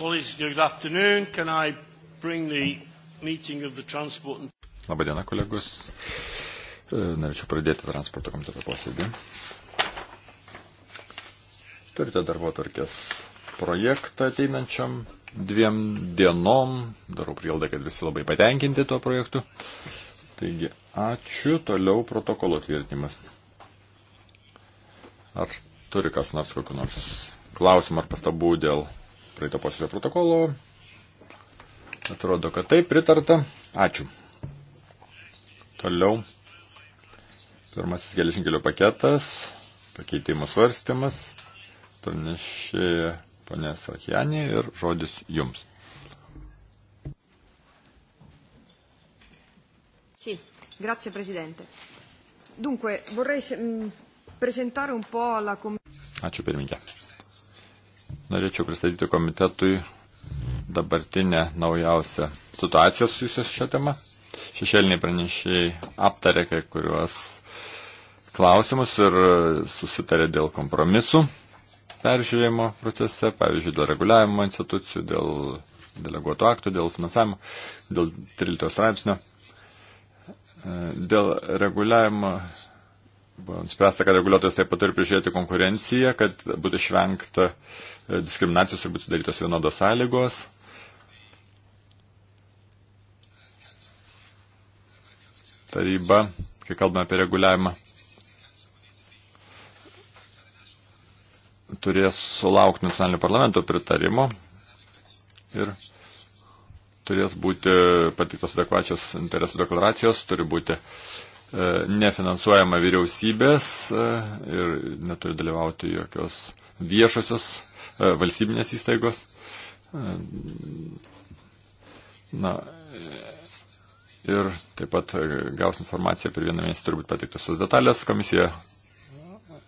Colleagues, good afternoon. Can I bring the meeting of the transport and... Labadiena, kolegos. E, norėčiau pradėti transporto komiteto posėdį. Turite darbo tarkės projektą ateinančiam dviem dienom. Darau prieldą, kad visi labai patenkinti tuo projektu. Taigi, ačiū. Toliau protokolo tvirtinimas. Ar turi kas nors kokiu nors klausimą ar pastabų dėl praeito posėdžio protokolo. Atrodo, kad taip pritarta. Ačiū. Toliau. Pirmasis geležinkelio paketas, pakeitimų svarstymas, pranešė ponė Sarkianė ir žodis jums. Sì, grazie Presidente. Dunque, vorrei presentare un po' alla Commissione. Ačiū pirmininkė norėčiau pristatyti komitetui dabartinę naujausią situaciją susijusią šią temą. Šešėliniai pranešėjai aptarė kai kuriuos klausimus ir susitarė dėl kompromisų peržiūrėjimo procese, pavyzdžiui, dėl reguliavimo institucijų, dėl deleguotų aktų, dėl finansavimo, dėl 13 straipsnio. Dėl reguliavimo buvo nuspręsta, kad reguliuotojas taip pat turi prižiūrėti konkurenciją, kad būtų išvengta E, diskriminacijos turi būti sudarytos vienodos sąlygos. Taryba, kai kalbame apie reguliavimą, turės sulaukti nacionalinio parlamento pritarimo ir turės būti patiktos adekvačios interesų deklaracijos, turi būti e, nefinansuojama vyriausybės e, ir neturi dalyvauti jokios viešosios E, valstybinės įstaigos. E, na, e, ir taip pat gaus informaciją per vieną mėnesį turbūt patiktusios detalės. Komisija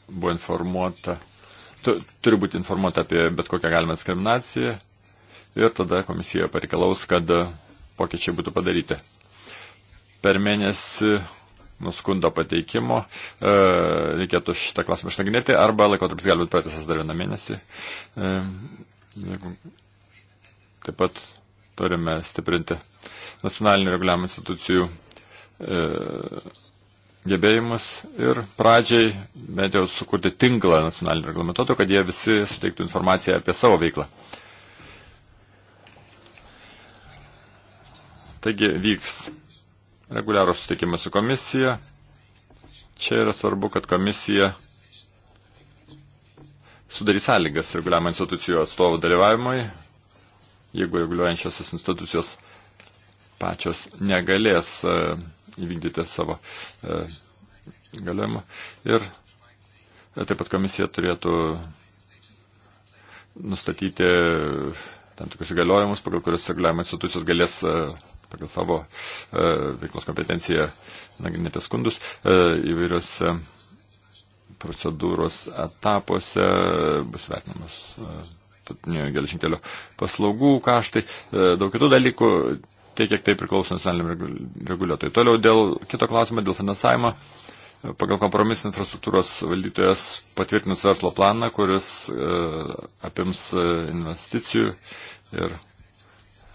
buvo informuota, tu, turi būti informuota apie bet kokią galimą diskriminaciją ir tada komisija pareikalaus, kad pokyčiai būtų padaryti. Per mėnesį nuskundo pateikimo, e, reikėtų šitą klausimą išnagrinėti, arba laikotarpis gali būti pratęsas dar vieną mėnesį. E, jeigu, taip pat turime stiprinti nacionalinių reguliavimo institucijų e, gebėjimus ir pradžiai bent jau sukurti tinklą nacionalinių reglamentuotojų, kad jie visi suteiktų informaciją apie savo veiklą. Taigi vyks reguliarų sutikimą su komisija. Čia yra svarbu, kad komisija sudarys sąlygas reguliavimo institucijų atstovų dalyvavimui, jeigu reguliuojančiosios institucijos pačios negalės e, įvykdyti savo e, galiojimą. Ir e, taip pat komisija turėtų nustatyti tam tikrus įgaliojimus, pagal kurias reguliavimo institucijos galės pagal savo e, veiklos kompetenciją nagrinė apie skundus e, įvairiose procedūros etapuose bus vertinamas e, geležinkelio paslaugų kaštai, daug kitų dalykų, tiek kiek tai priklauso nacionaliniam reguliuotojui. Toliau dėl kito klausimo, dėl finansavimo. Pagal kompromisą infrastruktūros valdytojas patvirtins verslo planą, kuris apims investicijų ir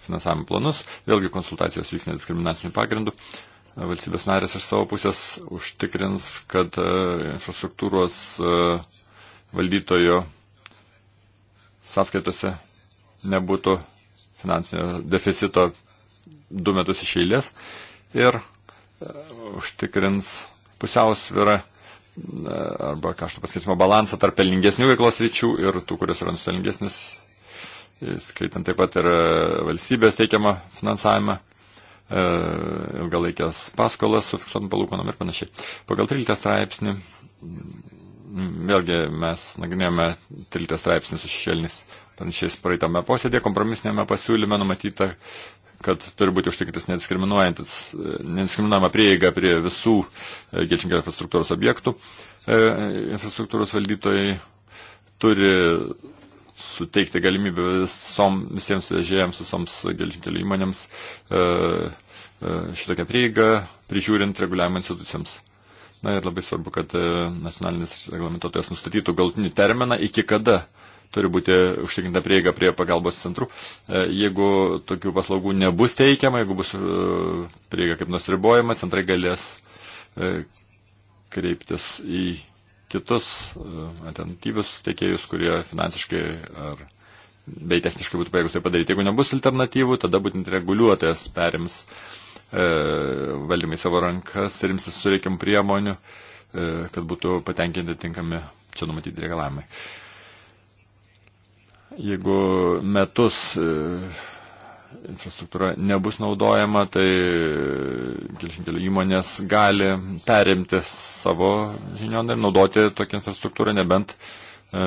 finansavimo planus. Vėlgi konsultacijos vyks nediskriminacinių pagrindų. Valstybės narės iš savo pusės užtikrins, kad e, infrastruktūros e, valdytojo sąskaitose nebūtų finansinio deficito du metus iš eilės ir e, užtikrins pusiausvyrą arba kažkokio paskirtimo balansą tarp pelningesnių veiklos ryčių ir tų, kurios yra nuspelingesnis skaitant taip pat ir e, valstybės teikiamą finansavimą, e, ilgalaikės paskolas su fiksuotam palūkonom ir panašiai. Pagal 13 straipsnį, vėlgi mes nagrinėjome 13 straipsnį su šešėlinis panašiais praeitame posėdėje, kompromisinėme pasiūlyme numatyta, kad turi būti užtikrintas e, nediskriminuojama prieiga prie visų gelčinkelio infrastruktūros objektų. Infrastruktūros valdytojai turi suteikti galimybę visom, visiems vežėjams, visoms geležinkelių įmonėms e, e, šitokią prieigą, prižiūrint reguliavimo institucijoms. Na ir labai svarbu, kad e, nacionalinis reglamentuotojas nustatytų galutinį terminą, iki kada turi būti užtikrinta prieiga prie pagalbos centrų. E, jeigu tokių paslaugų nebus teikiama, jeigu bus e, prieiga kaip nusribojama, centrai galės kreiptis į kitus e, alternatyvius tiekėjus, kurie finansiškai ar bei techniškai būtų pajėgus tai padaryti. Jeigu nebus alternatyvų, tada būtent reguliuotojas perims e, valdymai savo rankas ir imsis sureikim priemonių, e, kad būtų patenkinti tinkami čia numatyti reikalavimai. Jeigu metus e, infrastruktūra nebus naudojama, tai geležinkelių įmonės gali perimti savo žinion ir naudoti tokią infrastruktūrą, nebent e,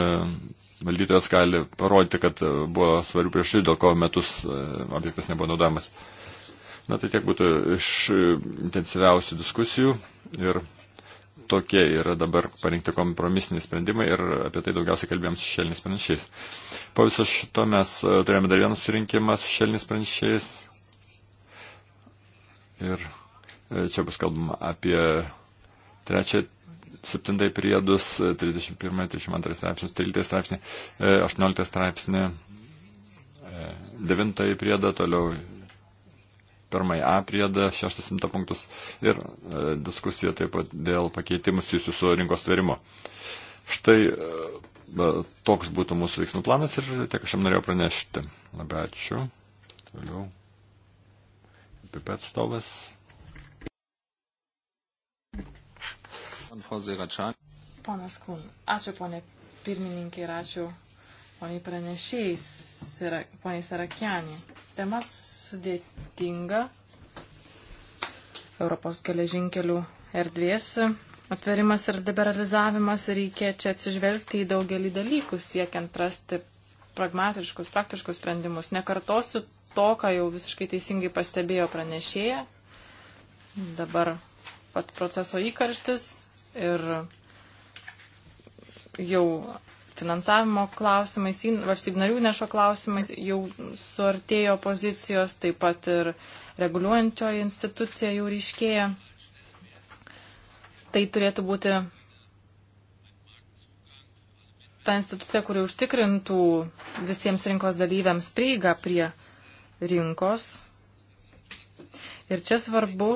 valdytojas gali parodyti, kad buvo svarių priešų, dėl ko metus e, objektas nebuvo naudojamas. Na tai tiek būtų iš intensyviausių diskusijų ir tokie yra dabar parinkti kompromisiniai sprendimai ir apie tai daugiausiai kalbėjom su šelniais panašiais. Po viso šito mes e, turėjome dar vieną surinkimą su šelniais panašiais. Ir e, čia bus kalbama apie trečią, septintai priedus, 31, 32 straipsnius, 13 straipsnį, 18 straipsnį, 9 e, priedą, toliau pirmąjį A priedą, 6-7 punktus ir e, diskusija taip pat dėl pakeitimų susijusių su rinkos tvarimu. Štai e, e, toks būtų mūsų veiksmų planas ir tiek aš jam norėjau pranešti. Labai ačiū. Toliau. Pipet atstovas. Ponas Kun, ačiū ponė pirmininkė ir ačiū poniai pranešėjai, poniai Sarakianį. Temas sudėtinga Europos geležinkelių erdvės atverimas ir liberalizavimas ir reikia čia atsižvelgti į daugelį dalykų, siekiant rasti pragmatiškus, praktiškus sprendimus. Nekartosiu to, ką jau visiškai teisingai pastebėjo pranešėja. Dabar pat proceso įkarštis ir jau finansavimo klausimais, valstybinarių nešo klausimais jau suartėjo pozicijos, taip pat ir reguliuojančioji institucija jau ryškėja. Tai turėtų būti ta institucija, kuri užtikrintų visiems rinkos dalyviams prieigą prie rinkos. Ir čia svarbu,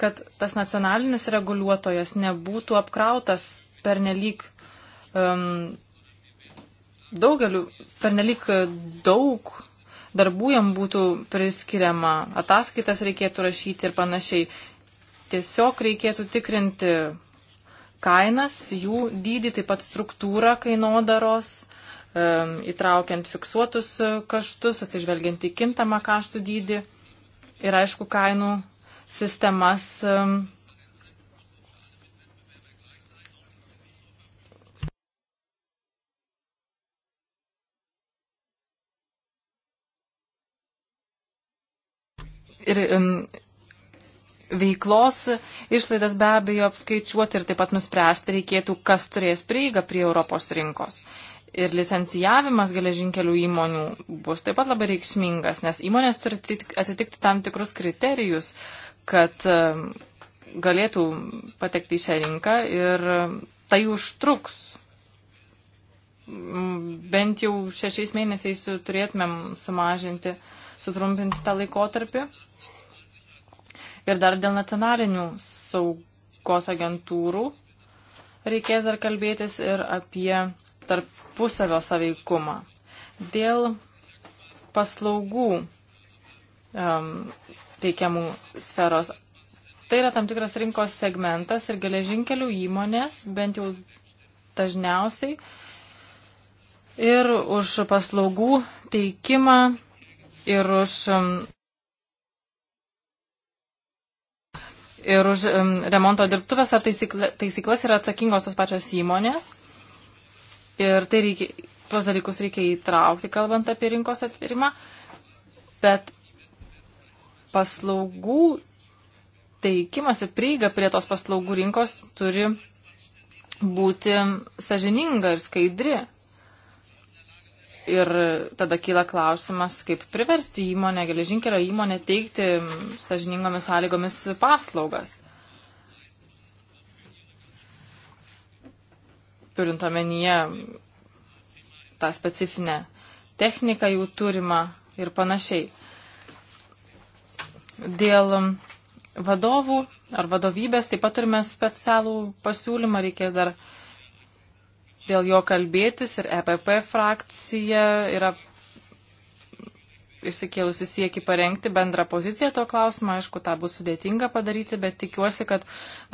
kad tas nacionalinis reguliuotojas nebūtų apkrautas pernelyg um, daugeliu, pernelik daug darbų jam būtų priskiriama, ataskaitas reikėtų rašyti ir panašiai. Tiesiog reikėtų tikrinti kainas, jų dydį, taip pat struktūrą kainodaros, įtraukiant fiksuotus kaštus, atsižvelgiant į kintamą kaštų dydį ir aišku kainų sistemas ir um, veiklos išlaidas be abejo apskaičiuoti ir taip pat nuspręsti reikėtų, kas turės prieigą prie Europos rinkos. Ir licencijavimas geležinkelių įmonių bus taip pat labai reikšmingas, nes įmonės turi atitikti tam tikrus kriterijus, kad galėtų patekti į šią rinką ir tai užtruks. Bent jau šešiais mėnesiais turėtumėm sumažinti, sutrumpinti tą laikotarpį. Ir dar dėl nacionalinių saugos agentūrų reikės dar kalbėtis ir apie tarpusavio saveikumą. Dėl paslaugų um, teikiamų sferos. Tai yra tam tikras rinkos segmentas ir geležinkelių įmonės, bent jau dažniausiai, ir už paslaugų teikimą, ir už um, ir už remonto dirbtuvės ar taisyklas yra atsakingos tos pačios įmonės. Ir tai reikia, tuos dalykus reikia įtraukti, kalbant apie rinkos atvirimą. Bet paslaugų teikimas ir prieiga prie tos paslaugų rinkos turi būti sažininga ir skaidri. Ir tada kyla klausimas, kaip priversti įmonę, geležinkelio įmonę teikti sažiningomis sąlygomis paslaugas. Turint omenyje tą specifinę techniką jų turimą ir panašiai. Dėl vadovų ar vadovybės taip pat turime specialų pasiūlymą, reikės dar dėl jo kalbėtis ir EPP frakcija yra išsikėlusi sieki parengti bendrą poziciją to klausimo. Aišku, tą bus sudėtinga padaryti, bet tikiuosi, kad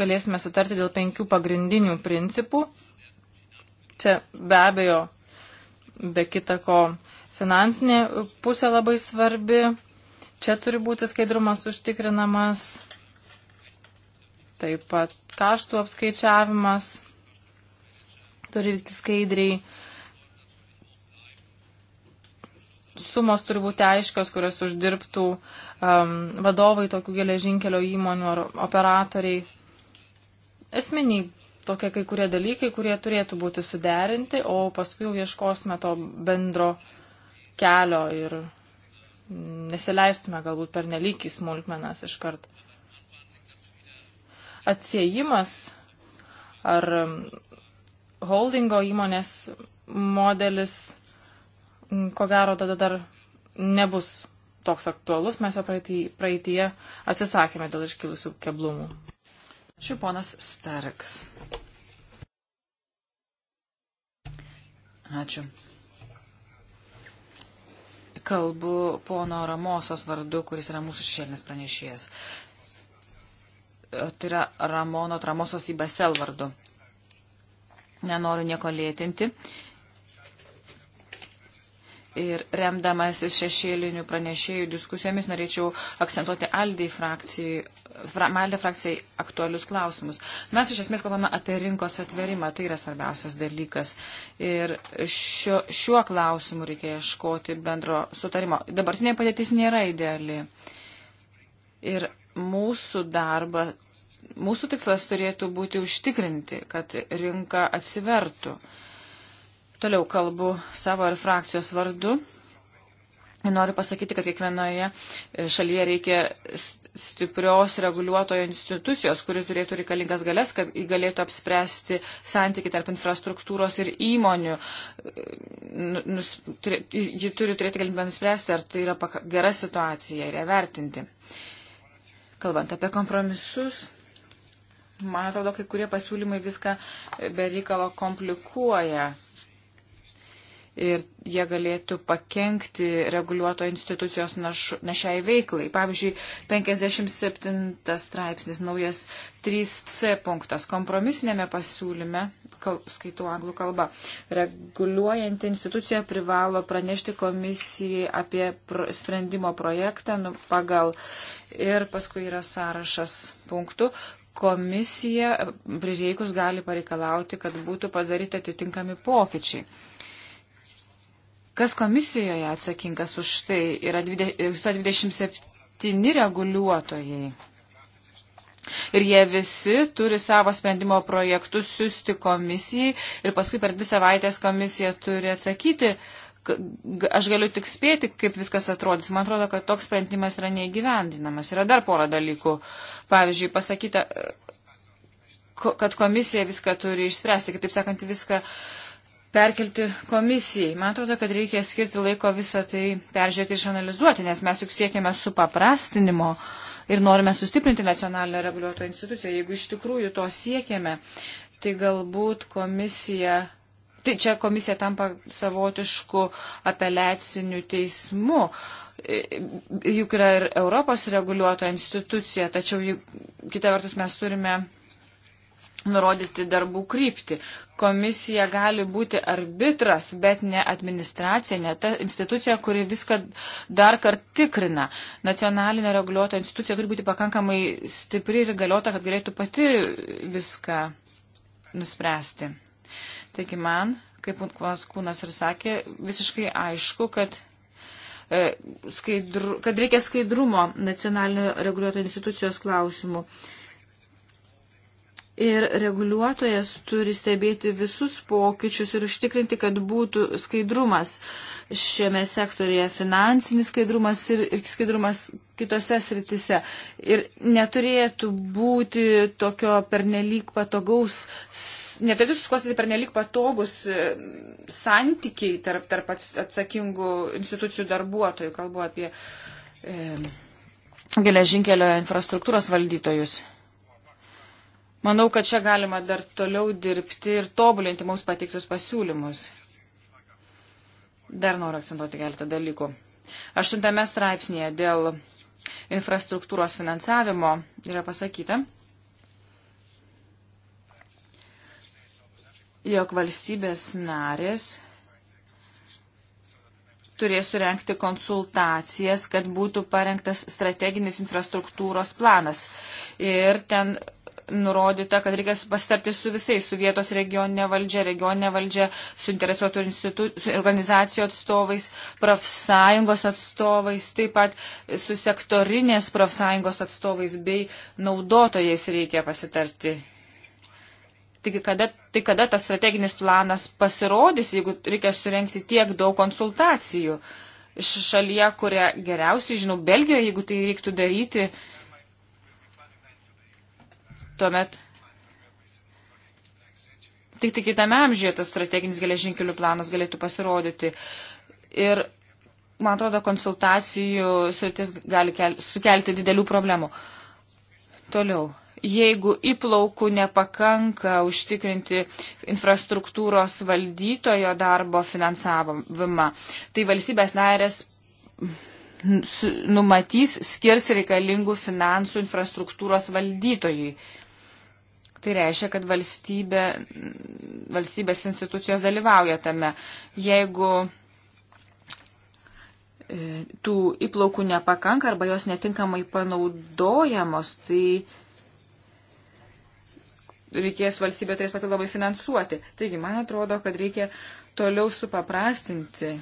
galėsime sutarti dėl penkių pagrindinių principų. Čia be abejo, be kita ko, finansinė pusė labai svarbi. Čia turi būti skaidrumas užtikrinamas. Taip pat kaštų apskaičiavimas turi vykti skaidriai. Sumos turi būti aiškios, kurias uždirbtų um, vadovai tokių geležinkelio įmonių ar operatoriai. Esminiai tokie kai kurie dalykai, kurie turėtų būti suderinti, o paskui jau ieškosime to bendro kelio ir nesileistume galbūt per nelikį smulkmenas iškart. Atsiejimas ar um, holdingo įmonės modelis, mm, ko gero, tada dar nebus toks aktualus, mes jo praeitie atsisakėme dėl iškilusių keblumų. Ačiū ponas Starks. Ačiū. Kalbu pono Ramosos vardu, kuris yra mūsų šešėlinis pranešėjas. E, tai yra Ramono Tramosos į Basel vardu nenoriu nieko lėtinti. Ir remdamasis šešėlinių pranešėjų diskusijomis norėčiau akcentuoti Aldį frakcijai, fra, Maldė frakcijai aktualius klausimus. Mes iš esmės kalbame apie rinkos atverimą, tai yra svarbiausias dalykas. Ir šio, šiuo klausimu reikia ieškoti bendro sutarimo. Dabartinė padėtis nėra ideali. Ir mūsų darbą mūsų tikslas turėtų būti užtikrinti, kad rinka atsivertų. Toliau kalbu savo ir frakcijos vardu. Noriu pasakyti, kad kiekvienoje šalyje reikia stiprios reguliuotojo institucijos, kuri turėtų reikalingas galės, kad galėtų apspręsti santyki tarp infrastruktūros ir įmonių. Nu, nus, turė, ji turi turėti galimybę nuspręsti, ar tai yra gera situacija ir ją vertinti. Kalbant apie kompromisus, Man atrodo, kai kurie pasiūlymai viską e, be reikalo komplikuoja ir jie galėtų pakengti reguliuoto institucijos naš, našiai veiklai. Pavyzdžiui, 57 straipsnis, naujas 3C punktas, kompromisinėme pasiūlyme, kal, skaitau anglų kalbą, reguliuojanti institucija privalo pranešti komisijai apie pro, sprendimo projektą nu, pagal ir paskui yra sąrašas punktų, komisija prireikus gali pareikalauti, kad būtų padaryti atitinkami pokyčiai. Kas komisijoje atsakingas už tai yra 127 reguliuotojai. Ir jie visi turi savo sprendimo projektus siūsti komisijai ir paskui per dvi savaitės komisija turi atsakyti uh, aš galiu tik spėti, kaip viskas atrodys. Man atrodo, kad toks sprendimas yra neįgyvendinamas. Yra dar pora dalykų. Pavyzdžiui, pasakyta, kad komisija viską turi išspręsti, kitaip sakant, viską perkelti komisijai. Man atrodo, kad reikia skirti laiko visą tai peržiūrėti ir išanalizuoti, nes mes juk siekiame supaprastinimo ir norime sustiprinti nacionalinę reguliuotoją instituciją. Jeigu iš tikrųjų to siekiame, tai galbūt komisija tai čia komisija tampa savotišku apeliaciniu teismu. E, juk yra ir Europos reguliuotoja institucija, tačiau juk, kita vertus mes turime nurodyti darbų kryptį. Komisija gali būti arbitras, bet ne administracija, ne ta institucija, kuri viską dar kart tikrina. Nacionalinė reguliuoto institucija turi būti pakankamai stipri ir galiota, kad galėtų pati viską nuspręsti. Taigi man, kaip Unkvas Kūnas ir sakė, visiškai aišku, kad, e, skaidru, kad reikia skaidrumo nacionalinio reguliuotojų institucijos klausimų. Ir reguliuotojas turi stebėti visus pokyčius ir užtikrinti, kad būtų skaidrumas šiame sektorėje, finansinis skaidrumas ir, ir skaidrumas kitose sritise. Ir neturėtų būti tokio pernelyg patogaus neturėtų susikostyti pernelik patogus e, santykiai tarp, tarp atsakingų institucijų darbuotojų. Kalbu apie e, geležinkelio infrastruktūros valdytojus. Manau, kad čia galima dar toliau dirbti ir tobulinti mums pateiktus pasiūlymus. Dar noriu akcentuoti keletą dalykų. Aštuntame straipsnėje dėl infrastruktūros finansavimo yra pasakyta, jog valstybės narės turės surenkti konsultacijas, kad būtų parengtas strateginis infrastruktūros planas. Ir ten nurodyta, kad reikia pasitarti su visais, su vietos regioninė valdžia, regioninė valdžia, su interesuotų organizacijų atstovais, profsąjungos atstovais, taip pat su sektorinės profsąjungos atstovais bei naudotojais reikia pasitarti. Tik kada, tai kada tas strateginis planas pasirodys, jeigu reikia surenkti tiek daug konsultacijų iš šalyje, kurią geriausiai žinau, Belgijoje, jeigu tai reiktų daryti, tuomet tik tik kitame amžiuje tas strateginis geležinkelių planas galėtų pasirodyti. Ir, man atrodo, konsultacijų sritis gali kel, sukelti didelių problemų. Toliau jeigu įplaukų nepakanka užtikrinti infrastruktūros valdytojo darbo finansavimą, tai valstybės narės numatys skirs reikalingų finansų infrastruktūros valdytojui. Tai reiškia, kad valstybė, valstybės institucijos dalyvauja tame. Jeigu e, tų įplaukų nepakanka arba jos netinkamai panaudojamos, tai reikės valstybė tais papildomai finansuoti. Taigi, man atrodo, kad reikia toliau supaprastinti,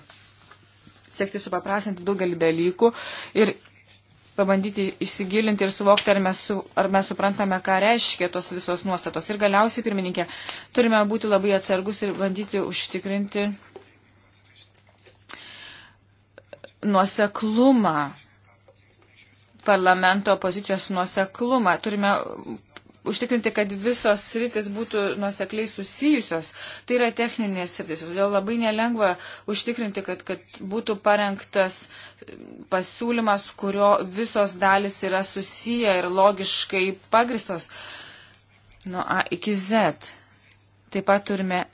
siekti supaprastinti daugelį dalykų ir pabandyti įsigilinti ir suvokti, ar mes, su, ar mes suprantame, ką reiškia tos visos nuostatos. Ir galiausiai, pirmininkė, turime būti labai atsargus ir bandyti užtikrinti nuoseklumą parlamento pozicijos nuoseklumą. Turime užtikrinti, kad visos sritis būtų nuosekliai susijusios. Tai yra techninės sritis. Todėl labai nelengva užtikrinti, kad, kad būtų parengtas pasiūlymas, kurio visos dalis yra susiję ir logiškai pagristos nuo A iki Z. Taip pat turime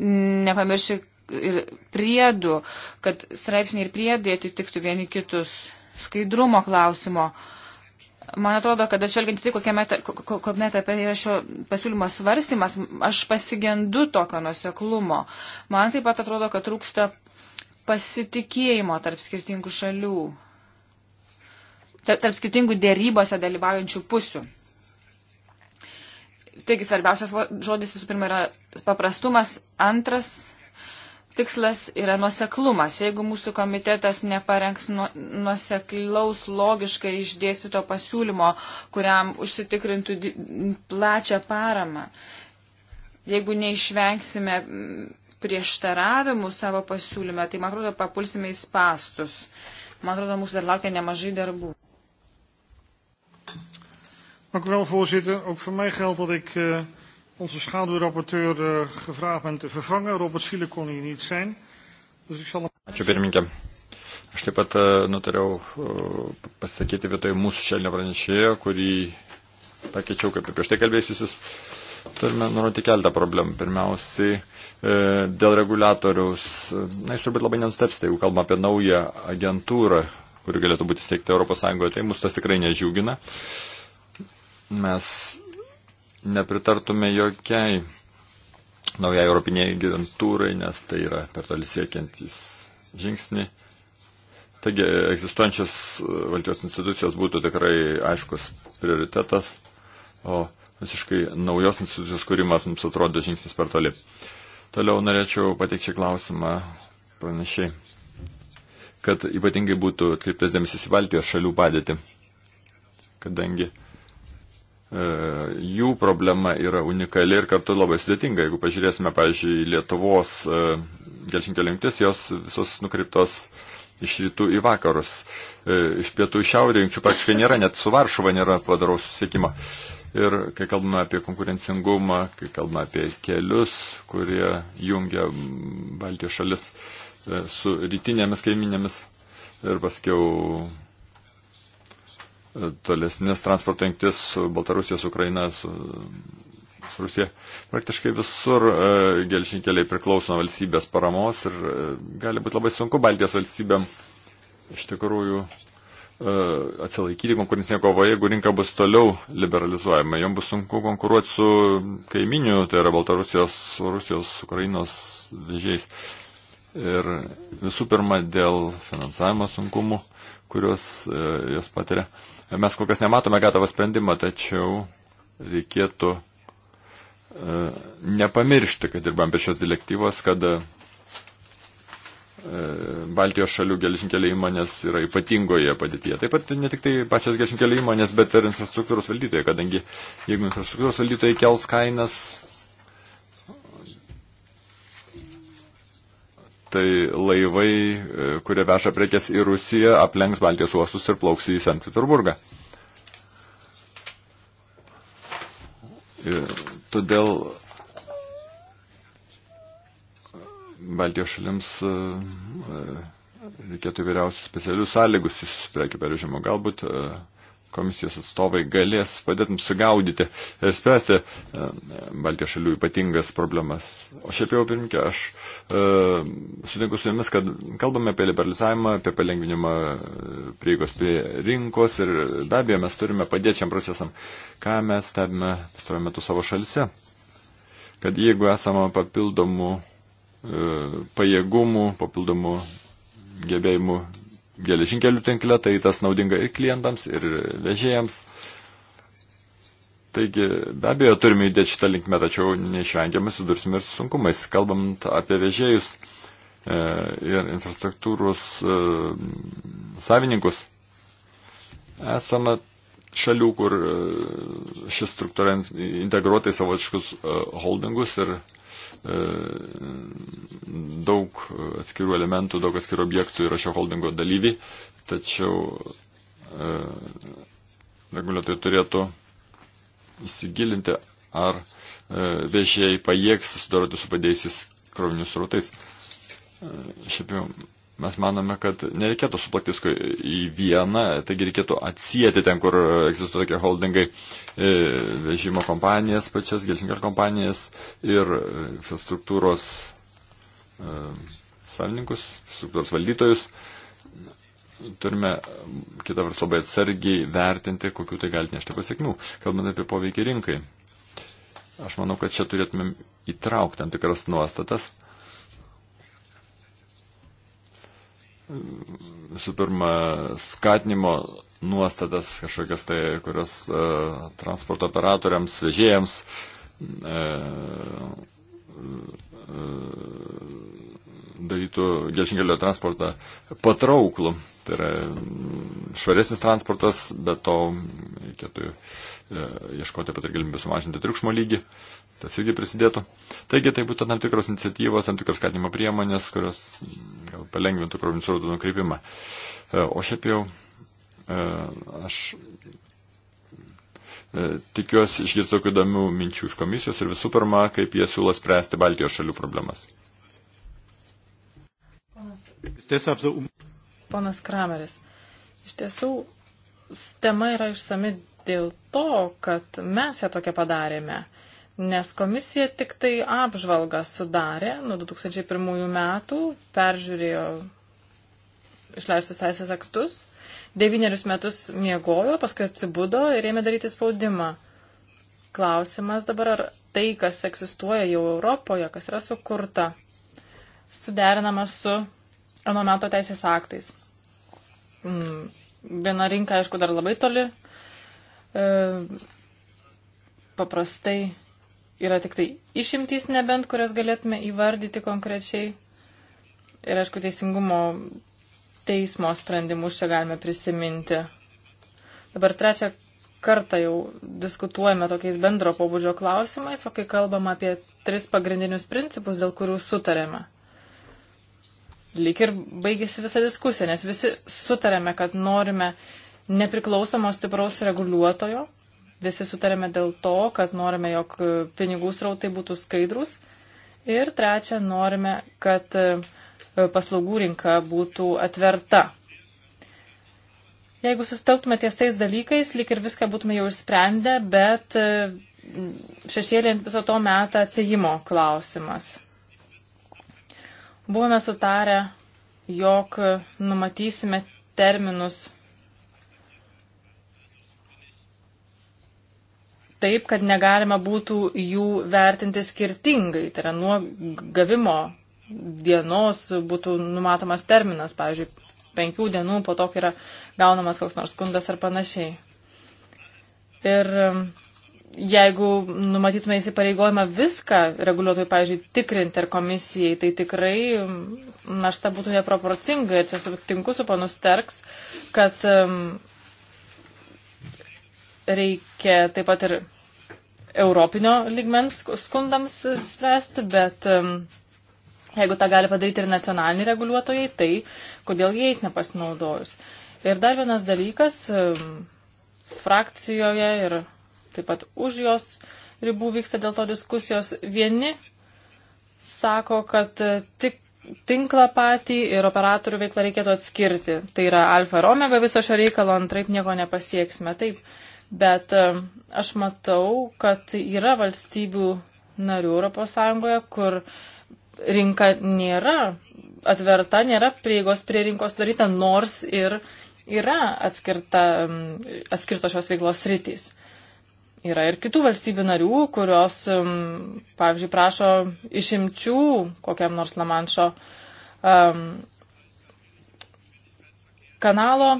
nepamiršti ir priedų, kad straipsniai ir priedai atitiktų vieni kitus skaidrumo klausimo. Uh, Man atrodo, kad atšvelgiant tai, kokiame etape yra šio pasiūlymo svarstymas, aš pasigendu tokio nuseklumo. Man taip pat atrodo, kad trūksta pasitikėjimo tarp skirtingų šalių, tarp skirtingų dėrybose dalyvaujančių pusių. Taigi svarbiausias žodis visų pirma yra paprastumas, antras tikslas yra nuoseklumas. Jeigu mūsų komitetas neparengs nuoseklaus logiškai išdėstyto pasiūlymo, kuriam užsitikrintų plačią paramą, jeigu neišvengsime mm, prieštaravimų savo pasiūlyme, tai, man atrodo, papulsime į pastus. Man atrodo, mūsų dar laukia nemažai darbų. Dank u wel, voorzitter. Ook voor mij geldt dat ik uh, onze schaduwrapporteur uh, gevraagd bent te vervangen. Robert Schiele kon hier niet zijn. Dus ik zal hem... Ačiū pirmininkė. Aš taip pat uh, nutariau uh, pasakyti vietoj mūsų šelnio pranešėjo, kurį pakeičiau kaip ir prieš tai kalbėjusis. Turime nurodyti keltą problemų. Pirmiausiai, dėl reguliatoriaus, na, jūs turbūt labai nenustepsite, jeigu kalbame apie naują agentūrą, kuri galėtų būti steigta ES, tai mūsų tas tikrai nedžiugina. Mes nepritartume jokiai naujai Europiniai agentūrai, nes tai yra per toli siekiantis žingsniai. Taigi egzistuojančios valdžios institucijos būtų tikrai aiškus prioritetas, o visiškai naujos institucijos kūrimas mums atrodo žingsnis per toli. Toliau norėčiau pateikti klausimą pranešiai, kad ypatingai būtų atkreiptas dėmesys į Baltijos šalių padėtį, kadangi E, jų problema yra unikali ir kartu labai sudėtinga. Jeigu pažiūrėsime, pavyzdžiui, Lietuvos e, gelžinkelio jungtis, jos visos nukreiptos iš rytų į vakarus. E, iš pietų į šiaurę jungčių praktiškai nėra, net su Varšuva nėra padaraus susiekimo. Ir kai kalbame apie konkurencingumą, kai kalbame apie kelius, kurie jungia Baltijos šalis su rytinėmis kaiminėmis ir paskiau tolesnės transporto jungtis su Baltarusija, su Ukraina, su, su Rusija. Praktiškai visur e, gelžinkeliai priklauso nuo valstybės paramos ir e, gali būti labai sunku Baltijos valstybėm iš tikrųjų e, atsilaikyti konkurencinėje kovoje, jeigu rinka bus toliau liberalizuojama. Jom bus sunku konkuruoti su kaiminiu, tai yra Baltarusijos, Rusijos, Ukrainos vežėjais. Ir visų pirma, dėl finansavimo sunkumų. E, kurios e, jos patiria. Mes kol kas nematome gatavą sprendimą, tačiau reikėtų e, nepamiršti, kad dirbam prie šios direktyvos, kad e, Baltijos šalių gelžinkelio įmonės yra ypatingoje padėtyje. Taip pat ne tik tai pačios gelžinkelio įmonės, bet ir infrastruktūros valdytojai, kadangi jeigu infrastruktūros valdytojai kels kainas, tai laivai, e, kurie veža prekes į Rusiją, aplenks Baltijos uostus ir plauks į Sankt Peterburgą. Ir todėl Baltijos šalims e, e, reikėtų vyriausių specialių sąlygų prekių pervežimo. Galbūt komisijos atstovai galės padėti mums sugaudyti ir e, spręsti e, Baltijos šalių ypatingas problemas. O šiaip jau, pirmkė, aš e, sutinku su jumis, kad kalbame apie liberalizavimą, apie palengvinimą e, prieigos prie rinkos ir be abejo mes turime padėti šiam procesam, ką mes stebime pastarojame metu savo šalise. Kad jeigu esame papildomų e, pajėgumų, papildomų gebėjimų geležinkelių tinkle, tai tas naudinga ir klientams, ir vežėjams. Taigi, be abejo, turime įdėti šitą linkmę, tačiau neišvengiamai sudursime ir su sunkumais. Kalbant apie vežėjus e, ir infrastruktūros e, savininkus, esame šalių, kur e, ši struktūra integruotai savotiškus e, holdingus ir E, daug atskirų elementų, daug atskirų objektų yra šio holdingo dalyvi, tačiau e, reguliuotojai turėtų įsigilinti, ar e, vežėjai pajėgs susidoroti su padėjusiais krovinius rautais. Šiaip jau Mes manome, kad nereikėtų suplakti visko į vieną, taigi reikėtų atsijėti ten, kur egzistuoja tokie holdingai, e, vežimo kompanijas pačias, gelžinkelio kompanijas ir e, infrastruktūros e, savininkus, infrastruktūros valdytojus. Turime kitą vers labai atsargiai vertinti, kokiu tai gali nešti pasiekmių, kalbant apie poveikį rinkai. Aš manau, kad čia turėtumėm įtraukti tam tikras nuostatas visų pirma, skatinimo nuostatas kažkokias tai, kurios uh, transporto operatoriams, vežėjams uh, uh, darytų gelžinkelio transportą patrauklų. Tai yra mm, švaresnis transportas, bet to reikėtų ieškoti pat ir galimybę sumažinti triukšmo lygį tas irgi prisidėtų. Taigi tai būtų tam tikros iniciatyvos, tam tikros skatinimo priemonės, kurios gal palengvintų krovinių srautų nukreipimą. E, o šiaip jau e, aš e, tikiuosi išgirsti tokių įdomių minčių iš komisijos ir visų pirma, kaip jie siūlo spręsti Baltijos šalių problemas. Ponas, Ponas Krameris, iš tiesų, tema yra išsami dėl to, kad mes ją tokią padarėme. Uh, nes komisija tik tai apžvalgą sudarė nuo 2001 metų, peržiūrėjo išleistus teisės aktus, devynerius metus miegojo, paskui atsibudo ir ėmė daryti spaudimą. Klausimas dabar, ar tai, kas egzistuoja jau Europoje, kas yra sukurta, suderinama su ano meto teisės aktais. Mm, viena rinka, aišku, dar labai toli. E, paprastai yra tik tai išimtys nebent, kurias galėtume įvardyti konkrečiai. Ir aišku, teisingumo teismo sprendimus čia galime prisiminti. Dabar trečią kartą jau diskutuojame tokiais bendro pobūdžio klausimais, o kai kalbam apie tris pagrindinius principus, dėl kurių sutarėme. Lyg ir baigėsi visa diskusija, nes visi sutarėme, kad norime nepriklausomos stipraus reguliuotojo, Visi sutarėme dėl to, kad norime, jog e, pinigų srautai būtų skaidrus. Ir trečia, norime, kad e, paslaugų rinka būtų atverta. Jeigu sustelktume ties tais dalykais, lik ir viską būtume jau išsprendę, bet e, šešėlė viso to metą atsijimo klausimas. Buvome sutarę, jog numatysime terminus taip, kad negalima būtų jų vertinti skirtingai. Tai yra nuo gavimo dienos būtų numatomas terminas, pavyzdžiui, penkių dienų po to, kai yra gaunamas koks nors skundas ar panašiai. Ir um, jeigu numatytume įsipareigojimą viską reguliuotojai, pavyzdžiui, tikrinti ar komisijai, tai tikrai um, našta būtų neproporcinga. Ir čia sutinku su panus Terks, kad um, reikia taip pat ir europinio ligmens skundams spręsti, bet jeigu tą gali padaryti ir nacionaliniai reguliuotojai, tai kodėl jais nepasinaudojus. Ir dar vienas dalykas frakcijoje ir taip pat už jos ribų vyksta dėl to diskusijos. Vieni sako, kad e, tik tinklą patį ir operatorių veiklą reikėtų atskirti. Tai yra alfa ir omega viso šio reikalo, antraip nieko nepasieksime. Taip, bet e, aš matau, kad yra valstybių narių ES, kur rinka nėra atverta, nėra prieigos prie rinkos daryta, nors ir yra atskirta, atskirto šios veiklos rytis. Yra ir kitų valstybių narių, kurios, pavyzdžiui, prašo išimčių kokiam nors Lamanšo um, kanalo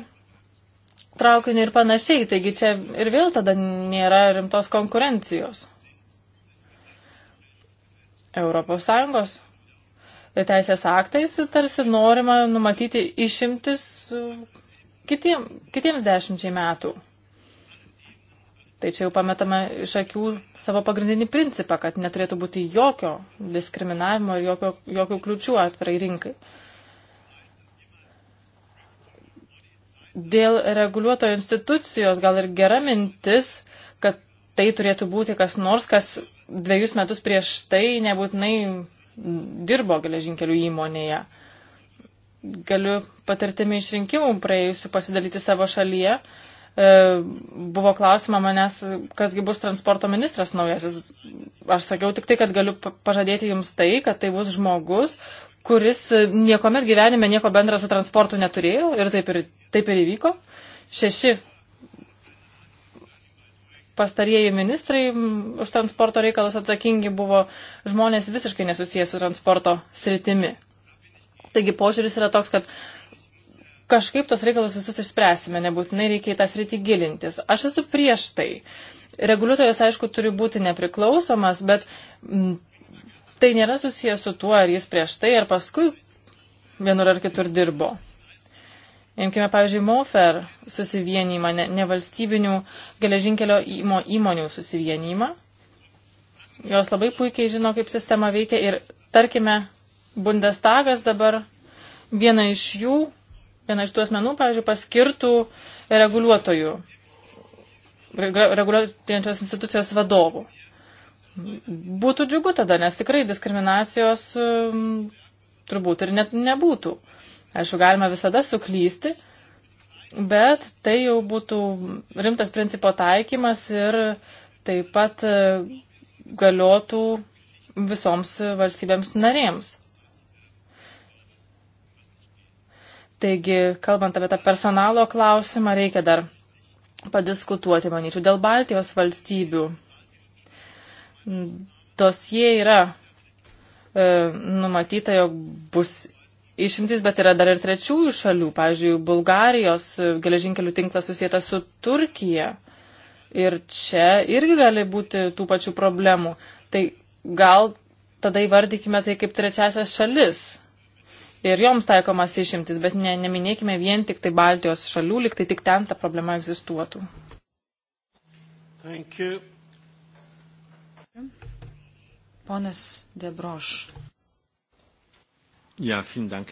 traukiniu ir panašiai. Taigi čia ir vėl tada nėra rimtos konkurencijos. Europos Sąjungos teisės aktais tarsi norima numatyti išimtis uh, kitiem, kitiems dešimčiai metų. Tai čia jau pametame iš akių savo pagrindinį principą, kad neturėtų būti jokio diskriminavimo ir jokio, jokių kliučių atvirai rinkai. Uh, Dėl reguliuotojo institucijos gal ir gera mintis, kad tai turėtų būti kas nors, kas dviejus metus prieš tai nebūtinai dirbo geležinkelių įmonėje. Galiu patirtimi iš rinkimų praėjusių pasidalyti savo šalyje. E, buvo klausima manęs, kasgi bus transporto ministras naujasis. Aš sakiau tik tai, kad galiu pažadėti jums tai, kad tai bus žmogus, kuris e, niekuomet gyvenime nieko bendra su transportu neturėjo ir taip ir, taip ir įvyko. Šeši pastarieji ministrai už transporto reikalus atsakingi buvo žmonės visiškai nesusijęs su transporto sritimi. Taigi požiūris yra toks, kad kažkaip tos reikalus visus išspręsime, nebūtinai reikia į tą sritį gilintis. Aš esu prieš tai. Reguliuotojas, aišku, turi būti nepriklausomas, bet m, tai nėra susijęs su tuo, ar jis prieš tai ar paskui vienur ar kitur dirbo. Imkime, pavyzdžiui, MOFER susivienymą, nevalstybinių ne geležinkelio įmo, įmonių susivienymą. Jos labai puikiai žino, kaip sistema veikia ir, tarkime, Bundestagas dabar vieną iš jų, vieną iš tų asmenų, pavyzdžiui, paskirtų reguliuotojų, reguliuojančios institucijos vadovų. Būtų džiugu tada, nes tikrai diskriminacijos um, turbūt ir net nebūtų. Aišku, galima visada suklysti, bet tai jau būtų rimtas principo taikymas ir taip pat uh, galiotų visoms valstybėms narėms. Taigi, kalbant apie tą personalo klausimą, reikia dar padiskutuoti, manyčiau, dėl Baltijos valstybių Dosie yra e, numatyta, jog bus išimtis, bet yra dar ir trečiųjų šalių, pavyzdžiui, Bulgarijos e, geležinkelių tinklas susijęta su Turkija. Ir čia irgi gali būti tų pačių problemų. Tai gal tada įvardykime tai kaip trečiasias šalis. Ir joms taikomas išimtis, bet ne, neminėkime vien tik tai Baltijos šalių, liktai tik ten ta problema egzistuotų. Thank you. Ponas Debroš. Ja, dank,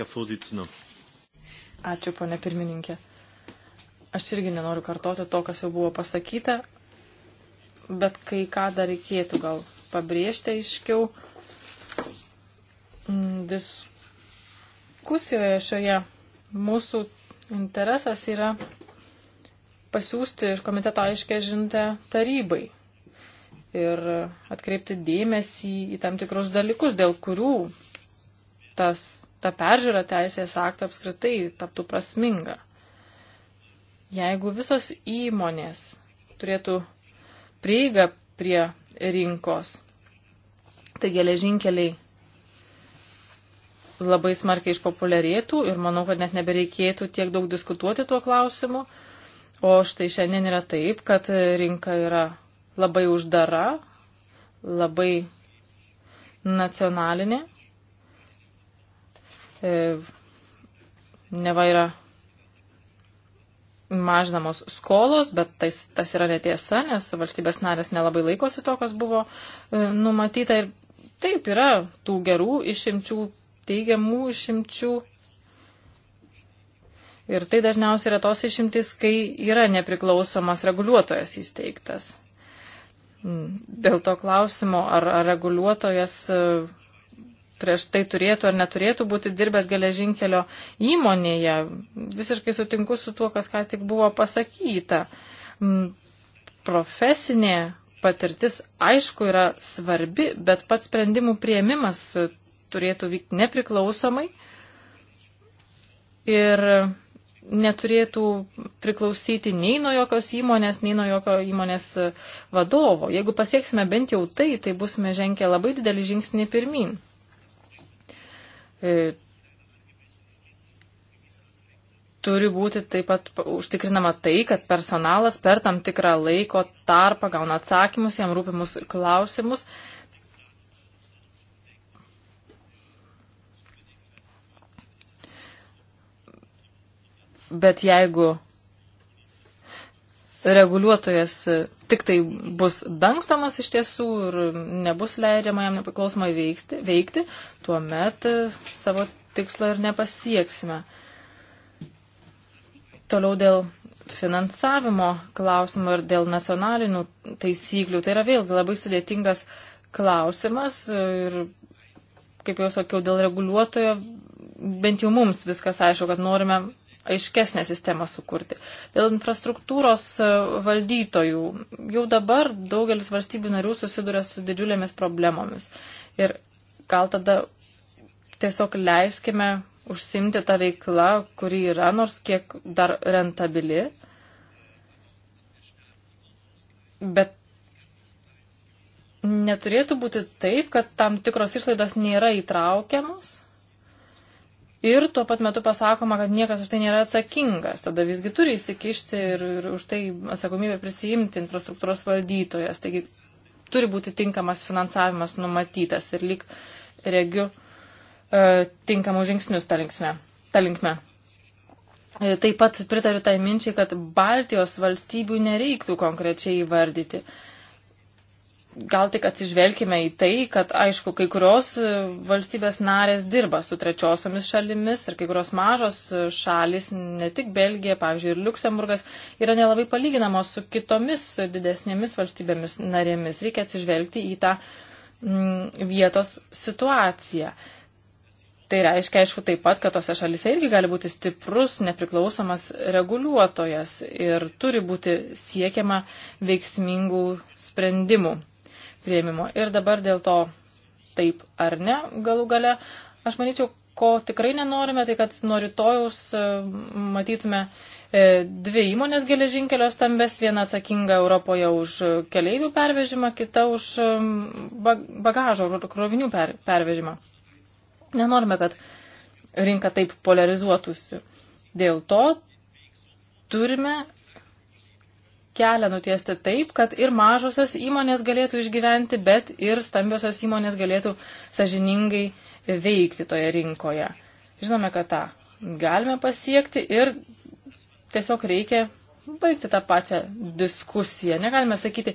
Ačiū, ponė pirmininkė. Aš irgi nenoriu kartoti to, kas jau buvo pasakyta, bet kai ką dar reikėtų gal pabrėžti aiškiau mm, diskusijoje šioje mūsų interesas yra pasiūsti iš komiteto aiškę žinutę tarybai ir atkreipti dėmesį į tam tikrus dalykus, dėl kurių tas, ta peržiūra teisės akto apskritai taptų prasminga. Jeigu visos įmonės turėtų prieigą prie rinkos, tai geležinkeliai labai smarkiai išpopuliarėtų ir manau, kad net nebereikėtų tiek daug diskutuoti tuo klausimu. O štai šiandien yra taip, kad rinka yra labai uždara, labai nacionalinė. E, neva yra mažinamos skolos, bet tais, tas yra netiesa, nes valstybės narės nelabai laikosi to, kas buvo e, numatyta. Ir taip yra tų gerų išimčių, teigiamų išimčių. Ir tai dažniausiai yra tos išimtis, kai yra nepriklausomas reguliuotojas įsteigtas dėl to klausimo, ar, ar reguliuotojas e, prieš tai turėtų ar neturėtų būti dirbęs geležinkelio įmonėje. Visiškai sutinku su tuo, kas ką tik buvo pasakyta. Profesinė patirtis aišku yra svarbi, bet pats sprendimų prieimimas turėtų vykti nepriklausomai. Ir neturėtų priklausyti nei nuo jokios įmonės, nei nuo jokio įmonės vadovo. Jeigu pasieksime bent jau tai, tai busime žengę labai didelį žingsnį pirmin. E, turi būti taip pat užtikrinama tai, kad personalas per tam tikrą laiko tarpą gauna atsakymus, jam rūpimus klausimus. E, Bet jeigu reguliuotojas tik tai bus dangstomas iš tiesų ir nebus leidžiama jam nepriklausomai veikti, veikti tuomet e, savo tikslo ir nepasieksime. Toliau dėl finansavimo klausimo ir dėl nacionalinių taisyklių. Tai yra vėlgi labai sudėtingas klausimas ir, kaip jau sakiau, dėl reguliuotojo bent jau mums viskas aišku, kad norime aiškesnę sistemą sukurti. Dėl infrastruktūros e, valdytojų jau dabar daugelis valstybių narių susiduria su didžiulėmis problemomis. Ir gal tada tiesiog leiskime užsimti tą veiklą, kuri yra nors kiek dar rentabili. Bet neturėtų būti taip, kad tam tikros išlaidos nėra įtraukiamos ir tuo pat metu pasakoma, kad niekas už tai nėra atsakingas. Tada visgi turi įsikišti ir, ir už tai atsakomybę prisijimti infrastruktūros valdytojas. Taigi turi būti tinkamas finansavimas numatytas ir lyg regiu e, tinkamus žingsnius tą linkme. Ta linkme. E, taip pat pritariu tai minčiai, kad Baltijos valstybių nereiktų konkrečiai įvardyti. E, gal tik atsižvelkime į tai, kad aišku, kai kurios e, valstybės narės dirba su trečiosiomis šalimis ir kai kurios mažos e, šalis, ne tik Belgija, pavyzdžiui, ir Luksemburgas, yra nelabai palyginamos su kitomis didesnėmis valstybėmis narėmis. Reikia atsižvelgti į tą mm, vietos situaciją. Tai reiškia, aišku, taip pat, kad tose šalise irgi gali būti stiprus, nepriklausomas reguliuotojas ir turi būti siekiama veiksmingų sprendimų prieimimo. Ir dabar dėl to taip ar ne galų gale, aš manyčiau, ko tikrai nenorime, tai kad nuo rytojus e, matytume e, dvi įmonės geležinkelio stambes, viena atsakinga Europoje už keleivių pervežimą, kita už e, bagažo ir krovinių per, pervežimą. Nenorime, kad rinka taip polarizuotųsi. Dėl to turime kelią nutiesti taip, kad ir mažosios įmonės galėtų išgyventi, bet ir stambiosios įmonės galėtų sažiningai veikti toje rinkoje. Žinome, kad tą galime pasiekti ir tiesiog reikia baigti tą pačią diskusiją. Negalime sakyti,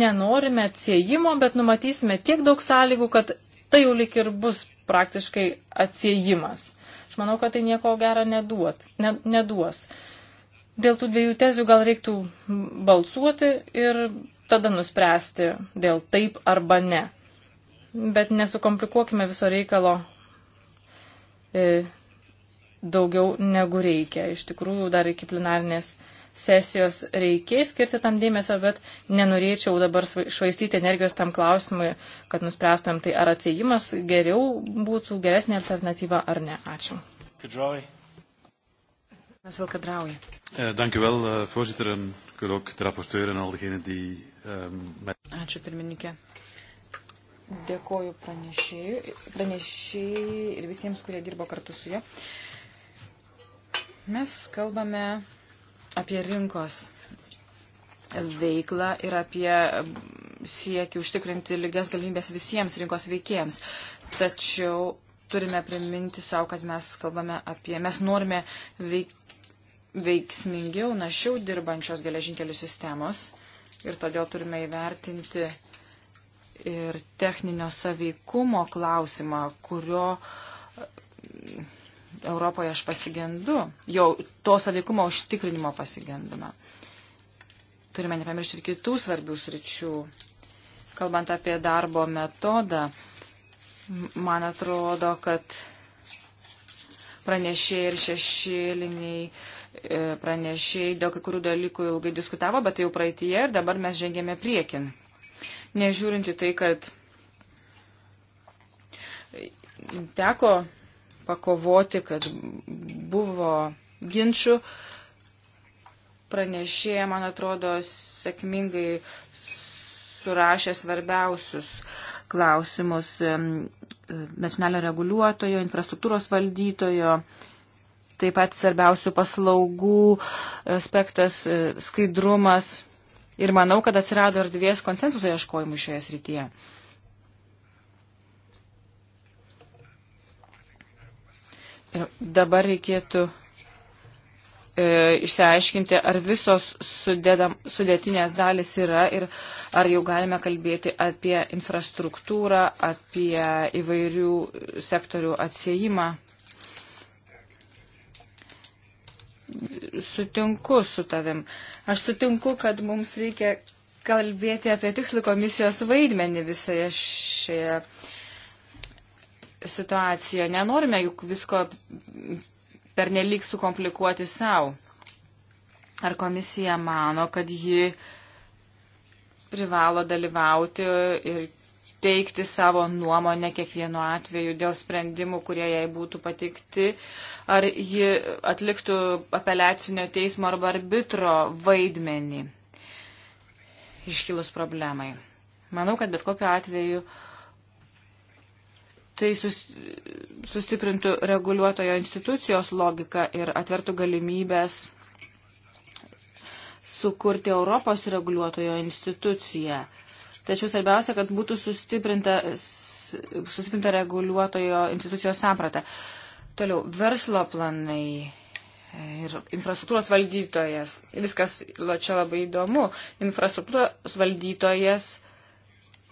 nenorime atsiejimo, bet numatysime tiek daug sąlygų, kad tai jau lik ir bus praktiškai atsiejimas. Aš manau, kad tai nieko gero neduot, ne, neduos. Dėl tų dviejų tezių gal reiktų balsuoti ir tada nuspręsti dėl taip arba ne. Bet nesukomplikuokime viso reikalo e, daugiau negu reikia. Iš tikrųjų, dar iki plenarnės sesijos reikės skirti tam dėmesio, bet nenorėčiau dabar švaistyti energijos tam klausimui, kad nuspręstumėm tai ar atsėjimas geriau būtų geresnė alternatyva ar ne. Ačiū. Kadrauji. Mes vėl kadraujame. Eh, dank u wel, eh, voorzitter. En ik wil ook de rapporteur en al diegenen die... Ehm, Ačiū pirmininkė. Dėkoju pranešėjai ir visiems, kurie dirbo kartu su ja. Mes kalbame apie rinkos veiklą ir apie siekį užtikrinti lygias galimybės visiems rinkos veikėjams. Tačiau turime priminti savo, kad mes kalbame apie, mes norime veik, veiksmingiau, našiau dirbančios geležinkelių sistemos ir todėl turime įvertinti ir techninio saveikumo klausimą, kurio e, Europoje aš pasigendu, jau to saveikumo užtikrinimo pasigendame. Turime nepamiršti ir kitų svarbių sričių. Kalbant apie darbo metodą, man atrodo, kad pranešėjai ir šešėliniai uh, E, pranešiai dėl kai kurių dalykų ilgai diskutavo, bet tai jau praeitie ir dabar mes žengėme priekin. Nežiūrinti tai, kad teko pakovoti, kad buvo ginčių, pranešėja, man atrodo, sėkmingai surašė svarbiausius klausimus nacionalinio reguliuotojo, infrastruktūros valdytojo, uh, taip pat svarbiausių paslaugų aspektas, e, skaidrumas. Ir manau, kad atsirado erdvės konsensuso ieškojimų šioje srityje. Ir dabar reikėtų e, išsiaiškinti, ar visos sudėdam, sudėtinės dalis yra ir ar jau galime kalbėti apie infrastruktūrą, apie įvairių sektorių atsėjimą. sutinku su tavim. Aš sutinku, kad mums reikia kalbėti apie tikslų komisijos vaidmenį visoje šioje situacijoje. Nenorime juk visko pernelyg sukomplikuoti savo. Ar komisija mano, kad ji privalo dalyvauti ir teikti savo nuomonę kiekvienu atveju dėl sprendimų, kurie jai būtų patikti, ar ji atliktų apeliacinio teismo arba arbitro vaidmenį iškilus problemai. Manau, kad bet kokiu atveju tai sus, sustiprintų reguliuotojo institucijos logiką ir atvertų galimybės sukurti Europos reguliuotojo instituciją. Tačiau svarbiausia, kad būtų sustiprinta, sustiprinta reguliuotojo institucijos samprata. Toliau, verslo planai ir infrastruktūros valdytojas. Viskas čia labai įdomu. Infrastruktūros valdytojas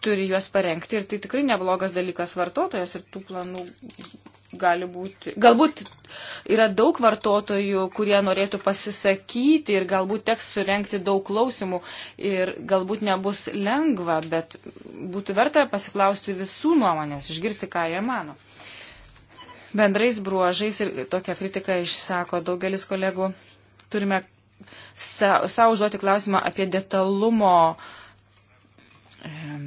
turi juos parengti ir tai tikrai neblogas dalykas vartotojas ir tų planų gali būti. Galbūt yra daug vartotojų, kurie norėtų pasisakyti ir galbūt teks surenkti daug klausimų ir galbūt nebus lengva, bet būtų verta pasiklausti visų nuomonės, išgirsti, ką jie mano. Bendrais bruožais ir tokią kritiką išsako daugelis kolegų. Turime savo užduoti klausimą apie detalumo. E,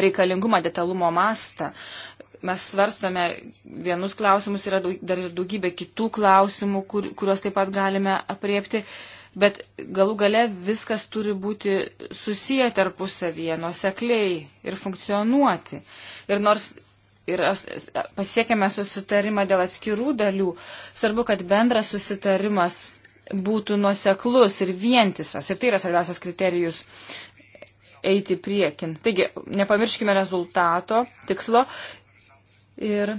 reikalingumą, detalumo mastą mes svarstome vienus klausimus, yra dar ir daugybė kitų klausimų, kur, kuriuos taip pat galime apriepti, bet galų gale viskas turi būti susiję tarpusavyje, nuosekliai ir funkcionuoti. Ir nors ir pasiekėme susitarimą dėl atskirų dalių, svarbu, kad bendras susitarimas būtų nuoseklus ir vientisas. Ir tai yra svarbiausias kriterijus eiti priekin. Taigi, nepamirškime rezultato, tikslo ir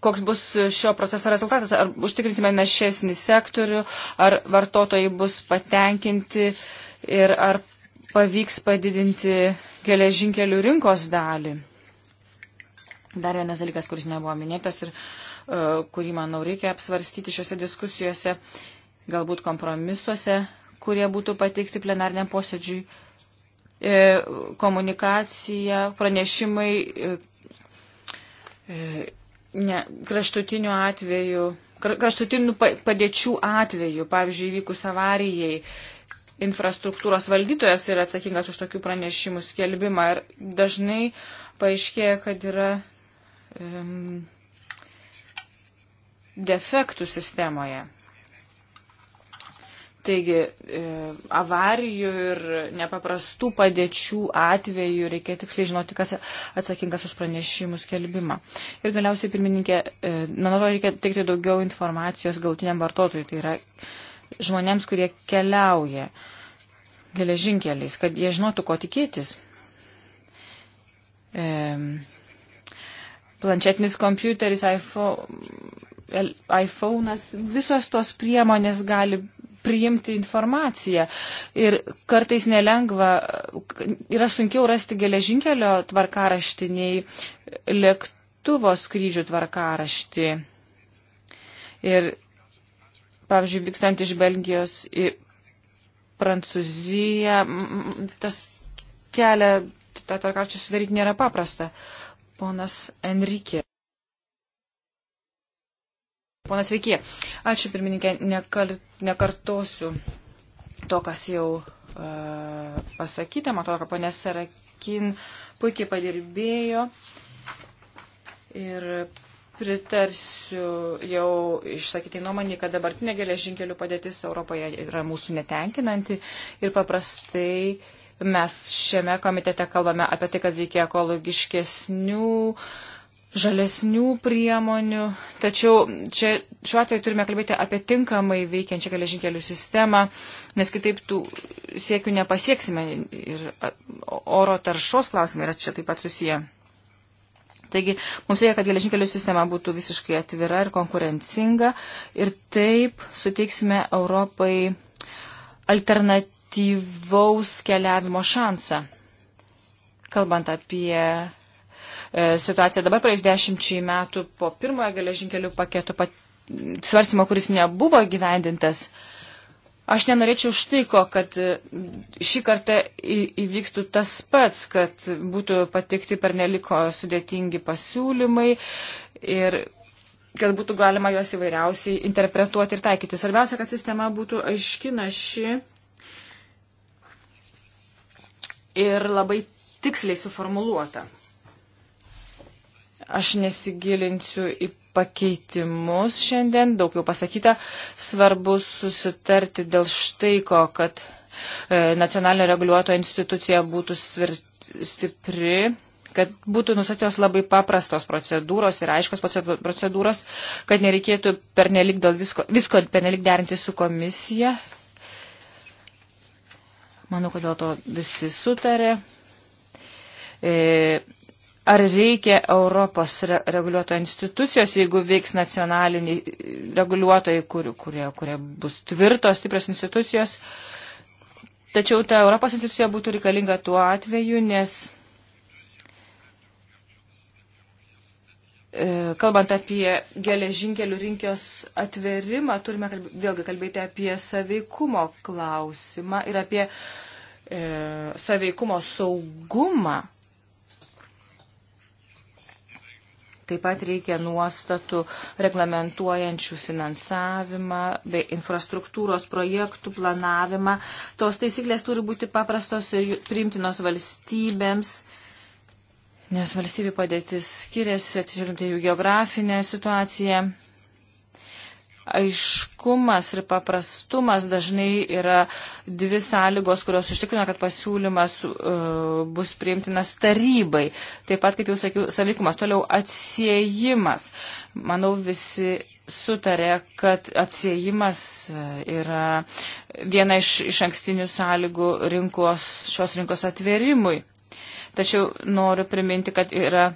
koks bus šio proceso rezultatas, ar užtikrinsime našesnį sektorių, ar vartotojai bus patenkinti ir ar pavyks padidinti geležinkelių rinkos dalį. Dar vienas dalykas, kuris nebuvo minėtas ir uh, kurį, manau, reikia apsvarstyti šiuose diskusijose, galbūt kompromisuose, kurie būtų pateikti plenarniam posėdžiui. E, komunikacija, pranešimai, e, E, ne, kraštutinių atvejų, kraštutinių padėčių atvejų, pavyzdžiui, įvykus avarijai, infrastruktūros valdytojas yra atsakingas už tokių pranešimų skelbimą ir dažnai paaiškėja, kad yra um, defektų sistemoje. Taigi, e, avarijų ir nepaprastų padėčių atveju reikia tiksliai žinoti, kas atsakingas už pranešimų skelbimą. Ir galiausiai, pirmininkė, e, man atrodo, reikia teikti daugiau informacijos galtiniam vartotojui, tai yra žmonėms, kurie keliauja geležinkeliais, kad jie žinotų, ko tikėtis. E, planšetinis kompiuteris, iPhone'as, visos tos priemonės gali priimti informaciją. Ir kartais nelengva, yra sunkiau rasti geležinkelio tvarkaraštį nei lėktuvo skrydžių tvarkaraštį. Ir, pavyzdžiui, vykstant iš Belgijos į Prancūziją, tas kelią tą tvarkaraštį sudaryti nėra paprasta. Ponas Enrikė. Ponas Veikė, ačiū pirmininkė, nekar, nekartosiu to, kas jau uh, pasakyta. Matau, kad ponė Sarakin puikiai padirbėjo ir pritarsiu jau išsakytai nuomonį, kad dabartinė geležinkelių padėtis Europoje yra mūsų netenkinanti ir paprastai mes šiame komitete kalbame apie tai, kad reikia ekologiškesnių uh, žalesnių priemonių, tačiau čia šiuo atveju turime kalbėti apie tinkamai veikiančią geležinkelių sistemą, nes kitaip tų siekių nepasieksime ir oro taršos klausimai yra čia taip pat susiję. Taigi mums reikia, kad geležinkelių sistema būtų visiškai atvira ir konkurencinga ir taip suteiksime Europai alternatyvaus keliavimo šansą. Kalbant apie E, situaciją dabar praeis dešimčiai metų po pirmojo geležinkelių paketo pat, svarstymo, kuris nebuvo gyvendintas. Aš nenorėčiau štai ko, kad e, šį kartą įvyktų tas pats, kad būtų patikti per neliko sudėtingi pasiūlymai ir kad būtų galima juos įvairiausiai interpretuoti ir taikyti. Svarbiausia, kad sistema būtų aiški, naši ir labai tiksliai suformuluota. Aš nesigilinsiu į pakeitimus šiandien, daug jau pasakyta, svarbu susitarti dėl štai ko, kad e, nacionalinio reguliuotojo institucija būtų stipri kad būtų nusatytos labai paprastos procedūros ir aiškios procedūros, kad nereikėtų pernelik dėl visko, visko pernelik derinti su komisija. Manau, kad dėl to visi sutarė. E, Ar reikia Europos re reguliuotojo institucijos, jeigu veiks nacionaliniai e, reguliuotojai, kur, kurie, kurie bus tvirtos, stiprios institucijos? Tačiau ta Europos institucija būtų reikalinga tuo atveju, nes e, kalbant apie geležinkelių rinkos atverimą, turime kalb... vėlgi kalbėti apie saveikumo klausimą ir apie e, saveikumo saugumą. Taip pat reikia nuostatų reglamentuojančių finansavimą bei infrastruktūros projektų planavimą. Tos taisyklės turi būti paprastos ir priimtinos valstybėms. Nes valstybių padėtis skiriasi atsižvelgiant į jų geografinę situaciją aiškumas ir paprastumas dažnai yra dvi sąlygos, kurios užtikrina, kad pasiūlymas uh, bus priimtinas tarybai. Taip pat, kaip jau sakiau, savykumas, toliau atsiejimas. Manau, visi sutarė, kad atsiejimas uh, yra viena iš, iš ankstinių sąlygų rinkos, šios rinkos atvėrimui. Tačiau noriu priminti, kad yra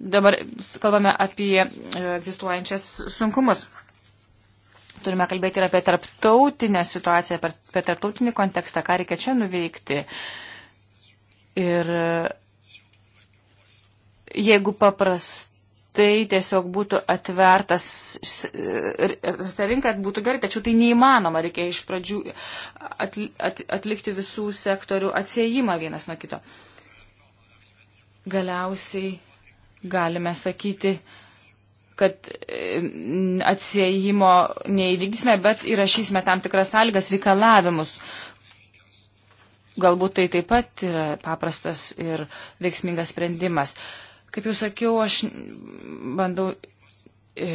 dabar kalbame apie uh, egzistuojančias sunkumus turime kalbėti ir apie tarptautinę situaciją, apie tarptautinį kontekstą, ką reikia čia nuveikti. Ir jeigu paprastai tiesiog būtų atvertas, ta rinka būtų gerai, tačiau tai neįmanoma, reikia iš pradžių at, at, atlikti visų sektorių atsiejimą vienas nuo kito. Galiausiai galime sakyti, kad atsiejimo neįvykdysime, bet įrašysime tam tikras sąlygas, reikalavimus. Galbūt tai taip pat yra paprastas ir veiksmingas sprendimas. Kaip jau sakiau, aš bandau e,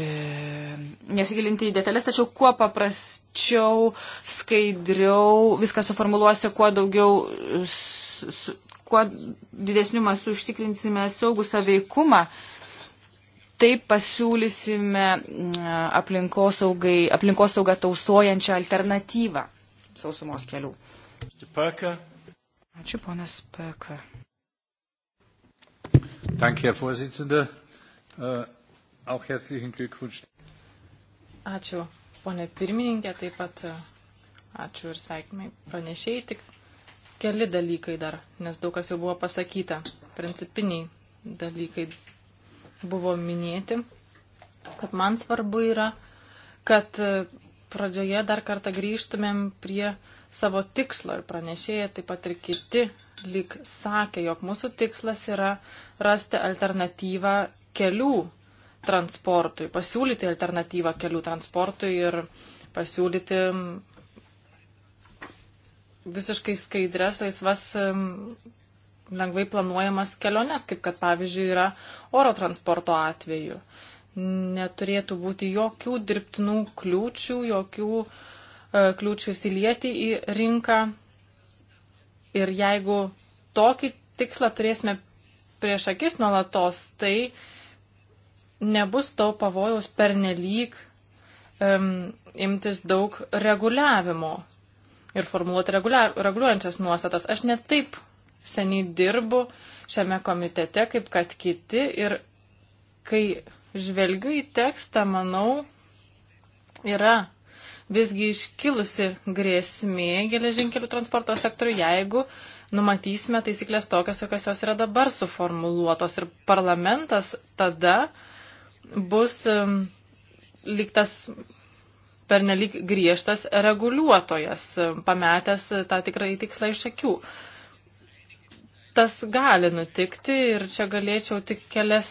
nesigilinti į detalės, tačiau kuo paprasčiau, skaidriau viską suformuluosiu, kuo daugiau, su, kuo didesniu mastu užtikrinsime saugų saveikumą, Taip pasiūlysime aplinkosaugą aplinkos tausojančią alternatyvą sausumos kelių. Ačiū, ponas Peka. Danke, Herr Vorsitzender. Uh, auch herzlichen Glückwunsch. Ačiū, ponė pirmininkė, taip pat e, ačiū ir sveikinimai pranešėjai. Tik keli dalykai dar, nes daug kas jau buvo pasakyta. Principiniai dalykai buvo minėti, kad man svarbu yra, kad pradžioje dar kartą grįžtumėm prie savo tikslo ir pranešėjai taip pat ir kiti lyg sakė, jog mūsų tikslas yra rasti alternatyvą kelių transportui, pasiūlyti alternatyvą kelių transportui ir pasiūlyti visiškai skaidres, laisvas lengvai planuojamas keliones, kaip kad pavyzdžiui yra oro transporto atveju. Neturėtų būti jokių dirbtinų kliūčių, jokių e, kliūčių įsilieti į rinką. Ir jeigu tokį tikslą turėsime prieš akis nuolatos, tai nebus to pavojaus pernelyg um, imtis daug reguliavimo ir formuluoti regulia, reguliuojančias nuostatas. Aš net taip seniai dirbu šiame komitete, kaip kad kiti. Ir kai žvelgiu į tekstą, manau, yra visgi iškilusi grėsmė geležinkelių transporto sektoriui, jeigu numatysime taisyklės tokias, kokios jos yra dabar suformuluotos. Ir parlamentas tada bus um, liktas pernelyg griežtas reguliuotojas, pametęs tą tikrai tikslą iš akių tas gali nutikti ir čia galėčiau tik kelias,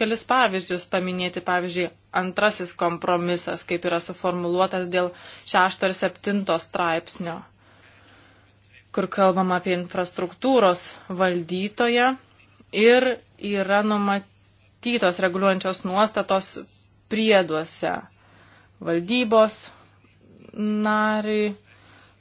kelis pavyzdžius paminėti. Pavyzdžiui, antrasis kompromisas, kaip yra suformuluotas dėl šešto ir septinto straipsnio, kur kalbam apie infrastruktūros valdytoją ir yra numatytos reguliuojančios nuostatos prieduose valdybos nariui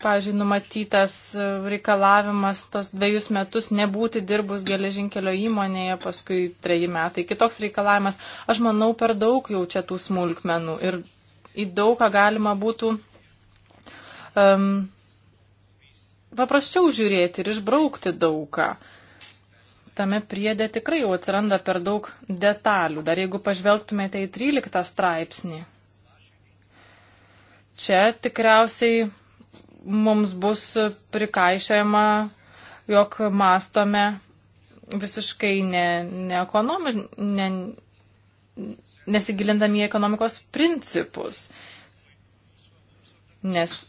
pavyzdžiui, numatytas e, reikalavimas tos dviejus metus nebūti dirbus geležinkelio įmonėje, paskui treji metai, kitoks reikalavimas. Aš manau, per daug jau čia tų smulkmenų ir į daugą galima būtų um, paprasčiau žiūrėti ir išbraukti daugą. Tame priedė tikrai jau atsiranda per daug detalių. Dar jeigu pažvelgtumėte į 13 straipsnį, čia tikriausiai mums bus prikaišėjama, jog mastome visiškai ne, ne ekonomi, ne, nesigilindami į ekonomikos principus. Nes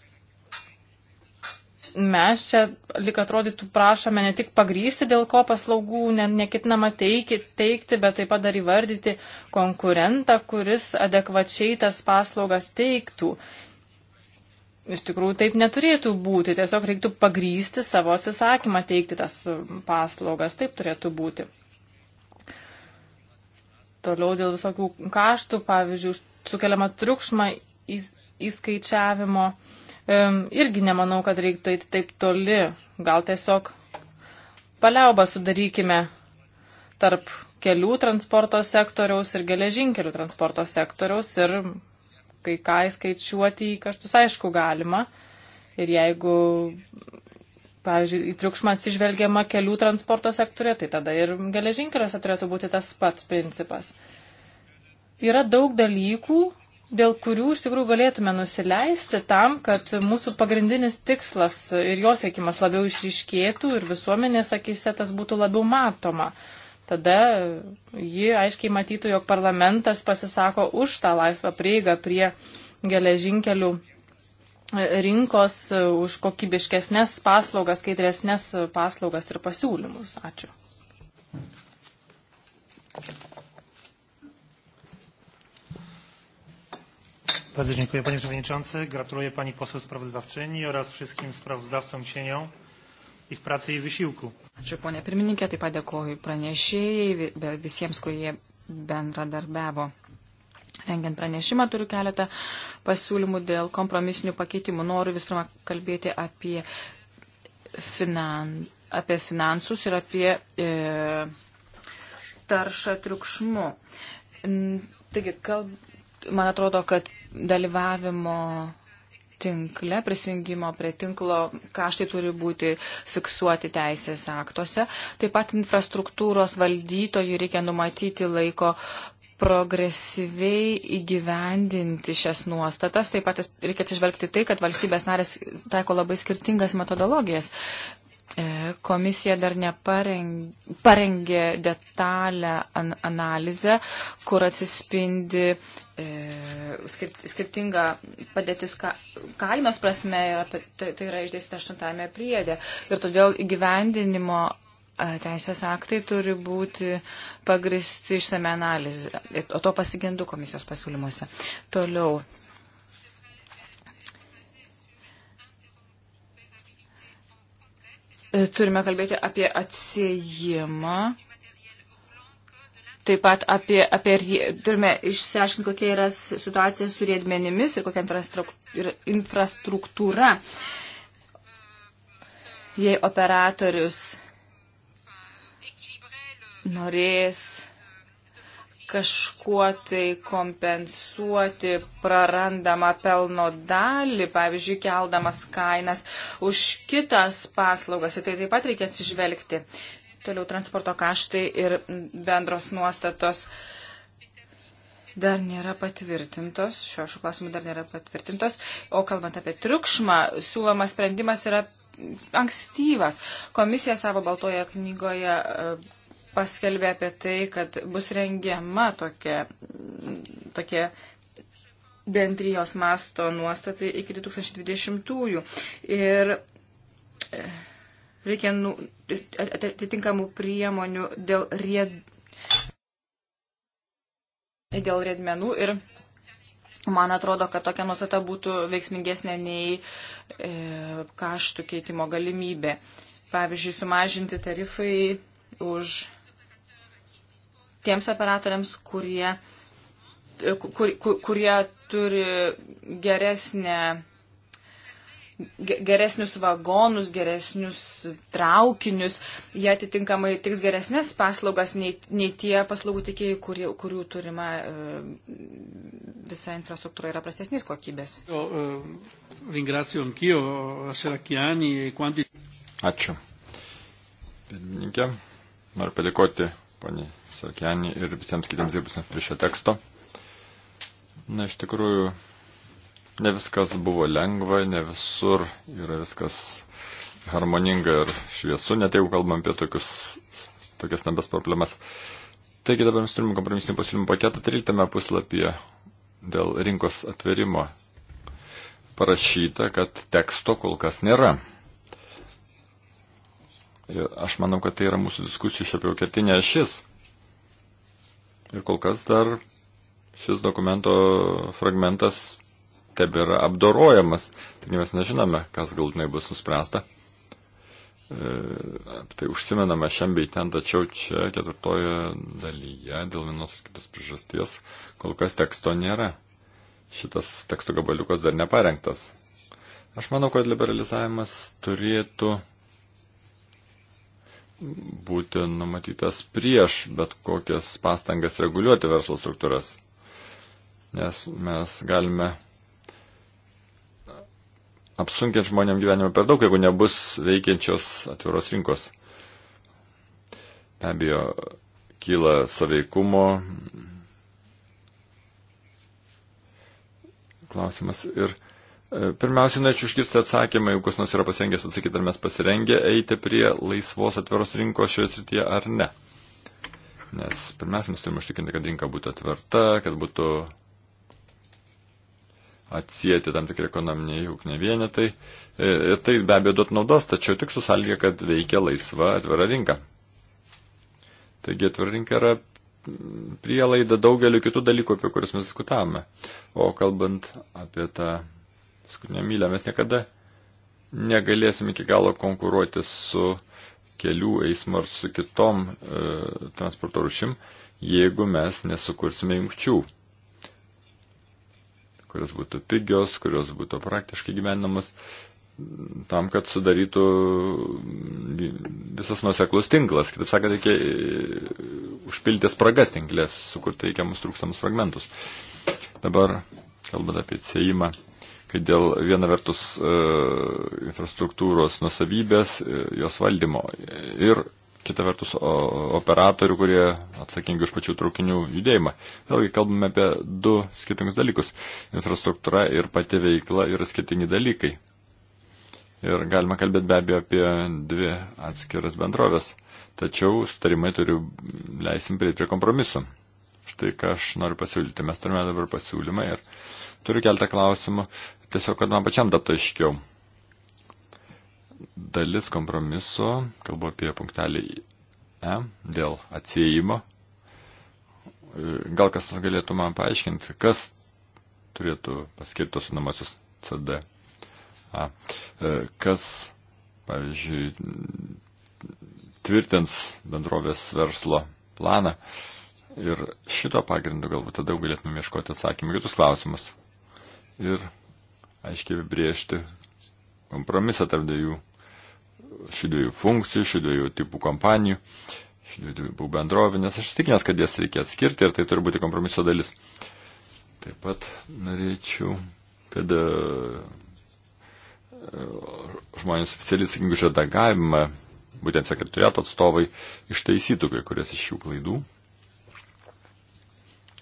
mes čia, lik atrodytų, prašome ne tik pagrysti, dėl ko paslaugų ne, nekitinama teiki, teikti, bet taip pat dar įvardyti konkurentą, kuris adekvačiai tas paslaugas teiktų iš tikrųjų taip neturėtų būti. Tiesiog reiktų pagrysti savo atsisakymą teikti tas e, paslaugas. Taip turėtų būti. Toliau dėl visokių kaštų, pavyzdžiui, sukeliama triukšma įskaičiavimo. Irgi nemanau, kad reiktų eiti taip toli. Gal tiesiog paliaubą sudarykime tarp kelių transporto sektoriaus ir geležinkelių transporto sektoriaus ir kai ką įskaičiuoti į kaštus aišku galima. Ir jeigu, pavyzdžiui, į triukšmą atsižvelgiama kelių transporto sektorė, tai tada ir geležinkeliuose turėtų būti tas pats principas. Yra daug dalykų, dėl kurių iš tikrųjų galėtume nusileisti tam, kad mūsų pagrindinis tikslas ir jos siekimas labiau išriškėtų ir visuomenės akise tas būtų labiau matoma tada ji aiškiai matytų, jog parlamentas pasisako už tą laisvą prieigą prie geležinkelių rinkos, už kokybiškesnės paslaugas, skaidresnės paslaugas ir pasiūlymus. Ačiū. Bardzo dziękuję panie przewodniczący. Gratuluję pani poseł sprawozdawczyni oraz wszystkim sprawozdawcom cieniom ich pracy i wysiłku. Ačiū, ponė pirmininkė, taip pat dėkoju pranešėjai, visiems, kurie bendradarbiavo. Rengiant pranešimą turiu keletą pasiūlymų dėl kompromisinių pakeitimų. Noriu vis pirma kalbėti apie, finan, apie finansus ir apie e, taršą triukšmu. Taigi, kalb, man atrodo, kad dalyvavimo tinkle, prisijungimo prie tinklo kaštai turi būti fiksuoti teisės aktuose. Taip pat infrastruktūros valdytojų reikia numatyti laiko progresyviai įgyvendinti šias nuostatas. Taip pat reikia atsižvelgti tai, kad valstybės narės taiko labai skirtingas metodologijas E, komisija dar neparengė detalę an analizę, kur atsispindi e, skirtinga padėtis ka, kainos prasme, apie, tai, tai yra išdėstyta aštuntame priedė. Ir todėl įgyvendinimo e, teisės aktai turi būti pagristi išsame analizė. O to pasigendu komisijos pasiūlymuose. Toliau E, turime kalbėti apie atsėjimą. Taip pat apie, apie turime išsiaiškinti, kokia yra situacija su riedmenimis ir kokia infrastruktūra. Jei operatorius norės kažkuo tai kompensuoti prarandamą pelno dalį, pavyzdžiui, keldamas kainas už kitas paslaugas. Tai taip pat reikia atsižvelgti. Toliau transporto kaštai ir bendros nuostatos dar nėra patvirtintos, šio šių klausimų dar nėra patvirtintos, o kalbant apie triukšmą, siūlomas sprendimas yra ankstyvas. Komisija savo baltoje knygoje paskelbė apie tai, kad bus rengiama tokia, tokia bendrijos masto nuostatai iki 2020-ųjų. Ir e, reikia nu, atitinkamų priemonių dėl, ried, dėl riedmenų ir man atrodo, kad tokia nuostata būtų veiksmingesnė nei e, kaštų keitimo galimybė. Pavyzdžiui, sumažinti tarifai už tiems operatoriams, kurie, kur, kur, kurie turi geresnę geresnius vagonus, geresnius traukinius, jie atitinkamai tiks geresnės paslaugas nei, nei tie paslaugų tikėjai, kurie, kurių turima e, visa infrastruktūra yra prastesnės kokybės. E, e Ačiū. Pirmininkė, noriu padėkoti poniai Sarkianį ir visiems kitiems dirbusiems prie šio teksto. Na, iš tikrųjų, ne viskas buvo lengva, ne visur yra viskas harmoninga ir šviesu, net jeigu kalbam apie tokius, tokias nebes problemas. Taigi dabar mes turime kompromisinį pasiūlymų paketą 13 puslapyje dėl rinkos atverimo. Parašyta, kad teksto kol kas nėra. Ir aš manau, kad tai yra mūsų diskusijų šiaip jau kertinė ašis. Ir kol kas dar šis dokumento fragmentas tebėra apdorojamas. Taigi mes nežinome, kas galtinai bus nuspręsta. E, tai užsimename šiam bei ten, tačiau čia ketvirtoje dalyje dėl vienos kitos priežasties kol kas teksto nėra. Šitas teksto gabaliukas dar neparengtas. Aš manau, kad liberalizavimas turėtų būti numatytas prieš bet kokias pastangas reguliuoti verslo struktūras. Nes mes galime apsunkinti žmonėm gyvenimą per daug, jeigu nebus veikiančios atviros rinkos. Be abejo, kyla saveikumo klausimas ir Pirmiausia, norėčiau išgirsti atsakymą, jeigu kas nors yra pasirengęs atsakyti, ar mes pasirengę eiti prie laisvos atviros rinkos šioje srityje ar ne. Nes pirmiausia, mes turime užtikrinti, kad rinka būtų atverta, kad būtų atsijėti tam tikri ekonominiai ūkiniai vienetai. E, ir tai be abejo duot naudos, tačiau tik su sąlyga, kad veikia laisva atvira rinka. Taigi atvira rinka yra prielaida daugeliu kitų dalykų, apie kuriuos mes diskutavome. O kalbant apie tą paskutinę mylę. Mes niekada negalėsim iki galo konkuruoti su kelių eismu ar su kitom e, transporto rušim, jeigu mes nesukursime jungčių, kurios būtų pigios, kurios būtų praktiškai gyvenamas, tam, kad sudarytų visas nuseklus tinklas. Kitaip sakant, reikia e, užpilti spragas tinklės, sukurti reikiamus trūkstamus fragmentus. Dabar, kalbant apie atsėjimą kad dėl viena vertus e, infrastruktūros nusavybės, e, jos valdymo ir kita vertus operatorių, kurie atsakingi už pačių traukinių judėjimą. Vėlgi kalbame apie du skirtingus dalykus. Infrastruktūra ir pati veikla yra skirtingi dalykai. Ir galima kalbėti be abejo apie dvi atskiras bendrovės. Tačiau sutarimai turi leisim prieiti prie kompromisu. Štai ką aš noriu pasiūlyti. Mes turime dabar pasiūlymą ir Turiu keltą klausimų, tiesiog, kad man pačiam taptų aiškiau. Dalis kompromiso, kalbu apie punktelį E, dėl atsiejimo. Gal kas galėtų man paaiškinti, kas turėtų paskirtos namasius CD. A. Kas, pavyzdžiui, tvirtins bendrovės verslo planą ir šito pagrindu galbūt tada galėtume ieškoti atsakymų kitus klausimus ir aiškiai apibriežti kompromisą tarp dviejų šių dviejų funkcijų, šių dviejų tipų kompanijų, šių dviejų tipų bendrovė, nes aš tikinęs, kad jas reikia atskirti ir tai turi būti kompromiso dalis. Taip pat norėčiau, kad e, žmonės oficialiai atsakingi už redagavimą, būtent sekretoriato atstovai, ištaisytų kai kurias iš šių klaidų,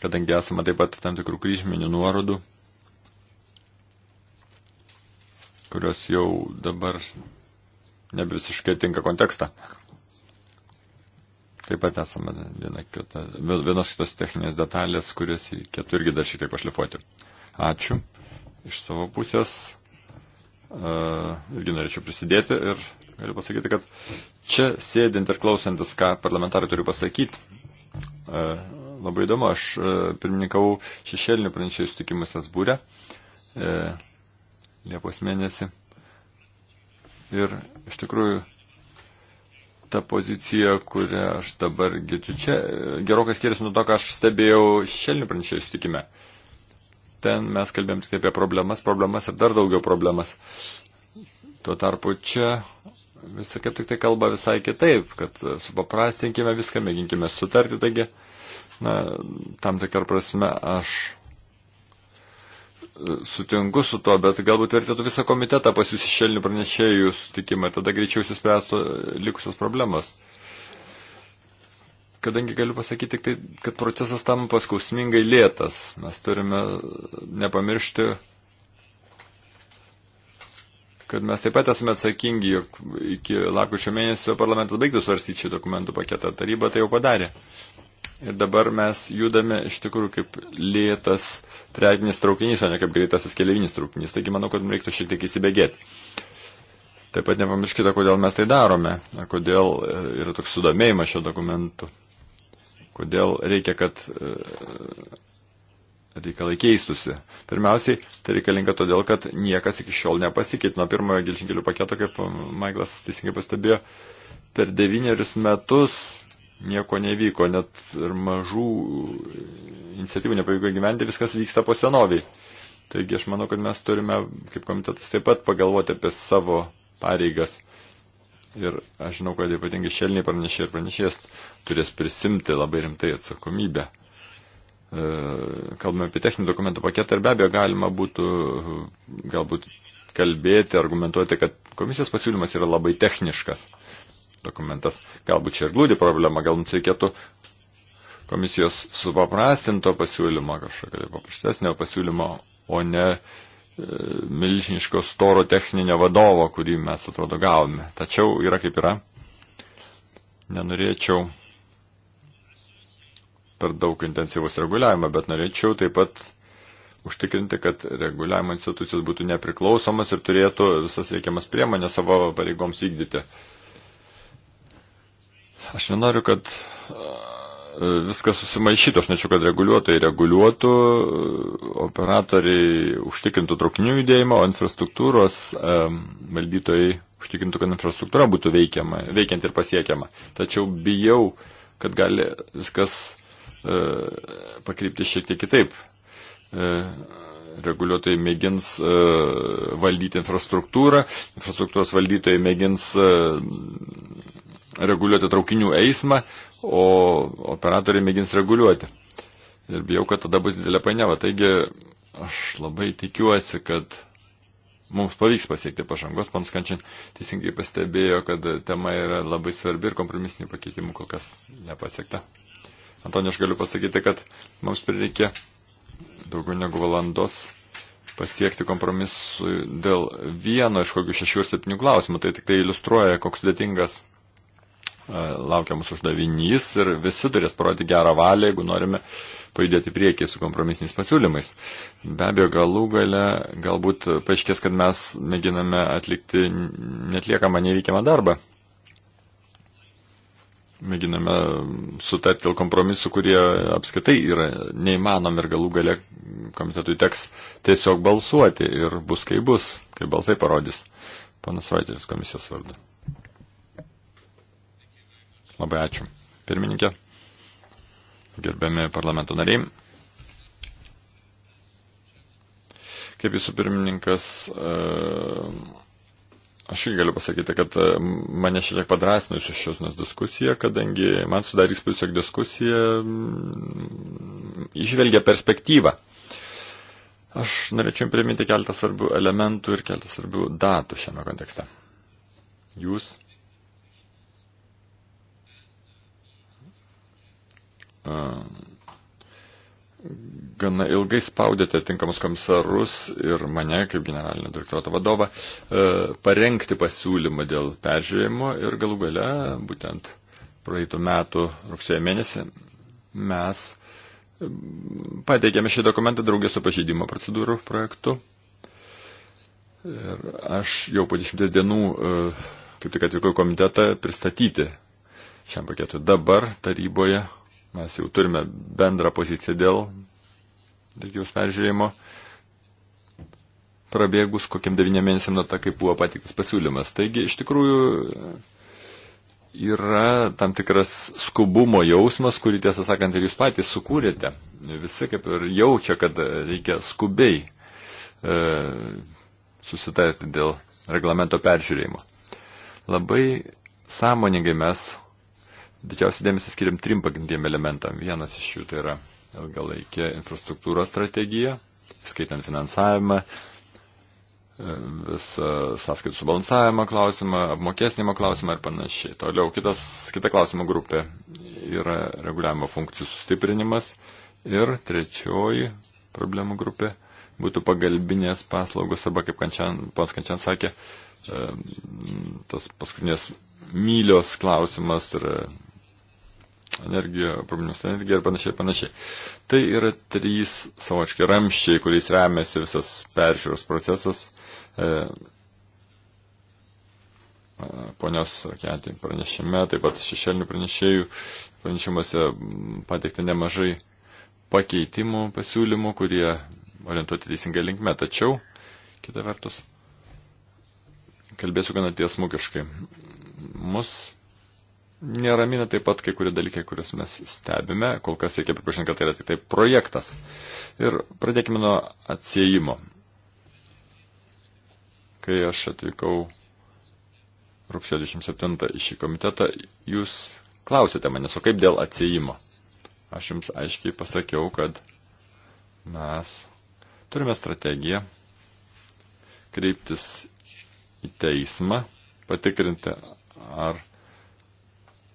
kadangi esame taip pat tam tikrų kryžminių nuorodų kurios jau dabar nebevisiškai tinka kontekstą. Taip pat esame viena kita, vienos kitos techninės detalės, kurias reikėtų irgi dar šiek tiek pašlifuoti. Ačiū. Iš savo pusės uh, irgi norėčiau prisidėti ir galiu pasakyti, kad čia sėdint ir klausantis, ką parlamentarai turi pasakyti, uh, labai įdomu, aš uh, e, pirmininkau šešėlinių pranešėjų sutikimus Esbūrę. Uh, Liepos mėnesį. Ir iš tikrųjų ta pozicija, kurią aš dabar girdžiu čia, gerokai skiriasi nuo to, ką aš stebėjau šešėlinių pranešėjų sutikime. Ten mes kalbėjom tik apie problemas, problemas ir dar daugiau problemas. Tuo tarpu čia visą kaip tik tai kalba visai kitaip, kad supaprastinkime viską, mėginkime sutarti, taigi, na, tam tikrą prasme aš sutinku su to, bet galbūt vertėtų visą komitetą pas jūs išėlinių pranešėjų sutikimą ir tada greičiau įsispręstų likusios problemas. Kadangi galiu pasakyti tik tai, kad procesas tampa skausmingai lėtas, mes turime nepamiršti, kad mes taip pat esame atsakingi, jog iki lakučio mėnesio parlamentas baigtų svarstyti šį dokumentų paketą, taryba tai jau padarė. Uh, Ir dabar mes judame iš tikrųjų kaip lėtas prekinis traukinys, o ne kaip greitasis keliaivinis traukinys. Taigi manau, kad mums reiktų šiek tiek įsibėgėti. Taip pat nepamirškite, kodėl mes tai darome, kodėl e, yra toks sudomėjimas šio dokumentu, kodėl reikia, kad e, reikalai keistusi. Pirmiausiai, tai reikalinga todėl, kad niekas iki šiol nepasikeitė. Nuo pirmojo gelžinkelių paketo, kaip Maiklas teisingai pastebėjo, per devynerius metus nieko nevyko, net ir mažų iniciatyvų nepavyko gyventi, viskas vyksta po senoviai. Taigi aš manau, kad mes turime, kaip komitetas, taip pat pagalvoti apie savo pareigas. Ir aš žinau, kad ypatingai šelniai pranešė ir pranešės turės prisimti labai rimtai atsakomybę. E, kalbame apie techninių dokumentų paketą ir be abejo galima būtų galbūt kalbėti, argumentuoti, kad komisijos pasiūlymas yra labai techniškas dokumentas. Galbūt čia ir glūdi problema, gal mums reikėtų komisijos supaprastinto pasiūlymo, kažkokio paprastesnio pasiūlymo, o ne e, milžiniško storo techninio vadovo, kurį mes atrodo gavome. Tačiau yra kaip yra. Nenorėčiau per daug intensyvus reguliavimą, bet norėčiau taip pat užtikrinti, kad reguliavimo institucijos būtų nepriklausomas ir turėtų visas reikiamas priemonės savo pareigoms vykdyti. E, Aš nenoriu, kad e, viskas susimaišytų, aš nečiau, kad reguliuotojai reguliuotų, e, operatoriai užtikrintų traukinių judėjimą, o infrastruktūros um, valdytojai užtikrintų, kad infrastruktūra būtų veikiama, veikiant ir pasiekiama. Tačiau bijau, kad gali viskas uh, pakrypti šiek tiek kitaip. Uh, reguliuotojai mėgins uh, valdyti infrastruktūrą, infrastruktūros valdytojai mėgins uh, reguliuoti traukinių eismą, o operatoriai mėgins reguliuoti. Ir bijau, kad tada bus didelė painiava. Taigi aš labai tikiuosi, kad mums pavyks pasiekti pažangos. Pons Kančian teisingai pastebėjo, kad tema yra labai svarbi ir kompromisinių pakeitimų kol kas nepasiekta. Antonio, aš galiu pasakyti, kad mums prireikė daugiau negu valandos pasiekti kompromisų dėl vieno iš kokių šešių ar septynių klausimų. Tai tik tai iliustruoja, koks sudėtingas laukiamas uždavinys ir visi turės parodyti gerą valią, jeigu norime pajudėti priekį su kompromisiniais pasiūlymais. Be abejo, galų gale galbūt paaiškės, kad mes mėginame atlikti netliekamą nereikiamą darbą. Mėginame sutarti dėl kompromisų, kurie apskaitai yra neįmanomi ir galų gale komitetui teks tiesiog balsuoti ir bus kaip bus, kaip balsai parodys. Panas Vaiteris komisijos vardu. Labai ačiū. Pirmininkė, gerbiami parlamento nariai. Kaip jūsų pirmininkas, e, aš irgi galiu pasakyti, kad e, mane šiek tiek padrasnius iš šios nes diskusija, kadangi man sudarys tiesiog diskusija išvelgia mm, perspektyvą. Aš norėčiau priminti keletą svarbių elementų ir keletą svarbių datų šiame kontekste. Jūs gana ilgai spaudėte tinkamus komisarus ir mane kaip generalinio direktorato vadovą e, parengti pasiūlymą dėl peržiūrėjimo ir galų gale būtent praeitų metų rugsėjo mėnesį mes e, pateikėme šį dokumentą draugės su pažeidimo procedūrų projektu. Ir aš jau po dešimties dienų, e, kaip tik atvykau į komitetą, pristatyti šiam paketui. Dabar taryboje Mes jau turime bendrą poziciją dėl direktyvos peržiūrėjimo. Prabėgus kokiam devyniem mėnesiam nuo to, kaip buvo patiktas pasiūlymas. Taigi, iš tikrųjų, yra tam tikras skubumo jausmas, kurį tiesą sakant ir jūs patys sukūrėte. Visi kaip ir jaučia, kad reikia skubiai e, susitarti dėl reglamento peržiūrėjimo. Labai sąmoningai mes Didžiausią dėmesį skiriam trim pagrindiniam elementam. Vienas iš jų tai yra ilgalaikė infrastruktūros strategija, skaitant finansavimą, visą sąskaitų subalansavimą klausimą, apmokesnimo klausimą ir panašiai. Toliau kitas, kita klausimo grupė yra reguliavimo funkcijų sustiprinimas ir trečioji problemų grupė būtų pagalbinės paslaugos arba, kaip kančian, pons Kančian sakė, e, tas paskutinės mylios klausimas yra energiją, probleminės energiją ir panašiai, panašiai. Tai yra trys savočki ramščiai, kuriais remiasi visas peržiūros procesas. E, e ponios Rakentį pranešime, taip pat šešėlinių pranešėjų pranešimuose pateikta nemažai pakeitimų, pasiūlymų, kurie orientuoti teisingai linkme. Tačiau, kita vertus, kalbėsiu gana tiesmukiškai. Mus Neramina taip pat kai kurie dalykai, kuriuos mes stebime. Kol kas reikia pripažinti, kad tai yra tik tai projektas. Ir pradėkime nuo atsiejimo. Kai aš atvykau rugsėjo 27 į šį komitetą, jūs klausėte manęs, o kaip dėl atsiejimo? Aš jums aiškiai pasakiau, kad mes turime strategiją kreiptis į teismą, patikrinti, ar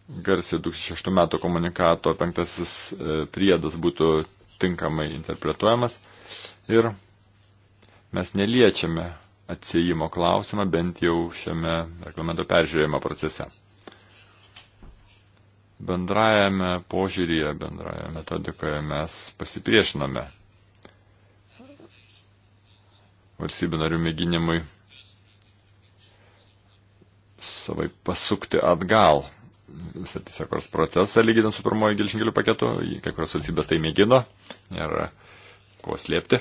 garsiai 2006 metų komunikato penktasis e, priedas būtų tinkamai interpretuojamas. Ir mes neliečiame atsijimo klausimą bent jau šiame reglamento peržiūrėjimo procese. Bendrajame požiūryje, bendrajame metodikoje mes pasipriešiname valstybių narių mėginimui savai pasukti atgal visą tiesiogos procesą lyginant su pirmoji gilšinkelių paketu. Kai kurios valstybės tai mėgino ir kuo slėpti.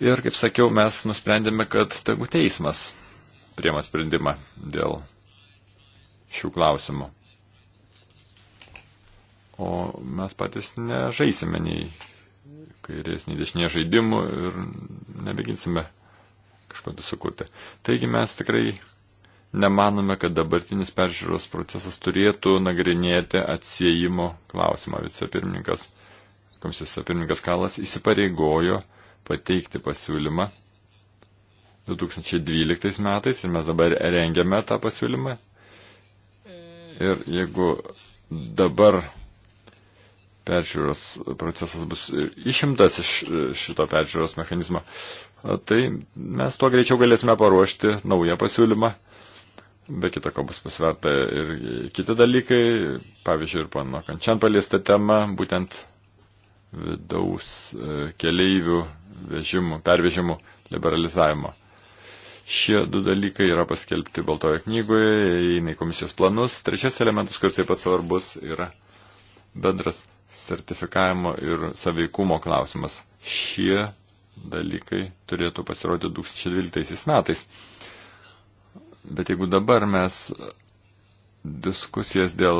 Ir, kaip sakiau, mes nusprendėme, kad tegu teismas priema sprendimą dėl šių klausimų. O mes patys nežaisime nei kairės, nei dešinės žaidimų ir nebeginsime kažko tai sukurti. Taigi mes tikrai nemanome, kad dabartinis peržiūros procesas turėtų nagrinėti atsiejimo klausimą. Vicepirmininkas, komisijos pirmininkas Kalas įsipareigojo pateikti pasiūlymą 2012 metais ir mes dabar rengiame tą pasiūlymą. Ir jeigu dabar peržiūros procesas bus išimtas iš šito peržiūros mechanizmo, tai mes tuo greičiau galėsime paruošti naują pasiūlymą Be kita ko bus pasverta ir kiti dalykai, pavyzdžiui, ir pano Kančian paliesta tema, būtent vidaus e, keleivių vežimų, pervežimų liberalizavimo. Šie du dalykai yra paskelbti Baltojo knygoje, įeina į komisijos planus. Trečias elementas, kuris taip pat svarbus, yra bendras sertifikavimo ir saveikumo klausimas. Šie dalykai turėtų pasirodyti 2012 metais. Bet jeigu dabar mes diskusijas dėl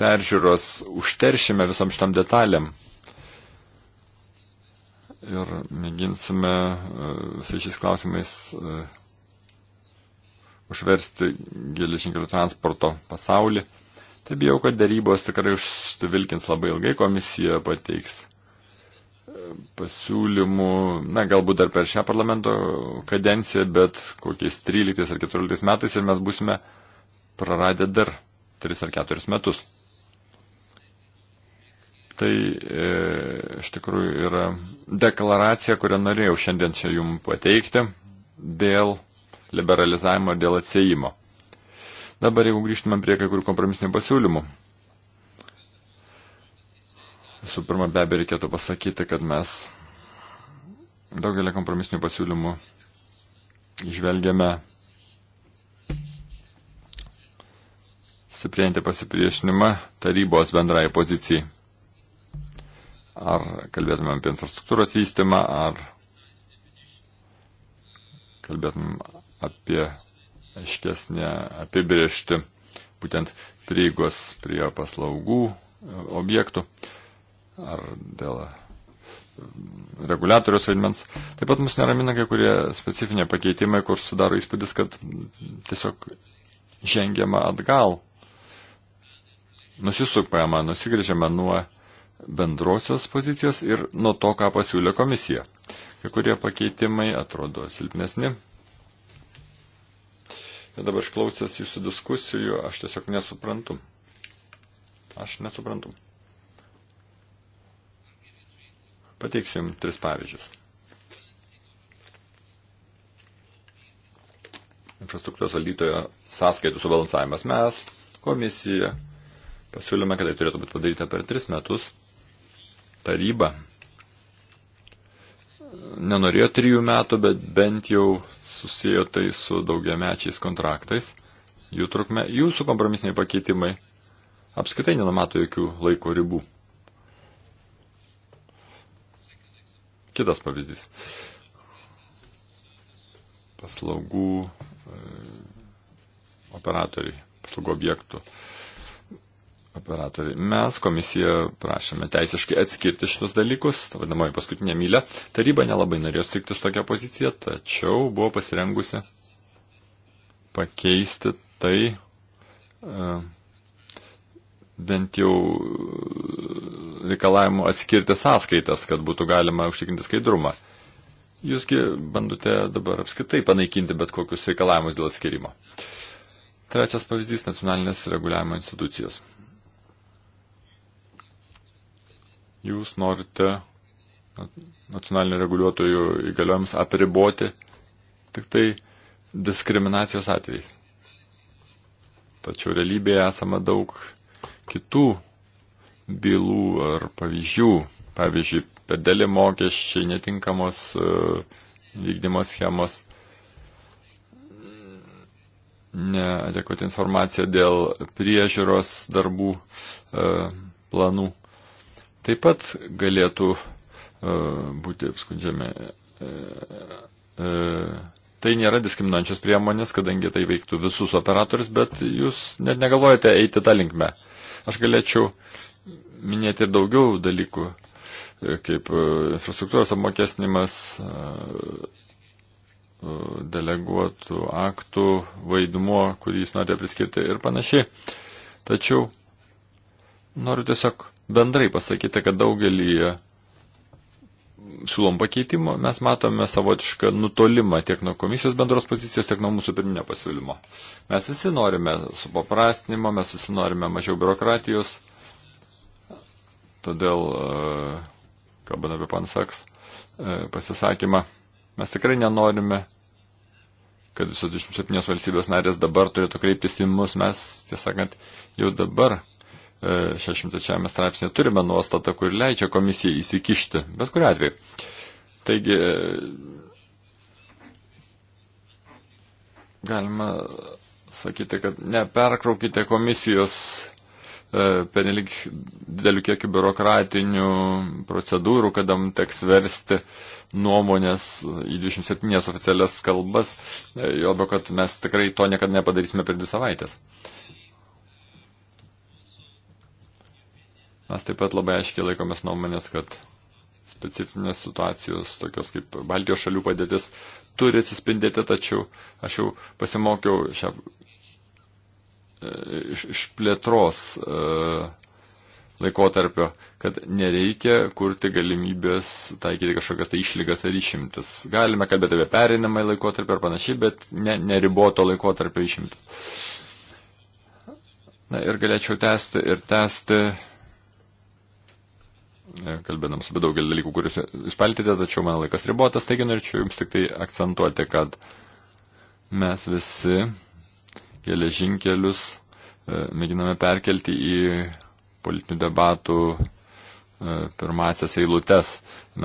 peržiūros užteršime visam šitam detalėm ir mėginsime e, visais šiais klausimais e, užversti geležinkelių transporto pasaulį, tai bijau, kad darybos tikrai užsivilkins labai ilgai, komisija pateiks pasiūlymų, na, galbūt dar per šią parlamento kadenciją, bet kokiais 13 ar 14 metais ir mes būsime praradę dar 3 ar 4 metus. Tai e, iš tikrųjų yra deklaracija, kurią norėjau šiandien čia jums pateikti dėl liberalizavimo ir dėl atsėjimo. Dabar jeigu grįžtume prie kai kurių kompromisinių pasiūlymų. Visų pirma, be abejo, reikėtų pasakyti, kad mes daugelį kompromisinių pasiūlymų žvelgiame stiprėjantį pasipriešinimą tarybos bendrai pozicijai. Ar kalbėtume apie infrastruktūros įstymą, ar kalbėtume apie aiškesnę apibriežti būtent prieigos prie paslaugų objektų. Uh, ar dėl mm, reguliatorius vaidmens. Taip pat mus neramina kai kurie specifiniai pakeitimai, kur sudaro įspūdis, kad tiesiog žengiama atgal, nusisukama, nusigrėžiama nuo bendrosios pozicijos ir nuo to, ką pasiūlė komisija. Kai kurie pakeitimai atrodo silpnesni. Ir dabar išklausęs jūsų diskusijų, aš tiesiog nesuprantu. Aš nesuprantu. Pateiksiu Jums tris pavyzdžius. Infrastruktūros valdytojo sąskaitų subalansavimas mes, komisija, pasiūlėme, kad tai turėtų būti padaryta per tris metus. Taryba nenorėjo trijų metų, bet bent jau susiję tai su daugiamečiais kontraktais, jų trukme, jūsų kompromisiniai pakeitimai apskaitai nenumato jokių laiko ribų. Kitas pavyzdys. Paslaugų e, operatoriai, paslaugų objektų operatoriai. Mes komisija prašėme teisiškai atskirti šitus dalykus, vadinamoji paskutinė mylė. Taryba nelabai norėjo sutikti su tokia pozicija, tačiau buvo pasirengusi pakeisti tai. Uh, bent jau e, reikalavimų atskirti sąskaitas, kad būtų galima užtikrinti skaidrumą. Jūsgi bandote dabar apskritai panaikinti bet kokius reikalavimus dėl atskirimo. Trečias pavyzdys - nacionalinės reguliavimo institucijos. Jūs norite nacionalinių reguliuotojų įgaliojimus apriboti tik tai diskriminacijos atvejais. Tačiau realybėje esama daug kitų bylų ar pavyzdžių. Pavyzdžiui, per dėlį mokesčiai, netinkamos e, vykdymo schemos, neadekvati informacija dėl priežiūros darbų e, planų. Taip pat galėtų e, būti apskundžiami tai nėra diskriminuojančios priemonės, kadangi tai veiktų visus operatorius, bet jūs net negalvojate eiti tą linkmę. Aš galėčiau minėti ir daugiau dalykų, e, kaip e, infrastruktūros apmokesnimas, e, deleguotų aktų vaidmuo, kurį jūs norite priskirti ir panašiai. Tačiau noriu tiesiog bendrai pasakyti, kad daugelį siūlom pakeitimo, mes matome savotišką nutolimą tiek nuo komisijos bendros pozicijos, tiek nuo mūsų pirminio pasiūlymo. Mes visi norime supaprastinimo, mes visi norime mažiau biurokratijos. Todėl, e, kalbant apie pansaks e, pasisakymą, mes tikrai nenorime, kad visos 27 valstybės narės dabar turėtų kreiptis į mus. Mes, tiesąkant, jau dabar 63 e, straipsnėje turime nuostatą, kur leidžia komisijai įsikišti, bet kuriu atveju. Taigi, e, galima sakyti, kad neperkraukite komisijos e, penelik didelių kiekių biurokratinių procedūrų, kadam teks versti nuomonės į 27 oficialias kalbas, jo labiau, kad mes tikrai to niekada nepadarysime per dvi savaitės. Uh, Mes taip pat labai aiškiai laikomės nuomonės, kad specifinės situacijos, tokios kaip Baltijos šalių padėtis, turi atsispindėti, tačiau aš jau pasimokiau šią, e, iš, iš plėtros e, laikotarpio, kad nereikia kurti galimybės taikyti kažkokias tai išlygas ar išimtis. Galime kalbėti apie perinamą laikotarpį ar panašiai, bet ne, neriboto laikotarpio išimtis. Na ir galėčiau tęsti ir tęsti E, kalbėdams apie daugelį dalykų, kuriuos jūs paltėte, tačiau mano laikas ribotas, taigi norėčiau jums tik tai akcentuoti, kad mes visi geležinkelius e, mėginame perkelti į politinių debatų e, pirmasias eilutes.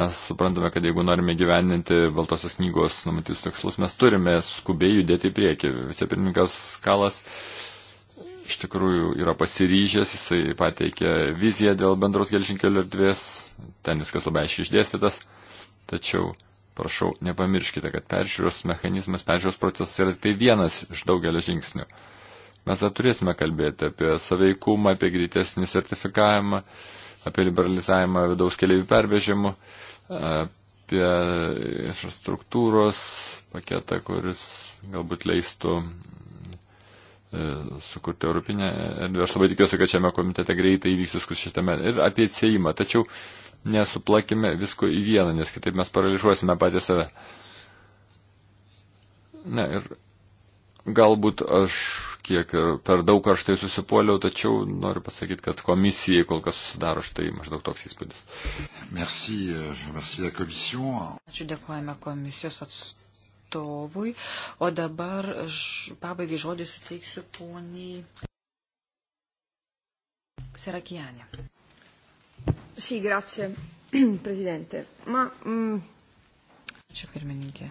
Mes suprantame, kad jeigu norime gyveninti Baltosios knygos numatytus tikslus, mes turime skubiai judėti į priekį. Vicepirmininkas Kalas iš tikrųjų yra pasiryžęs, jisai pateikė viziją dėl bendros gelžinkelio erdvės, ten viskas labai aiškiai išdėstytas, tačiau prašau, nepamirškite, kad peržiūros mechanizmas, peržiūros procesas yra tai vienas iš daugelio žingsnių. Mes dar turėsime kalbėti apie saveikumą, apie greitesnį sertifikavimą, apie liberalizavimą vidaus keliaivių pervežimų, apie infrastruktūros paketą, kuris galbūt leistų E, sukurti Europinę erdvę. Aš labai tikiuosi, kad šiame komitete greitai įvyks diskusija šitame ir apie atsėjimą. Tačiau nesuplakime visko į vieną, nes kitaip mes paralyžiuosime patį save. Na ir galbūt aš kiek ir per daug aš tai susipuoliau, tačiau noriu pasakyti, kad komisijai kol kas susidaro štai maždaug toks įspūdis. Merci, euh, merci la Ačiū dėkojame komisijos atstovui atstovui. O dabar aš pabaigai žodį suteiksiu poniai Serakijanė. Sì, grazie, Presidente. Ma, mm... Ačiū pirmininkė.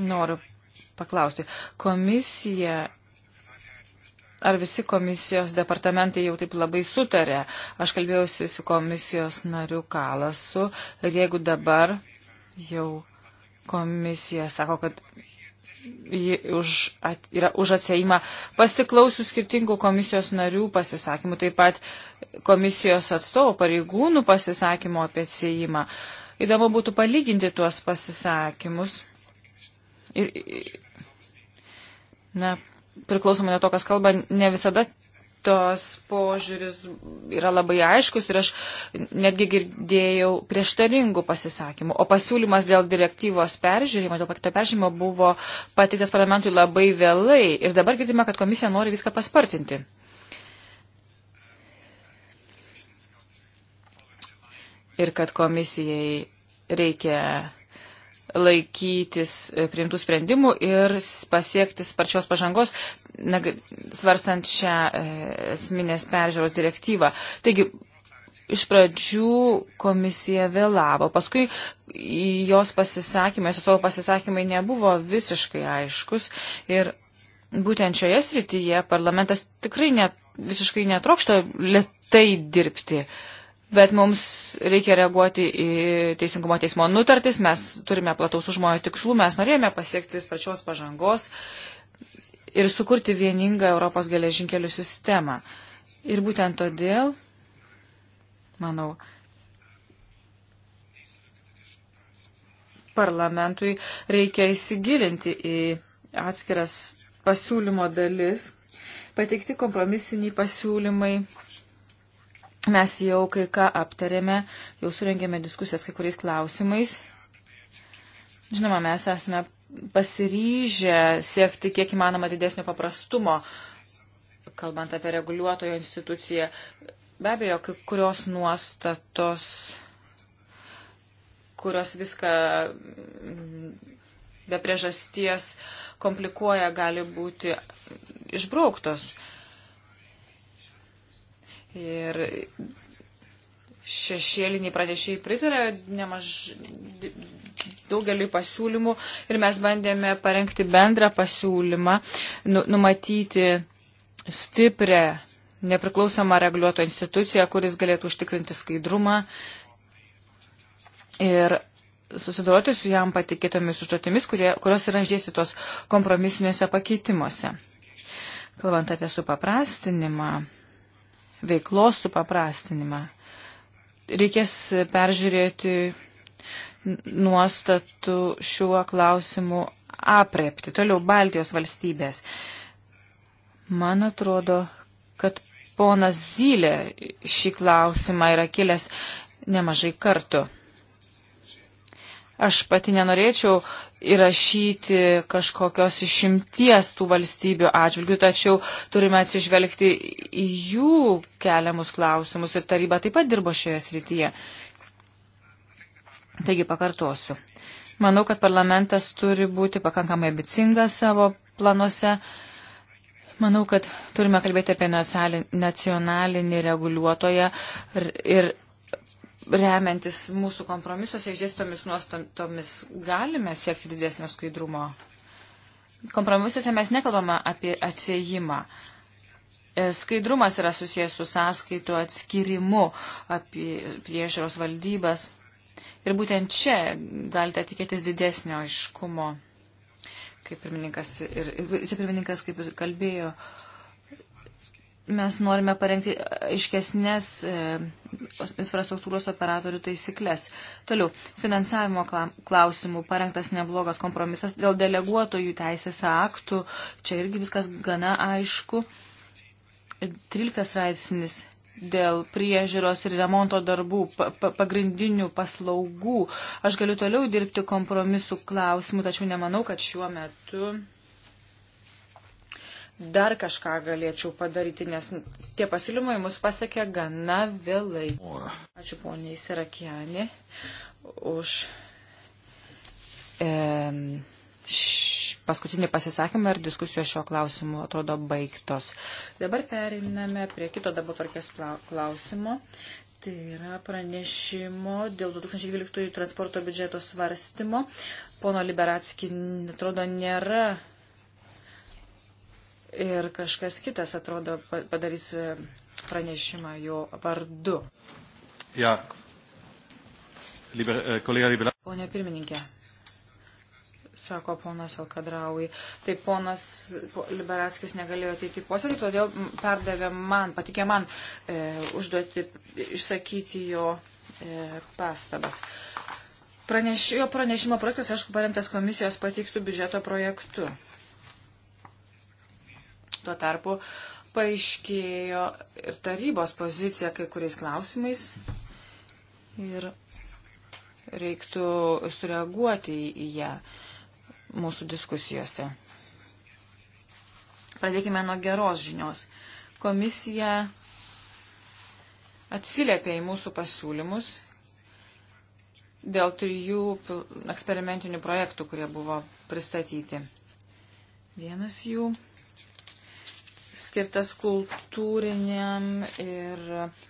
Noriu paklausti. Komisija Ar visi komisijos departamentai jau taip labai sutarė? Aš kalbėjausi su komisijos nariu Kalasu ir jeigu dabar jau komisija sako, kad už, at, yra už atsėjimą. Pasiklausiu skirtingų komisijos narių pasisakymų, taip pat komisijos atstovo pareigūnų pasisakymų apie atsėjimą. Įdomu būtų palyginti tuos pasisakymus. Ir, na, priklausomai nuo to, kas kalba, ne visada tos požiūris yra labai aiškus ir aš netgi girdėjau prieštaringų pasisakymų. O pasiūlymas dėl direktyvos peržiūrėjimo, dėl pakito peržiūrėjimo buvo patiktas parlamentui labai vėlai ir dabar girdime, kad komisija nori viską paspartinti. Ir kad komisijai reikia laikytis e, priimtų sprendimų ir pasiekti sparčios pažangos, na, svarstant šią e, esminės peržiūros direktyvą. Taigi, iš pradžių komisija vėlavo, paskui jos pasisakymai, su savo pasisakymai nebuvo visiškai aiškus ir būtent šioje srityje parlamentas tikrai net, visiškai netrokšto lietai dirbti. Uh, bet mums reikia reaguoti į Teisingumo teismo nutartis, mes turime plataus užmojo tikslų, mes norėjome pasiekti pačios pažangos ir sukurti vieningą Europos geležinkelių sistemą. Ir būtent todėl, manau, parlamentui reikia įsigilinti į atskiras pasiūlymo dalis, pateikti kompromisiniai pasiūlymai Mes jau kai ką aptarėme, jau surengėme diskusijas kai kuriais klausimais. Žinoma, mes esame pasiryžę siekti kiek įmanoma didesnio paprastumo, kalbant apie reguliuotojo instituciją. Be abejo, kai kurios nuostatos, kurios viską mm, be priežasties komplikuoja, gali būti išbrauktos. Ir šešėliniai pranešėjai pritarė nemaž daugeliu pasiūlymų ir mes bandėme parengti bendrą pasiūlymą, nu, numatyti stiprią nepriklausomą reguliuoto instituciją, kuris galėtų užtikrinti skaidrumą ir susidoroti su jam patikėtomis užduotimis, kurios yra išdėstytos kompromisiniuose pakeitimuose. Kalbant apie supaprastinimą, veiklos supaprastinimą. Reikės peržiūrėti nuostatų šiuo klausimu aprepti. Toliau Baltijos valstybės. Man atrodo, kad ponas Zylė šį klausimą yra kilęs nemažai kartų. Aš pati nenorėčiau įrašyti kažkokios išimties tų valstybių atžvilgių, tačiau turime atsižvelgti į jų keliamus klausimus ir taryba taip pat dirbo šioje srityje. Taigi pakartosiu. Manau, kad parlamentas turi būti pakankamai ambicingas savo planuose. Manau, kad turime kalbėti apie nacionalinį reguliuotoją ir, ir remiantis mūsų kompromisuose išdėstomis nuostatomis galime siekti didesnio skaidrumo. Kompromisuose mes nekalbame apie atsiejimą. E, skaidrumas yra susijęs su sąskaitų atskirimu apie priežiūros valdybas. Ir būtent čia galite tikėtis didesnio aiškumo, kaip pirmininkas ir, ir, ir, ir, ir, ir, ir, ir, ir kalbėjo. Uh, mes norime parengti aiškesnės e, infrastruktūros operatorių taisyklės. Toliau, finansavimo klausimų parengtas neblogas kompromisas dėl deleguotojų teisės aktų. Čia irgi viskas gana aišku. 13 raipsnis dėl priežiūros ir remonto darbų, pa, pagrindinių paslaugų. Aš galiu toliau dirbti kompromisų klausimų, tačiau nemanau, kad šiuo metu dar kažką galėčiau padaryti, nes tie pasiūlymai mus pasiekė gana vėlai. Ačiū poniai Sirakianė už e, š, paskutinį pasisakymą ir diskusijos šio klausimu atrodo baigtos. Dabar periname prie kito dabar tvarkės klausimo. Tai yra pranešimo dėl 2012 transporto biudžeto svarstymo. Pono Liberatski, atrodo, nėra ir kažkas kitas, atrodo, padarys e, pranešimą jo vardu. Ja. Liber, e, kolega Libera. Pone pirmininkė, sako ponas Alkadraui, tai ponas Liberatskis negalėjo ateiti į posėdį, todėl perdavė man, patikė man e, užduoti, išsakyti jo e, pastabas. Praneš, jo pranešimo projektas, aišku, paremtas komisijos pateiktų biudžeto projektu. Tuo tarpu paaiškėjo ir tarybos pozicija kai kuriais klausimais. Ir reiktų sureaguoti į ją mūsų diskusijose. Pradėkime nuo geros žinios. Komisija atsiliepia į mūsų pasiūlymus dėl trijų eksperimentinių projektų, kurie buvo pristatyti. Vienas jų skirtas kultūriniam ir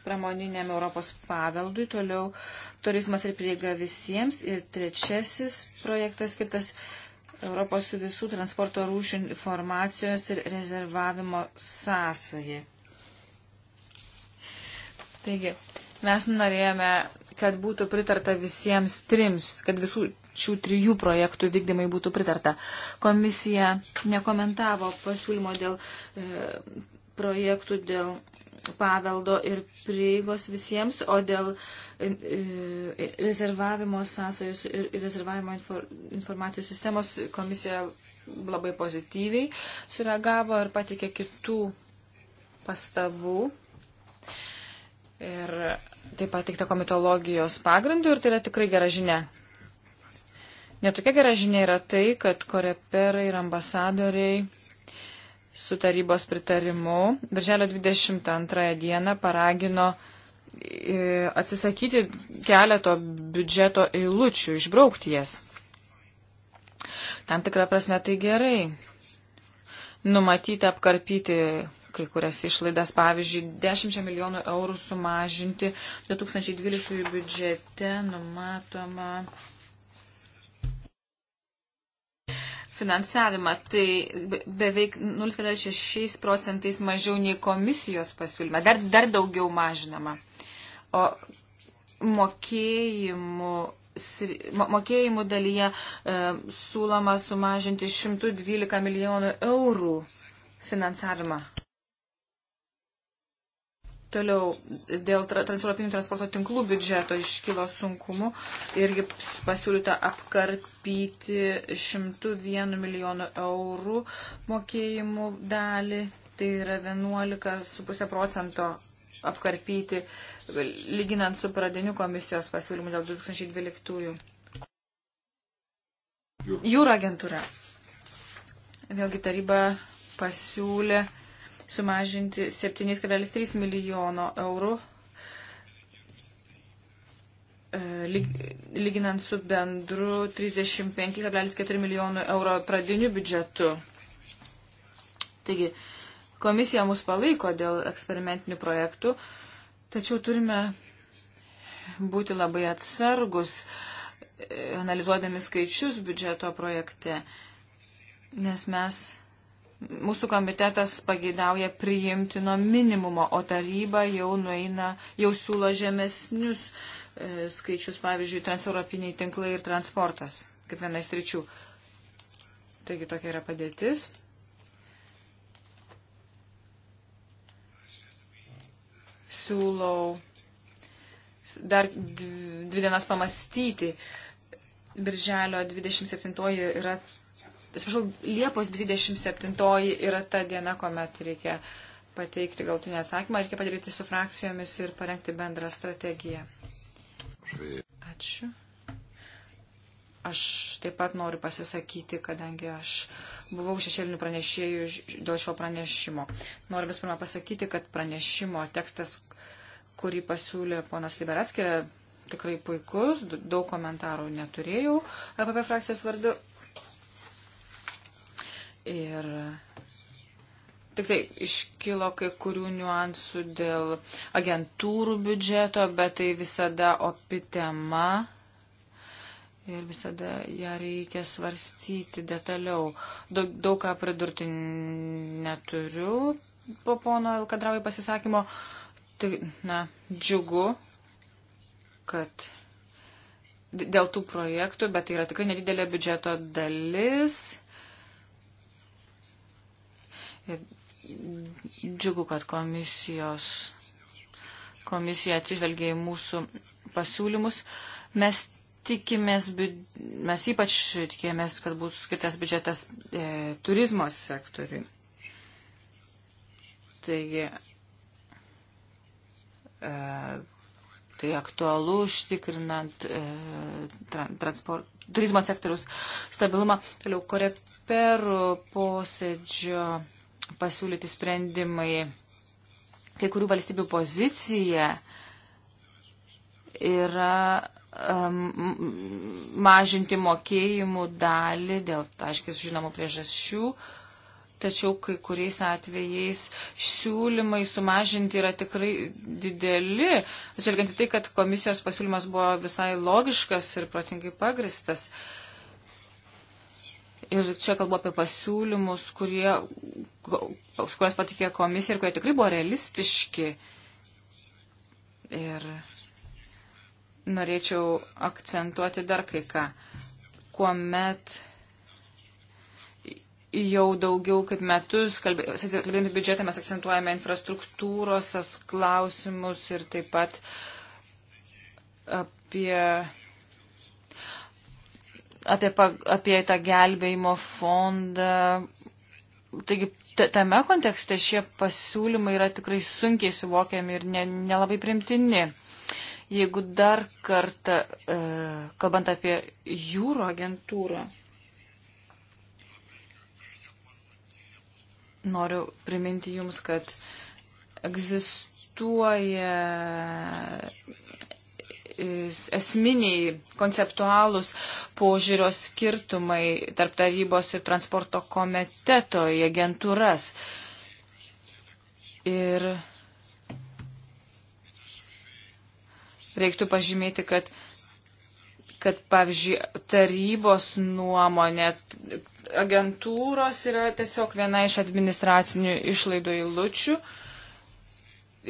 pramoniniam Europos paveldui, toliau turizmas ir prieiga visiems ir trečiasis projektas skirtas Europos visų transporto rūšių informacijos ir rezervavimo sąsajai. Taigi, mes norėjome, kad būtų pritarta visiems trims, kad visų šių trijų projektų vykdymai būtų pritarta. Komisija nekomentavo pasiūlymo dėl e, projektų, dėl paveldo ir prieigos visiems, o dėl e, e rezervavimo sąsojus ir rezervavimo infor, informacijos sistemos komisija labai pozityviai sureagavo ir patikė kitų pastabų. Ir taip pat tik ta komitologijos pagrindų ir tai yra tikrai gera žinia. Netokia gera žinia yra tai, kad koreperai ir ambasadoriai su tarybos pritarimu birželio 22 dieną paragino e, atsisakyti keleto biudžeto eilučių, išbraukti jas. Tam tikrą prasme tai gerai. Numatyti apkarpyti kai kurias išlaidas, pavyzdžiui, 10 milijonų eurų sumažinti 2012 biudžete numatoma finansavimą, tai beveik 0,6 procentais mažiau nei komisijos pasiūlyme, dar, dar daugiau mažinama. O mokėjimų, mokėjimų dalyje e, siūloma sumažinti 112 milijonų eurų finansavimą. Toliau dėl tra transeuropinių transporto tinklų biudžeto iškilo sunkumu irgi pasiūlyta apkarpyti 101 milijonų eurų mokėjimų dalį, tai yra 11,5 procento apkarpyti, lyginant su pradiniu komisijos pasiūlymu dėl 2012. Jūro agentūra. Vėlgi taryba pasiūlė sumažinti 7,3 milijono eurų e, lyginant su bendru 35,4 milijonų euro pradiniu biudžetu. Taigi, komisija mus palaiko dėl eksperimentinių projektų, tačiau turime būti labai atsargus, e, analizuodami skaičius biudžeto projekte, nes mes Mūsų komitetas pageidauja priimtino minimumo, o taryba jau nueina, jau siūlo žemesnius e, skaičius, pavyzdžiui, transeuropiniai tinklai ir transportas, kaip viena iš tričių. Taigi tokia yra padėtis. Siūlau dar dvi dienas pamastyti. Birželio 27 yra atsiprašau, Liepos 27 yra ta diena, kuomet reikia pateikti galtinį atsakymą, reikia padaryti su frakcijomis ir parengti bendrą strategiją. Ačiū. Aš taip pat noriu pasisakyti, kadangi aš buvau šešėlinių pranešėjų dėl šio pranešimo. Noriu vis pirma pasakyti, kad pranešimo tekstas, kurį pasiūlė ponas Liberatskė, tikrai puikus, daug komentarų neturėjau apie frakcijos vardu Ir tik tai iškilo kai kurių niuansų dėl agentūrų biudžeto, bet tai visada opi tema. Ir visada ją reikia svarstyti detaliau. Daug, daug ką pridurti neturiu po pono Elkadravai pasisakymo. Tai, na, džiugu, kad dėl tų projektų, bet tai yra tikrai nedidelė biudžeto dalis Džiugu, kad komisijos, komisija atsižvelgia į mūsų pasiūlymus. Mes tikimės, mes ypač tikėjomės, kad bus skirtas biudžetas e, turizmo sektoriui. Taigi, e, tai aktualu užtikrinant e, transport, turizmo sektoriaus stabilumą. Toliau, koreperų posėdžio pasiūlyti sprendimai. Kai kurių valstybių pozicija yra um, mažinti mokėjimų dalį dėl, tai aiškiai, žinomų priežasčių, tačiau kai kuriais atvejais siūlymai sumažinti yra tikrai dideli, atžvelgiant į tai, kad komisijos pasiūlymas buvo visai logiškas ir protingai pagristas. Uh, Ir čia kalbu apie pasiūlymus, kurie, kuriuos patikė komisija ir kurie tikrai buvo realistiški. Ir norėčiau akcentuoti dar kai ką. Kuomet jau daugiau kaip metus, kalbėdami biudžetą, mes akcentuojame infrastruktūros klausimus ir taip pat apie apie, apie tą gelbėjimo fondą. Taigi tame kontekste šie pasiūlymai yra tikrai sunkiai suvokiami ir ne, nelabai primtini. Jeigu dar kartą, e, kalbant apie jūro agentūrą, noriu priminti Jums, kad egzistuoja esminiai konceptualūs požiūrio skirtumai tarp tarybos ir transporto komiteto į agentūras. Ir reiktų pažymėti, kad, kad pavyzdžiui, tarybos nuomonė agentūros yra tiesiog viena iš administracinių išlaidų įlučių.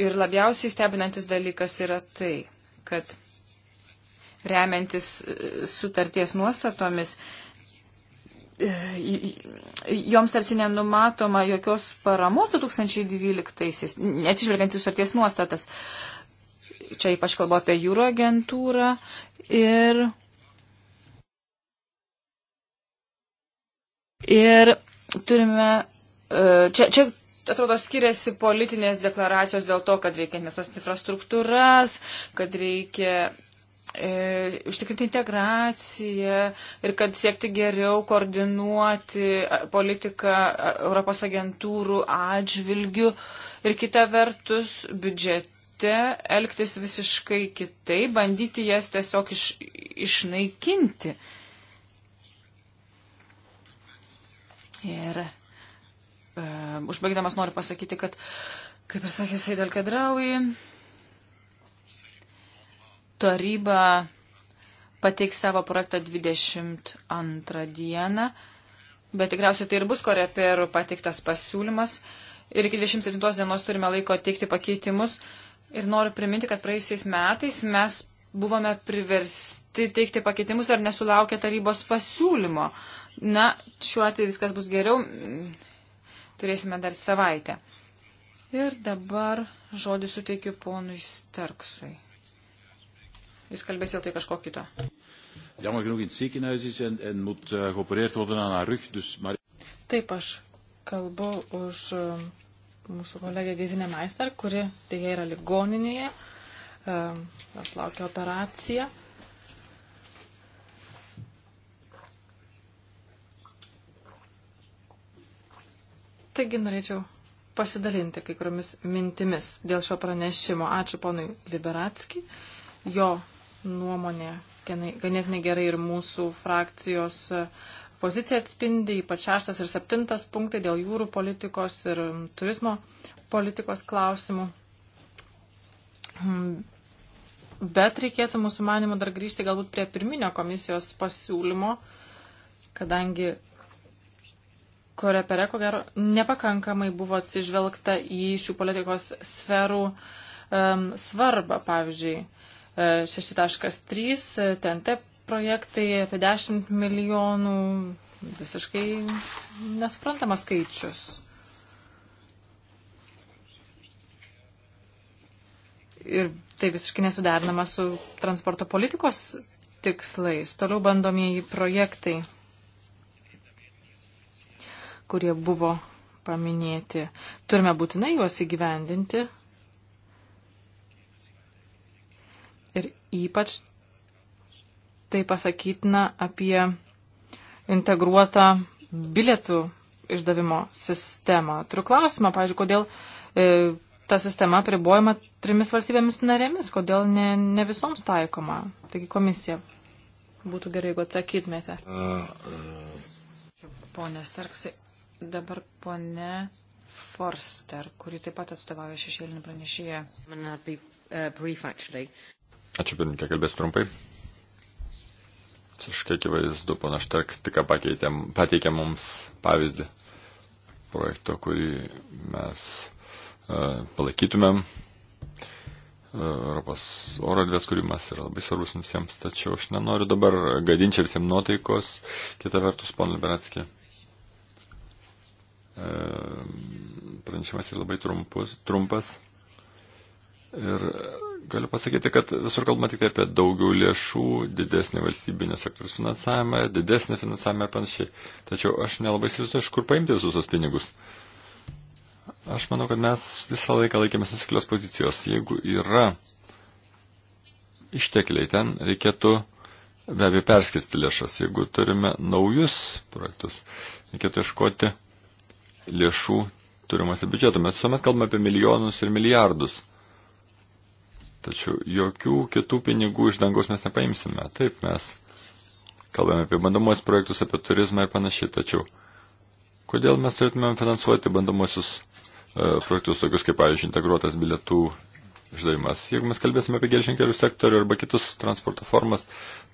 Ir labiausiai stebinantis dalykas yra tai, kad remiantis e, sutarties nuostatomis, e, joms tarsi nenumatoma jokios paramos 2012-aisiais, neatsižvelgiant į sutarties nuostatas. Čia ypač kalbu apie jūro agentūrą ir. Ir turime. E, čia, čia atrodo, skiriasi politinės deklaracijos dėl to, kad reikia investuoti infrastruktūras, kad reikia e, užtikrinti integraciją ir kad siekti geriau koordinuoti e, politiką e, Europos agentūrų atžvilgių ir kita vertus biudžete elgtis visiškai kitai, bandyti jas tiesiog iš, išnaikinti. Ir e, užbaigdamas noriu pasakyti, kad, kaip ir sakė Seidel Kedraui, taryba pateiks savo projektą 22 dieną, bet tikriausiai tai ir bus koreperų pateiktas pasiūlymas. Ir iki 27 dienos turime laiko teikti pakeitimus. Ir noriu priminti, kad praėjusiais metais mes buvome priversti teikti pakeitimus, dar nesulaukė tarybos pasiūlymo. Na, šiuo atveju viskas bus geriau. Turėsime dar savaitę. Ir dabar žodį suteikiu ponui Starksui. Jūs kalbėsite tai kažko kito. Jammer genoeg in het ziekenhuis is en, en moet uh, geopereerd worden aan haar rug. Dus, maar... Taip, aš kalbu už eh, mūsų kolegę Gezinę Meister, kuri dėja yra ligoninėje. Eh, jos laukia operacija. Taigi norėčiau pasidalinti kai kuriomis mintimis dėl šio pranešimo. Ačiū ponui Liberatski. Jo nuomonė ganėtinai gerai ir mūsų frakcijos e, poziciją atspindi, ypač šeštas ir septintas punktai dėl jūrų politikos ir turizmo politikos klausimų. Hmm, bet reikėtų mūsų manimo dar grįžti galbūt prie pirminio komisijos pasiūlymo, kadangi korepere, ko gero, nepakankamai buvo atsižvelgta į šių politikos sferų um, svarbą, pavyzdžiui, uh, 6.3, TNT projektai apie 10 milijonų, visiškai nesuprantamas skaičius. Ir tai visiškai nesuderinama su transporto politikos tikslais. Toliau bandomieji projektai, kurie buvo paminėti. Turime būtinai juos įgyvendinti Ir ypač tai pasakytina apie integruotą bilietų išdavimo sistemą. Turiu klausimą, pažiūrėjau, kodėl e, ta sistema pribojama trimis valstybėmis narėmis, kodėl ne, ne visoms taikoma. Taigi komisija būtų gerai, jeigu atsakytumėte. Pone Starksi, dabar pone Forster, kuri taip pat atstovauja šešėlinį pranešėją. Ačiū pirmininkė, kalbėsiu trumpai. Visiškai akivaizdu, pana Štark tik pateikė mums pavyzdį projekto, kurį mes uh, palaikytumėm. Uh, Europos oro erdvės kūrimas yra labai svarbus visiems, tačiau aš nenoriu dabar gadinti visiems nuotaikos. Kita vertus, pon Liberatskė, e, pranešimas yra labai trumpus, trumpas. Ir galiu pasakyti, kad visur kalbama tik tai apie daugiau lėšų, didesnį valstybinio sektoriaus finansavimą, didesnį finansavimą ir panašiai. Tačiau aš nelabai įsivaizduoju, iš kur paimti visus tos pinigus. Aš manau, kad mes visą laiką laikėmės nusiklios pozicijos. Jeigu yra ištekliai ten, reikėtų be abejo perskirsti lėšas. Jeigu turime naujus projektus, reikėtų ieškoti lėšų turimuose biudžetu. Mes visuomet kalbame apie milijonus ir milijardus. Tačiau jokių kitų pinigų iš dangaus mes nepaimsime. Taip, mes kalbame apie bandomuosius projektus, apie turizmą ir panašiai. Tačiau kodėl mes turėtumėm finansuoti bandomuosius e, projektus, tokius kaip, pavyzdžiui, integruotas bilietų išdavimas. Jeigu mes kalbėsime apie gelžinkelių sektorių arba kitus transporto formas,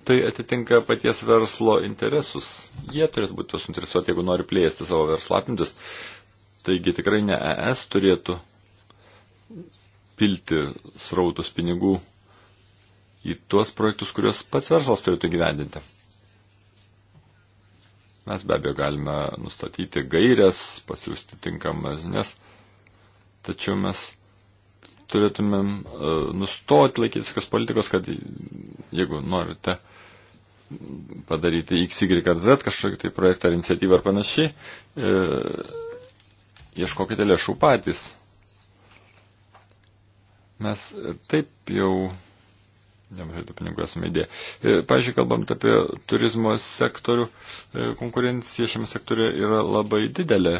tai atitinka paties verslo interesus. Jie turėtų būti suinteresuoti, jeigu nori plėsti savo verslo apimtis. Taigi tikrai ne ES turėtų pilti srautus pinigų į tuos projektus, kuriuos pats verslas turėtų gyvendinti. Mes be abejo galime nustatyti gairias, pasiūsti tinkamas žinias, tačiau mes turėtumėm uh, e, nustoti laikytis kas politikos, kad jeigu norite padaryti XY ar Z kažkokį tai projektą ar iniciatyvą ar panašiai, uh, ieškokite lėšų patys. Mes e, taip jau nemažai tų pinigų esame įdėję. E, pavyzdžiui, kalbant apie turizmo sektorių, e, konkurencija šiame sektoriu yra labai didelė.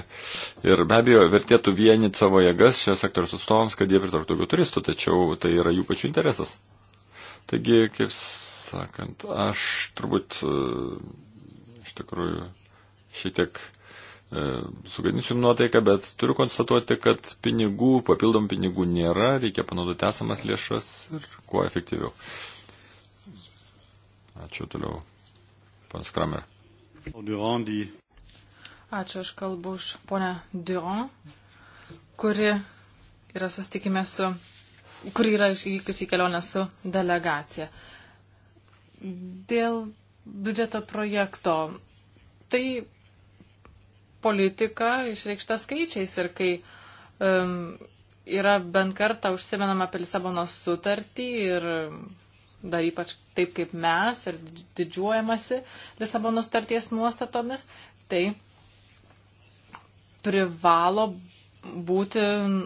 Ir be abejo, vertėtų vienyti savo jėgas šio sektoriaus atstovams, kad jie pritrauktų daugiau turistų, tačiau tai yra jų pačių interesas. Taigi, kaip sakant, aš turbūt iš tikrųjų šiek tiek E, sugadinsiu nuotaiką, bet turiu konstatuoti, kad pinigų, papildom pinigų nėra, reikia panaudoti esamas lėšas ir kuo efektyviau. Ačiū toliau, panas Kramer. Ačiū, aš kalbu už ponę Dion, kuri yra susitikime su, kuri yra išvykusi į kelionę su delegacija. Dėl biudžeto projekto. Tai politika išreikšta skaičiais ir kai um, yra bent kartą užsimenama apie Lisabonos sutartį ir dar ypač taip kaip mes ir didžiuojamasi Lisabonos sutarties nuostatomis, tai privalo būti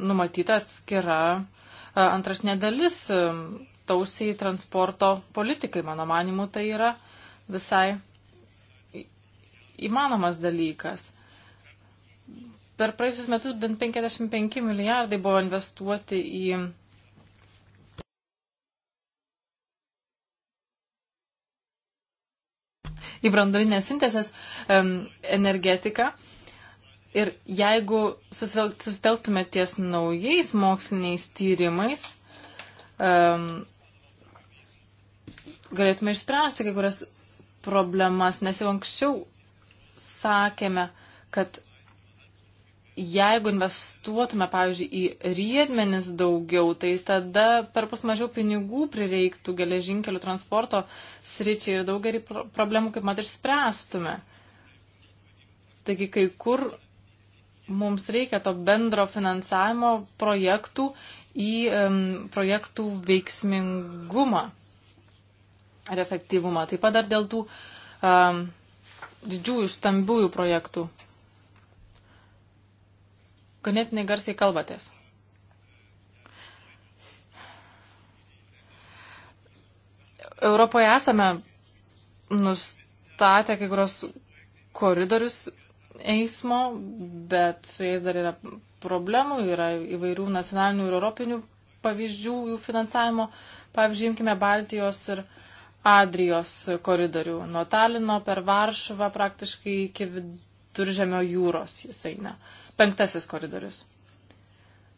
numatyta atskira e, antrašinė dalis e, tausiai transporto politikai. Mano manimu, tai yra visai įmanomas dalykas. Per praėjusius metus bent 55 milijardai buvo investuoti į į branduolinės sintesės um, energetiką. Ir jeigu susitelktume ties naujais moksliniais tyrimais, um, galėtume išspręsti kai kurias problemas, nes jau anksčiau sakėme, kad jeigu investuotume, pavyzdžiui, į riedmenis daugiau, tai tada per pus mažiau pinigų prireiktų geležinkelių transporto sričiai ir daugelį problemų, kaip mat, išspręstume. Taigi, kai kur mums reikia to bendro finansavimo projektų į um, projektų veiksmingumą ar efektyvumą. Taip pat dar dėl tų um, didžiųjų, stambiųjų projektų ganėtinai garsiai kalbatės. Europoje esame nustatę kai kurios koridorius eismo, bet su jais dar yra problemų, yra įvairių nacionalinių ir europinių pavyzdžių jų finansavimo. Pavyzdžiui, imkime Baltijos ir Adrijos koridorių. Nuo Talino per Varšuvą praktiškai iki viduržemio jūros jis eina. Uh, penktasis koridorius.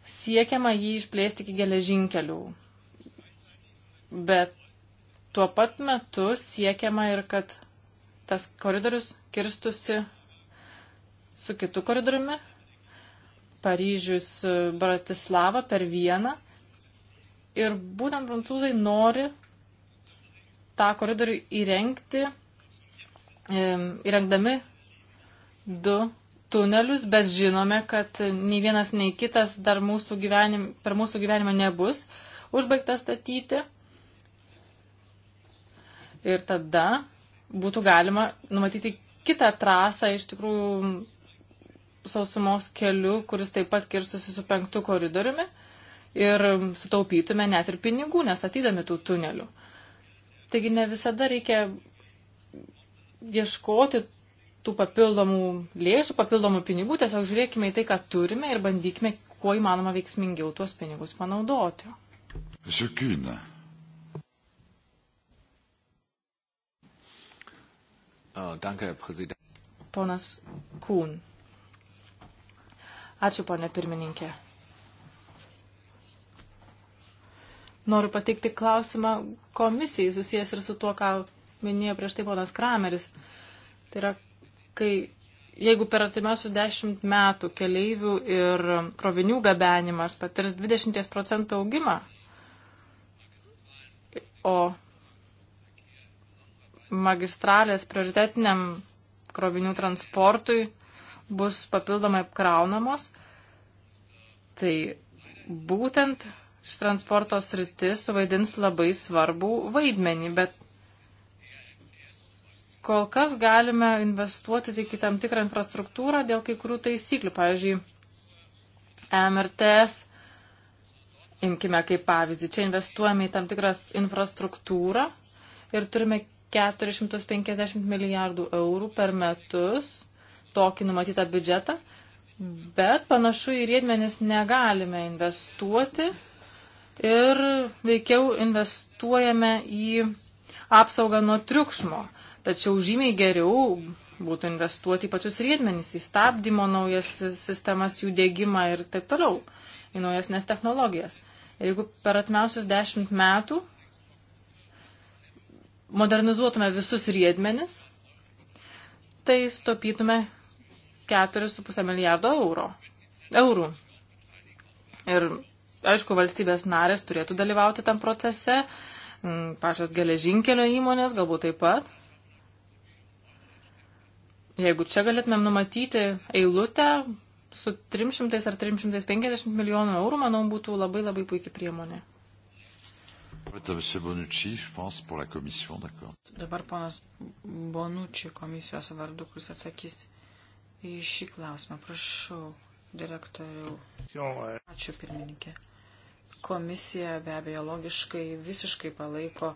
Siekiama jį išplėsti iki geležinkelių, bet tuo pat metu siekiama ir, kad tas koridorius kirstusi su kitu koridoriumi Paryžius, e, Bratislava per vieną. Ir būtent prancūzai nori tą koridorių įrengti, įrengdami du tunelius, bet žinome, kad nei vienas, nei kitas dar mūsų gyvenim, per mūsų gyvenimą nebus užbaigtas statyti. Ir tada būtų galima numatyti kitą trasą iš tikrųjų sausumos keliu, kuris taip pat kirstusi su penktu koridoriumi ir sutaupytume net ir pinigų, nestatydami tų tunelių. Taigi ne visada reikia ieškoti tų papildomų lėšų, papildomų pinigų, tiesiog žiūrėkime į tai, ką turime ir bandykime kuo įmanoma veiksmingiau tuos pinigus panaudoti. Sukūna. Oh, ponas Kūn. Ačiū, ponė pirmininkė. Noriu pateikti klausimą komisijai susijęs ir su tuo, ką minėjo prieš tai ponas Krameris. Tai yra, kai jeigu per artimiausius 10 metų keleivių ir krovinių gabenimas patirs 20 procentų augimą, o magistralės prioritetiniam krovinių transportui bus papildomai apkraunamos, tai būtent ši transporto sritis suvaidins labai svarbų vaidmenį, bet Kol kas galime investuoti tik į tam tikrą infrastruktūrą dėl kai kurių taisyklių. Pavyzdžiui, MRTS, imkime kaip pavyzdį, čia investuojame į tam tikrą infrastruktūrą ir turime 450 milijardų eurų per metus tokį numatytą biudžetą, bet panašu į riedmenis negalime investuoti ir veikiau investuojame į apsaugą nuo triukšmo. Tačiau žymiai geriau būtų investuoti į pačius riedmenys, į stabdymo naujas sistemas, jų dėgymą ir taip toliau, į naujesnės technologijas. Ir jeigu per atmiausius dešimt metų modernizuotume visus riedmenis, tai stopytume 4,5 milijardo euro, eurų. Ir aišku, valstybės narės turėtų dalyvauti tam procese, pačios geležinkelio įmonės galbūt taip pat. Jeigu čia galėtumėm numatyti eilutę su 300 ar 350 milijonų eurų, manau, būtų labai labai puikia priemonė. Dabar ponas Bonucci komisijos vardu, kuris atsakys į šį klausimą. Prašau, direktoriau. Ačiū pirmininkė. Komisija be abejo logiškai visiškai palaiko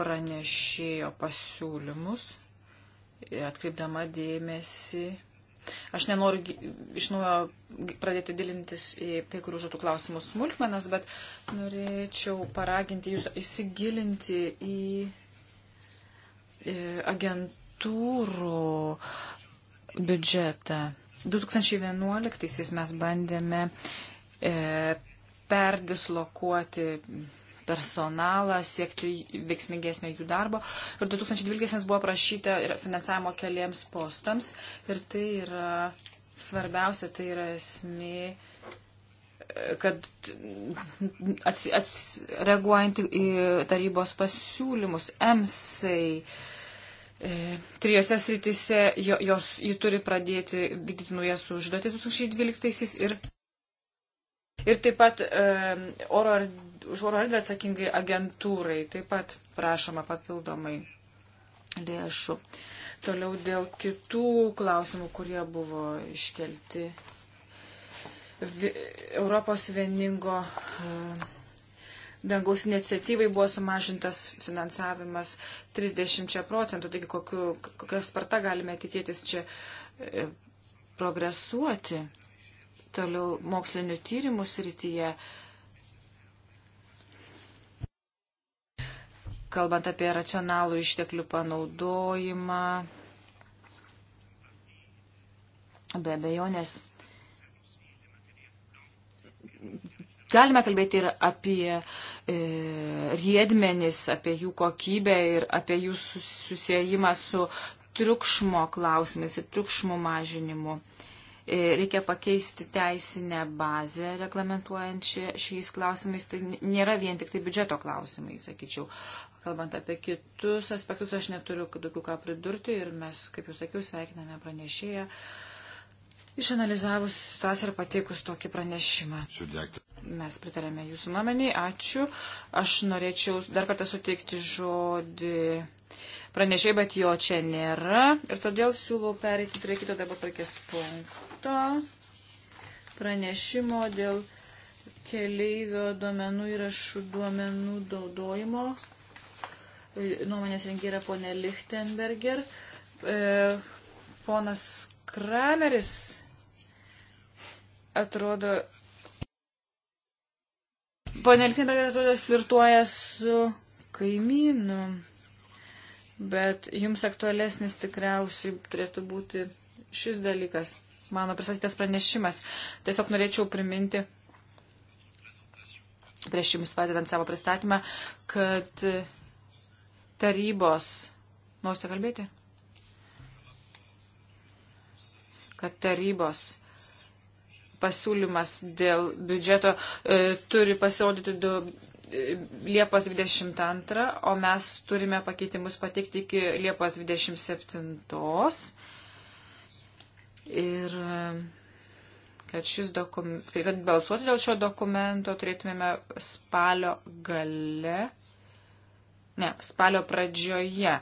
pranešėjo pasiūlymus atkreipdama dėmesį. Aš nenoriu iš naujo pradėti dilintis į kai kurių žodų klausimų smulkmenas, bet norėčiau paraginti jūs įsigilinti į e, agentūrų biudžetą. 2011 mes bandėme e, perdislokuoti personalą, siekti veiksmingesnio jų darbo. Ir 2012 buvo prašyta finansavimo keliems postams. Ir tai yra svarbiausia, tai yra esmė kad ats, ats, reaguojant į tarybos pasiūlymus, EMSAI, trijose sritise jo, jos jį turi pradėti vykdyti naujas užduotis 2012 ir, ir taip pat e, oro erdvės už oro erdvę atsakingai agentūrai taip pat prašoma papildomai lėšų. Toliau dėl kitų klausimų, kurie buvo iškelti. Vi, Europos vieningo uh, dangaus iniciatyvai buvo sumažintas finansavimas 30 procentų, taigi kokiu, kokią spartą galime tikėtis čia uh, progresuoti. Toliau mokslinių tyrimų srityje uh, kalbant apie racionalų išteklių panaudojimą. Be abejonės. Galime kalbėti ir apie e, riedmenis, apie jų kokybę ir apie jų susijimą su triukšmo klausimais ir triukšmo mažinimu. E, reikia pakeisti teisinę bazę reglamentuojant šiais klausimais, tai nėra vien tik tai biudžeto klausimai, sakyčiau. Kalbant apie kitus aspektus, aš neturiu daugiau ką pridurti ir mes, kaip jau sakiau, sveikiname pranešėją, išanalizavus situaciją ir pateikus tokį pranešimą. Sudėkti. Mes pritarėme jūsų nuomenį, ačiū. Aš norėčiau dar kartą suteikti žodį pranešėjai, bet jo čia nėra. Ir todėl siūlau perėti prie kito dabar tokės punkto. Pranešimo dėl keleivio duomenų įrašų duomenų daudojimo nuomonės rengė yra ponė Lichtenberger. E, ponas Krameris atrodo. Pone Lichtenberger atrodo flirtuoja su kaimynu, bet jums aktualesnis tikriausiai turėtų būti šis dalykas, mano pristatytas pranešimas. Tiesiog norėčiau priminti prieš jums padedant savo pristatymą, kad tarybos. Norite kalbėti? Kad tarybos pasiūlymas dėl biudžeto e, turi pasirodyti du, e, Liepos 22, o mes turime pakeitimus pateikti iki Liepos 27. Ir e, kad, dokum, kad balsuoti dėl šio dokumento turėtumėme spalio gale ne, spalio pradžioje.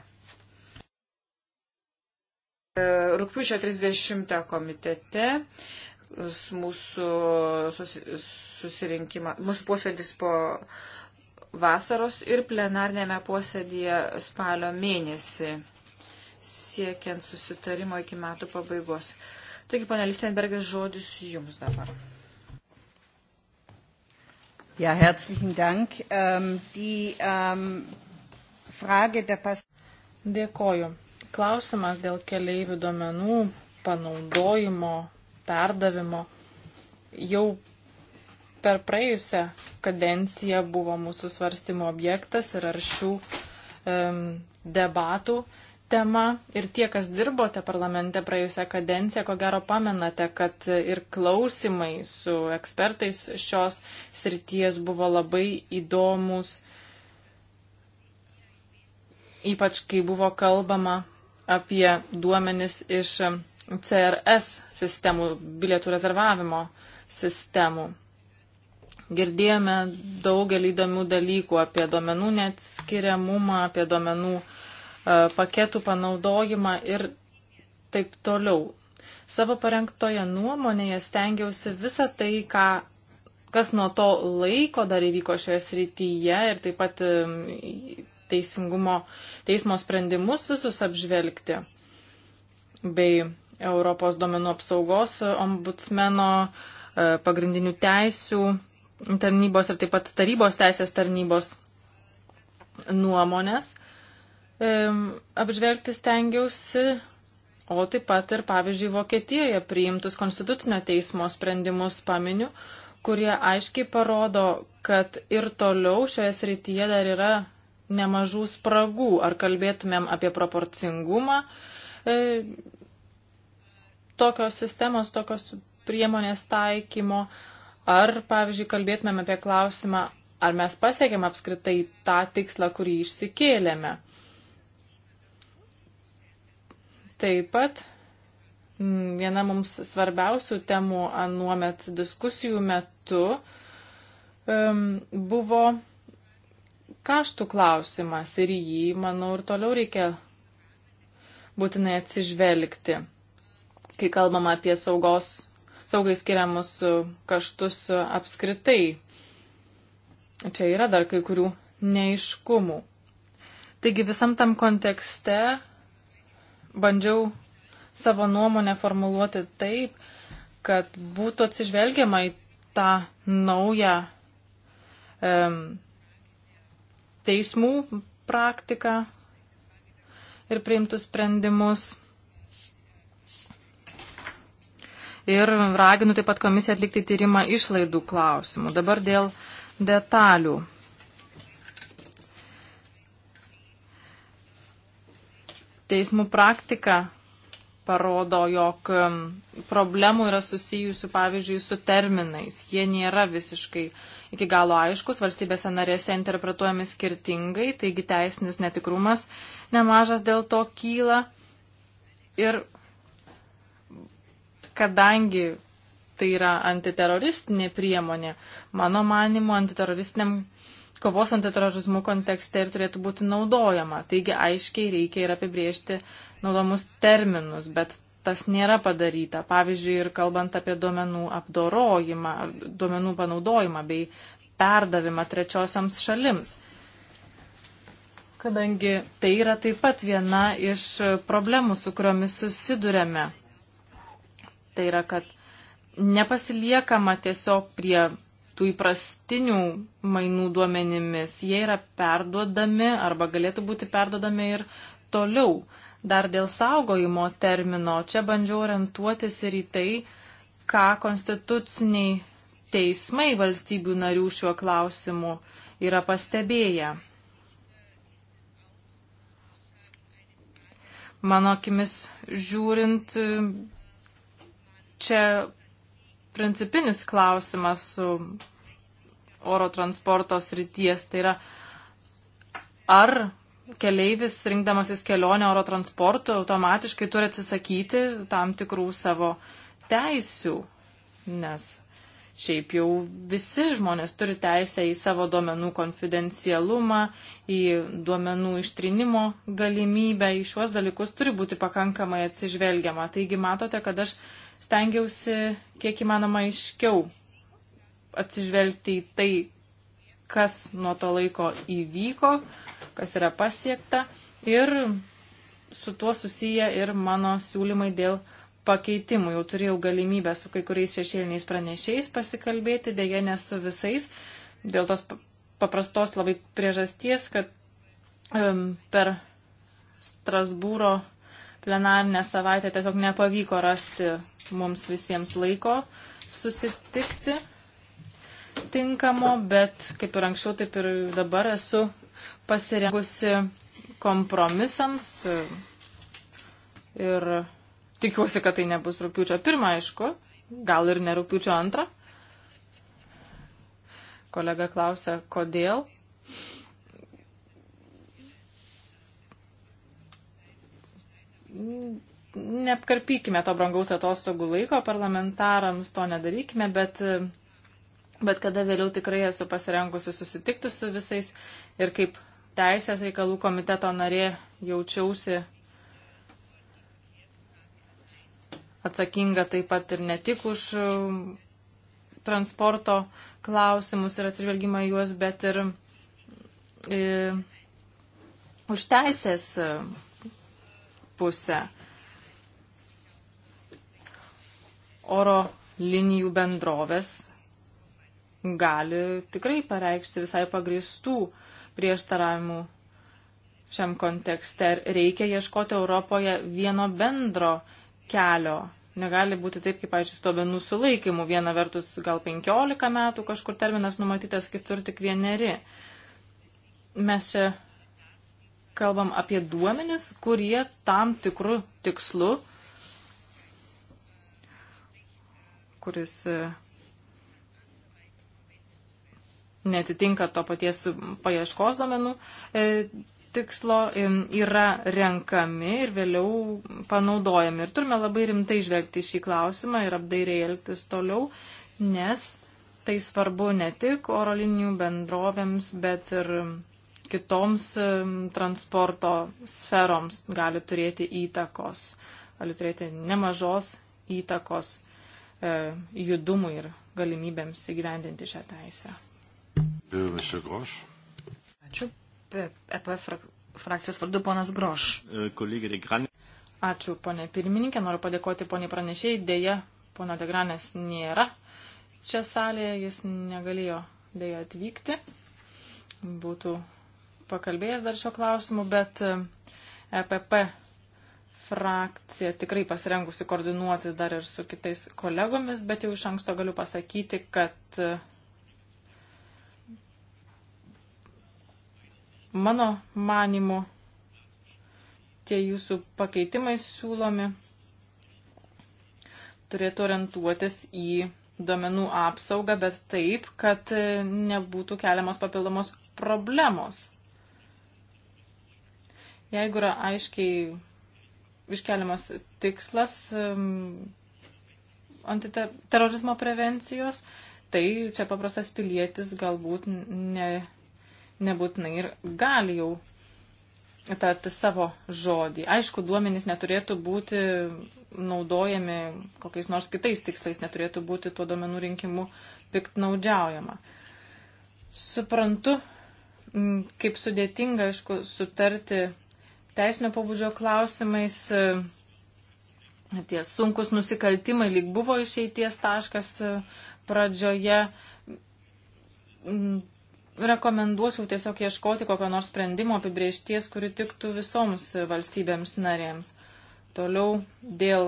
E, rūpiučio 30 komitete mūsų susirinkimą, mūsų posėdis po vasaros ir plenarnėme posėdėje spalio mėnesį siekiant susitarimo iki metų pabaigos. Taigi, ponia Lichtenbergas, žodis jums dabar. Ja, herzlichen Dank. Ähm, die ähm, Dėkoju. Klausimas dėl keleivių duomenų panaudojimo, perdavimo jau per praėjusią kadenciją buvo mūsų svarstymo objektas ir aršių um, debatų tema. Ir tie, kas dirbote parlamente praėjusią kadenciją, ko gero pamenate, kad ir klausimai su ekspertais šios srities buvo labai įdomus ypač kai buvo kalbama apie duomenis iš CRS sistemų, bilietų rezervavimo sistemų. Girdėjome daugelį įdomių dalykų apie duomenų neatskiriamumą, apie duomenų e, paketų panaudojimą ir taip toliau. Savo parengtoje nuomonėje stengiausi visą tai, ką kas nuo to laiko dar įvyko šioje srityje ir taip pat e, teisingumo teismo sprendimus visus apžvelgti bei Europos domenų apsaugos ombudsmeno e, pagrindinių teisių tarnybos ir taip pat tarybos teisės tarnybos nuomonės e, apžvelgti stengiausi, o taip pat ir, pavyzdžiui, Vokietijoje priimtus konstitucinio teismo sprendimus paminiu, kurie aiškiai parodo, kad ir toliau šioje srityje dar yra nemažų spragų. Ar kalbėtumėm apie proporcingumą e, tokios sistemos, tokios priemonės taikymo, ar, pavyzdžiui, kalbėtumėm apie klausimą, ar mes pasiekėm apskritai tą tikslą, kurį išsikėlėme. Taip pat viena mums svarbiausių temų anuomet diskusijų metu um, buvo kaštų klausimas ir jį, manau, ir toliau reikia būtinai atsižvelgti, kai kalbam apie saugos, saugai skiriamus kaštus apskritai. Čia yra dar kai kurių neiškumų. Taigi visam tam kontekste bandžiau savo nuomonę formuluoti taip, kad būtų atsižvelgiama į tą naują um, e, teismų praktiką ir priimtus sprendimus. Ir raginu taip pat komisiją atlikti tyrimą išlaidų klausimų. Dabar dėl detalių. Teismų praktika parodo, jog problemų yra susijusių, pavyzdžiui, su terminais. Jie nėra visiškai iki galo aiškus, valstybėse narėse interpretuojami skirtingai, taigi teisinis netikrumas nemažas dėl to kyla. Ir kadangi tai yra antiteroristinė priemonė, mano manimo, antiteroristiniam kovos antiterorizmų kontekste ir turėtų būti naudojama. Taigi aiškiai reikia ir apibriežti naudomus terminus, bet tas nėra padaryta. Pavyzdžiui, ir kalbant apie duomenų apdorojimą, duomenų panaudojimą bei perdavimą trečiosioms šalims. Kadangi tai yra taip pat viena iš problemų, su kuriomis susidurėme. Tai yra, kad nepasiliekama tiesiog prie tų įprastinių mainų duomenimis. Jie yra perduodami arba galėtų būti perduodami ir toliau. Dar dėl saugojimo termino čia bandžiau orientuotis ir į tai, ką konstituciniai teismai valstybių narių šiuo klausimu yra pastebėję. Mano akimis žiūrint, čia principinis klausimas su oro transporto srities. Tai yra, ar keleivis rinkdamasis kelionę oro transportu automatiškai turi atsisakyti tam tikrų savo teisių, nes šiaip jau visi žmonės turi teisę į savo duomenų konfidencialumą, į duomenų ištrinimo galimybę, į šiuos dalykus turi būti pakankamai atsižvelgiama. Taigi matote, kad aš stengiausi kiek įmanoma aiškiau atsižvelgti į tai, kas nuo to laiko įvyko, kas yra pasiekta ir su tuo susiję ir mano siūlymai dėl pakeitimų. Jau turėjau galimybę su kai kuriais šešėliniais pranešėjais pasikalbėti, dėja ne su visais, dėl tos paprastos labai priežasties, kad um, per Strasbūro plenarinę savaitę tiesiog nepavyko rasti mums visiems laiko susitikti tinkamo, bet kaip ir anksčiau, taip ir dabar esu pasirengusi kompromisams ir tikiuosi, kad tai nebus rūpiučio pirmą, aišku, gal ir ne rūpiučio antrą. Kolega klausia, kodėl. neapkarpykime to brangaus atostogų laiko, parlamentarams to nedarykime, bet, bet kada vėliau tikrai esu pasirengusi susitikti su visais ir kaip teisės reikalų komiteto narė jaučiausi atsakinga taip pat ir ne tik už transporto klausimus ir atsižvelgimą juos, bet ir, ir e, už teisės pusę. Oro linijų bendrovės gali tikrai pareikšti visai pagristų prieštaravimų šiam kontekste. Reikia ieškoti Europoje vieno bendro kelio. Negali būti taip, kaip, pavyzdžiui, su duomenų sulaikymu. Viena vertus gal 15 metų kažkur terminas numatytas, kitur tik vieneri. Mes čia kalbam apie duomenis, kurie tam tikrų tikslu, kuris e, netitinka to paties paieškos duomenų e, tikslo, e, yra renkami ir vėliau panaudojami. Ir turime labai rimtai žvelgti šį klausimą ir apdairiai elgtis toliau, nes tai svarbu ne tik oro linijų bendrovėms, bet ir kitoms transporto sferoms gali turėti įtakos, gali turėti nemažos įtakos e, judumui ir galimybėms įgyvendinti šią teisę. Ačiū. EP e frakcijos vardu ponas Groš. E, Ačiū, ponė pirmininkė. Noriu padėkoti poniai pranešėjai. Deja, pono Degranės nėra. Čia salėje jis negalėjo dėja atvykti. Būtų pakalbėjęs dar šio klausimu, bet EPP e frakcija tikrai pasirengusi koordinuotis dar ir su kitais kolegomis, bet jau iš anksto galiu pasakyti, kad e, mano manimu tie jūsų pakeitimai siūlomi turėtų orientuotis į duomenų apsaugą, bet taip, kad e, nebūtų keliamos papildomos problemos. Jeigu yra aiškiai iškeliamas tikslas antiterorizmo prevencijos, tai čia paprastas pilietis galbūt ne, nebūtinai ir gali jau tarti savo žodį. Aišku, duomenys neturėtų būti naudojami kokiais nors kitais tikslais, neturėtų būti tuo duomenų rinkimu piktnaudžiaujama. Suprantu, kaip sudėtinga, aišku, sutarti teisinio pobūdžio klausimais e, tie sunkus nusikaltimai lyg buvo išeities taškas e, pradžioje. Mm, rekomenduočiau tiesiog ieškoti kokio nors sprendimo apibriešties, kuri tiktų visoms valstybėms narėms. Toliau dėl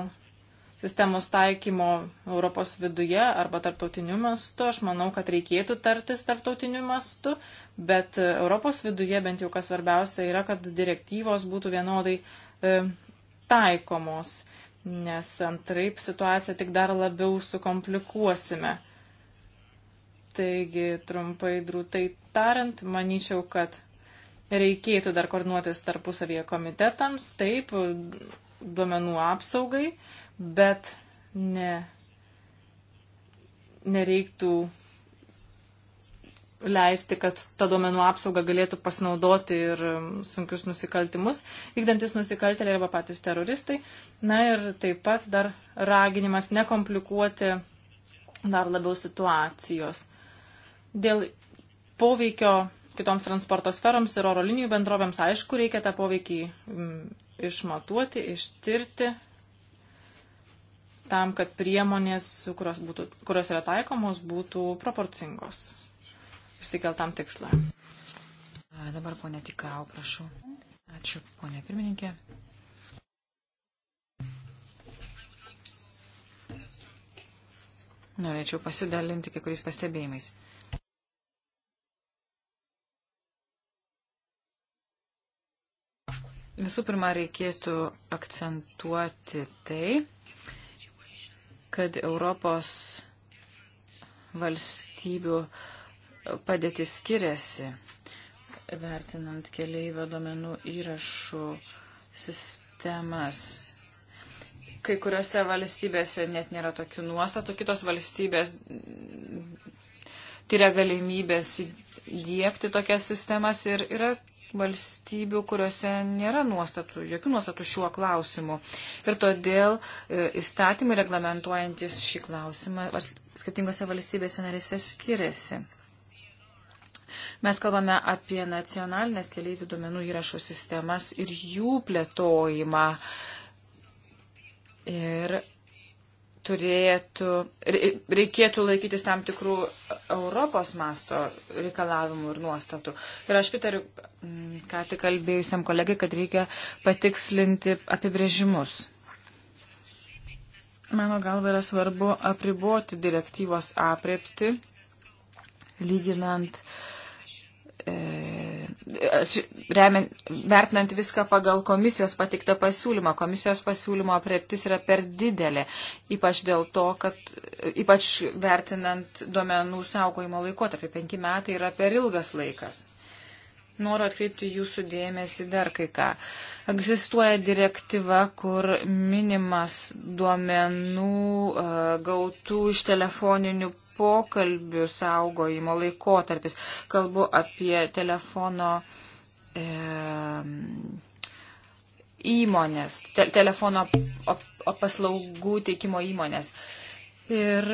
sistemos taikymo Europos viduje arba tarptautiniu mastu. Aš manau, kad reikėtų tartis tarptautiniu mastu, bet e, Europos viduje bent jau kas svarbiausia yra, kad direktyvos būtų vienodai e, taikomos, nes antraip situaciją tik dar labiau sukomplikuosime. Taigi, trumpai drūtai tariant, manyčiau, kad reikėtų dar koordinuotis tarpusavėje komitetams, taip, duomenų apsaugai, bet ne, nereiktų leisti, kad ta duomenų apsauga galėtų pasinaudoti ir um, sunkius nusikaltimus, vykdantis nusikaltėliai arba patys teroristai. Na ir taip pat dar raginimas nekomplikuoti dar labiau situacijos. Dėl poveikio kitoms transporto sferoms ir oro linijų bendrovėms aišku reikia tą poveikį mm, išmatuoti, ištirti tam, kad priemonės, kurios, būtų, kurios yra taikomos, būtų proporcingos išsikeltam tikslui. Dabar ponė Tikau, prašau. Ačiū, ponė pirmininkė. Norėčiau pasidalinti kai kuriais pastebėjimais. Visų pirma, reikėtų akcentuoti tai, kad Europos valstybių padėtis skiriasi, vertinant keliaivio domenų įrašų sistemas. Kai kuriuose valstybėse net nėra tokių nuostatų, kitos valstybės tyria galimybės įdėkti tokias sistemas ir yra valstybių, kuriuose nėra nuostatų, jokių nuostatų šiuo klausimu. Ir todėl e, įstatymai reglamentuojantis šį klausimą skirtingose valstybėse narėse skiriasi. Mes kalbame apie nacionalinės keliaivių duomenų įrašų sistemas ir jų plėtojimą. Ir turėtų, reikėtų laikytis tam tikrų Europos masto reikalavimų ir nuostatų. Ir aš pritariu, mm, ką tik kalbėjusiam kolegai, kad reikia patikslinti apibrėžimus. Mano galva yra svarbu apriboti direktyvos apriepti, lyginant e, remiant, vertinant viską pagal komisijos patiktą pasiūlymą. Komisijos pasiūlymo apreptis yra per didelė, ypač dėl to, kad ypač vertinant duomenų saugojimo laikotarpį. Penki metai yra per ilgas laikas. Noriu atkreipti jūsų dėmesį dar kai ką. Egzistuoja direktyva, kur minimas duomenų e, gautų iš telefoninių pokalbių saugojimo laikotarpis. Kalbu apie telefono e, įmonės, te, telefono op, op, paslaugų teikimo įmonės. Ir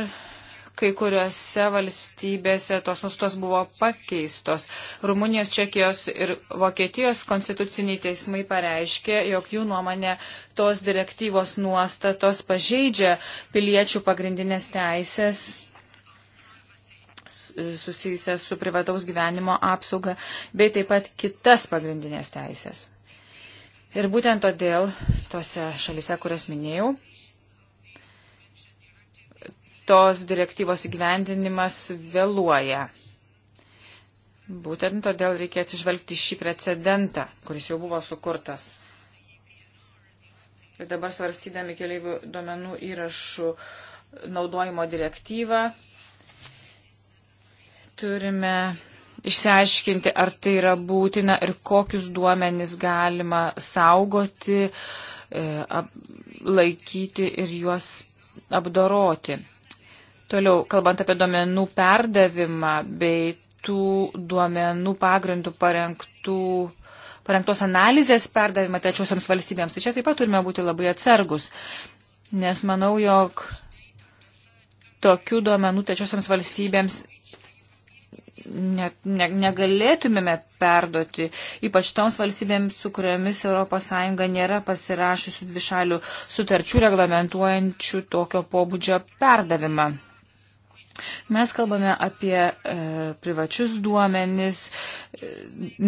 kai kuriuose valstybėse tos nustos buvo pakeistos. Rumunijos, Čekijos ir Vokietijos konstituciniai teismai pareiškė, jog jų nuomonė tos direktyvos nuostatos pažeidžia piliečių pagrindinės teisės susijusias su privataus gyvenimo apsauga, bei taip pat kitas pagrindinės teisės. Ir būtent todėl tose šalise, kurias minėjau, tos direktyvos įgyvendinimas vėluoja. Būtent todėl reikia atsižvelgti šį precedentą, kuris jau buvo sukurtas. Ir dabar svarstydami keliaivių duomenų įrašų naudojimo direktyvą, Turime išsiaiškinti, ar tai yra būtina ir kokius duomenys galima saugoti, e, laikyti ir juos apdoroti. Toliau, kalbant apie duomenų perdavimą bei tų duomenų pagrindų parengtų, parengtos analizės perdavimą trečiosiams valstybėms, tai čia taip pat turime būti labai atsargus, nes manau, jog tokių duomenų trečiosiams valstybėms ne, ne, negalėtumėme perduoti, ypač toms valstybėms, su kuriamis ES nėra pasirašusių dvišalių sutarčių reglamentuojančių tokio pobūdžio perdavimą. Mes kalbame apie e, privačius duomenis, e,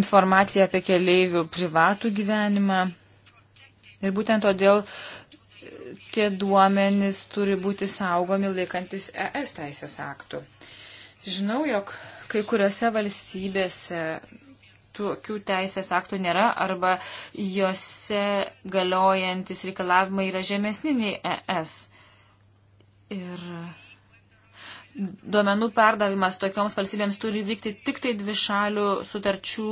informaciją apie keleivių privatų gyvenimą. Ir būtent todėl e, tie duomenys turi būti saugomi laikantis ES teisės aktų. E, Žinau, jog kai kuriuose valstybėse tokių teisės aktų nėra arba juose galiojantis reikalavimai yra žemesni nei ES. Ir duomenų perdavimas tokioms valstybėms turi vykti tik tai dvi šalių sutarčių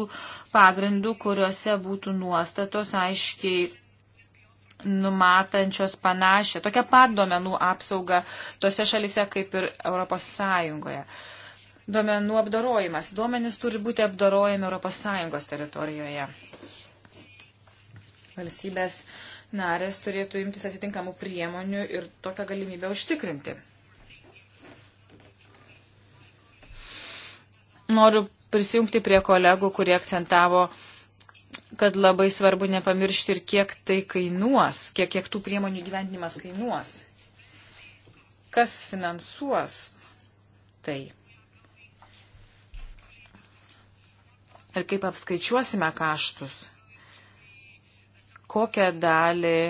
pagrindų, kuriuose būtų nuostatos aiškiai numatančios panašią, tokią pat duomenų apsaugą tose šalise kaip ir Europos Sąjungoje. Uh, duomenų apdorojimas. Duomenys turi būti apdorojami ES teritorijoje. Valstybės narės turėtų imtis atitinkamų priemonių ir tokią galimybę užtikrinti. Noriu prisijungti prie kolegų, kurie akcentavo, kad labai svarbu nepamiršti ir kiek tai kainuos, kiek, kiek tų priemonių gyvendinimas kainuos. Kas finansuos tai? ir kaip apskaičiuosime kaštus, kokią dalį,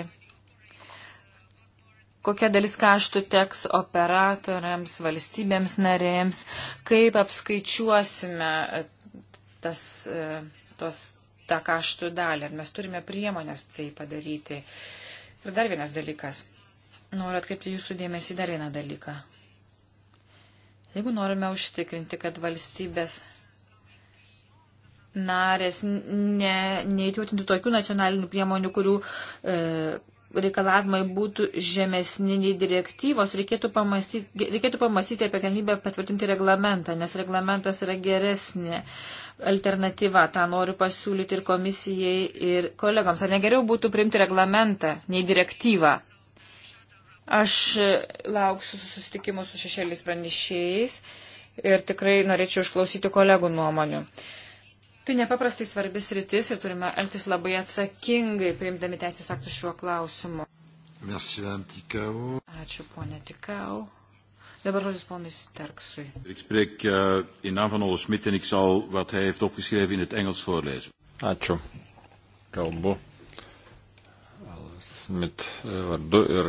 kokia dalis kaštų teks operatoriams, valstybėms narėms, kaip apskaičiuosime e, tas, e, tos, tą kaštų dalį, ar mes turime priemonės tai padaryti. Ir dar vienas dalykas. Noriu atkreipti jūsų dėmesį dar vieną dalyką. Jeigu norime užtikrinti, kad valstybės narės ne, neįtvirtintų tokių nacionalinių priemonių, kurių e, reikalavimai būtų žemesni nei direktyvos, reikėtų pamastyti, reikėtų pamastyti apie galimybę patvirtinti reglamentą, nes reglamentas yra geresnė alternatyva. Ta noriu pasiūlyti ir komisijai, ir kolegams. Ar negeriau būtų priimti reglamentą nei direktyvą? Aš e, lauksiu susitikimų su šešėliais pranešėjais ir tikrai norėčiau išklausyti kolegų nuomonių. Uh, Tai nepaprastai svarbis rytis ir turime elgtis labai atsakingai, priimdami teisės aktus šiuo klausimu. Merci, Ačiū, ponė Tikau. Dabar žodis ponui Sterksui. Ik spreek uh, in naam van Olle Smit en ik zal wat hij heeft opgeschreven in het Engels voorlezen. Ačiū. Kalbu. Smit eh, vardu ir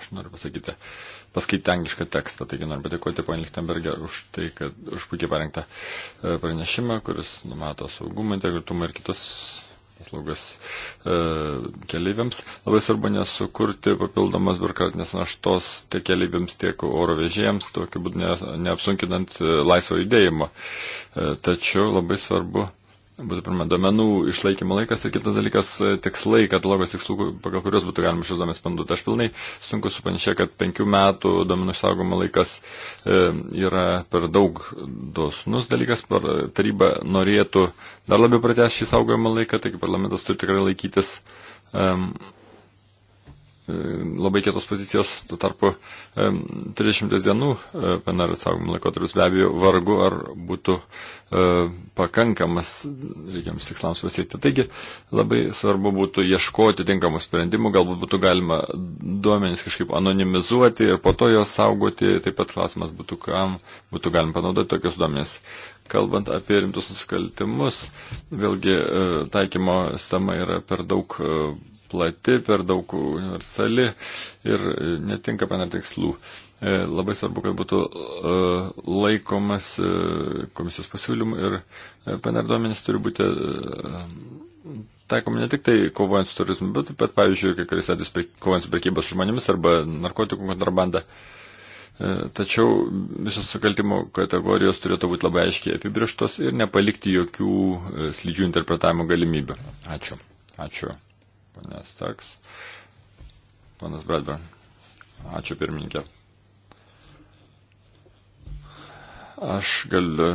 aš noriu pasakyti. Uh, paskaityti anglišką tekstą. Taigi noriu padėkoti ponį Lichtenberger už tai, kad už puikiai parengtą e, pranešimą, kuris numato saugumą, integritumą ir kitus paslaugas e, keleiviams. Labai svarbu nesukurti papildomas biurokratinės naštos tiek keleiviams, tiek oro vežėjams, tokiu būdu ne, neapsunkinant e, laisvo judėjimo. E, tačiau labai svarbu Būtų pirma, domenų išlaikymo laikas ir kitas dalykas e, - tikslai, katalogas tikslų, pagal kuriuos būtų galima šios duomenys panduoti. Aš pilnai sunku supanšė, kad penkių metų domenų išsaugomo laikas e, yra per daug dosnus dalykas, per taryba norėtų dar labiau pratęs šį saugojimo laiką, taigi parlamentas turi tikrai laikytis. E, um, E, labai kietos pozicijos, tuo tarpu 300 e, dienų e, PNR saugomų laikotarpis be abejo vargu ar būtų pakankamas reikiams tikslams pasiekti. Taigi labai svarbu būtų ieškoti tinkamų sprendimų, galbūt būtų galima duomenys kažkaip anonimizuoti ir po to juos saugoti. Taip pat klausimas būtų, kam būtų galima panaudoti tokius duomenys. Kalbant apie rimtus nusikaltimus, vėlgi taikymo sistema yra per daug plati, per daug universali ir e, netinka pana tikslų. E, labai svarbu, kad būtų e, laikomas komisijos pasiūlymų ir PNR duomenys turi būti taikomi ne tik tai kovojant su turizmu, bet taip pat, pavyzdžiui, kai kuris atvejs kovojant su prekybos žmonėmis arba narkotikų kontrabanda. Tačiau visos sukaltimo kategorijos turėtų būti labai aiškiai apibrieštos ir nepalikti jokių slidžių interpretavimo galimybių. Ačiū. Ačiū Pane Staks, panas Bradburn. Ačiū pirmininkė. Aš galiu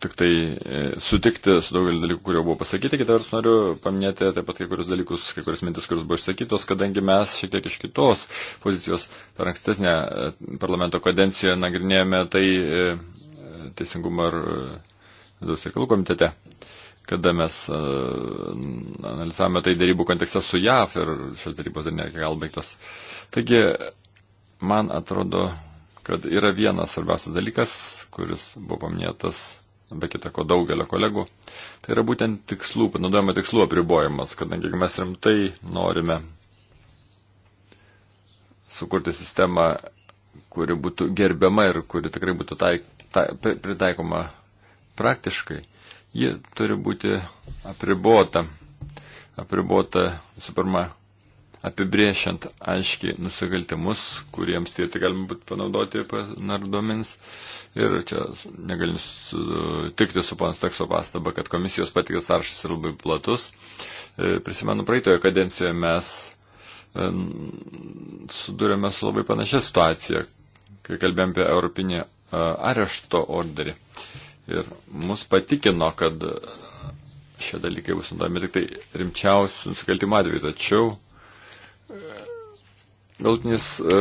tik tai e, sutikti su daugelį dalykų, kurie buvo pasakyti, kitą vertus noriu paminėti taip pat kai kurios dalykus, kai kurios mintis, kurios buvo išsakytos, kadangi mes šiek tiek iš kitos pozicijos per ankstesnę e, parlamento kadenciją nagrinėjome tai e, teisingumo ir vidaus reikalų komitete kada mes e, analizavome tai darybų kontekste su JAF ir šios darybos dar ne iki galo baigtos. Taigi, man atrodo, kad yra vienas svarbiausias dalykas, kuris buvo paminėtas be kita ko daugelio kolegų, tai yra būtent tikslų, panaudojama tikslų apribojimas, kadangi jeigu mes rimtai norime sukurti sistemą, kuri būtų gerbiama ir kuri tikrai būtų taik, ta, pritaikoma praktiškai, ji turi būti apribota. Apribota visų pirma apibriešiant aiškiai nusikaltimus, kuriems tie tai galima būti panaudoti nardomenis. Ir čia negaliu sutikti su panas teksto pastaba, kad komisijos patiktas sąrašas yra labai platus. E, prisimenu, praeitoje kadencijoje mes e, sudurėme su labai panašia situacija, kai kalbėjom apie Europinį e, arešto orderį. Uh, ir mus patikino, kad šie dalykai bus naudojami tik tai rimčiausių nusikaltimų atveju. Tačiau e, galtinis e,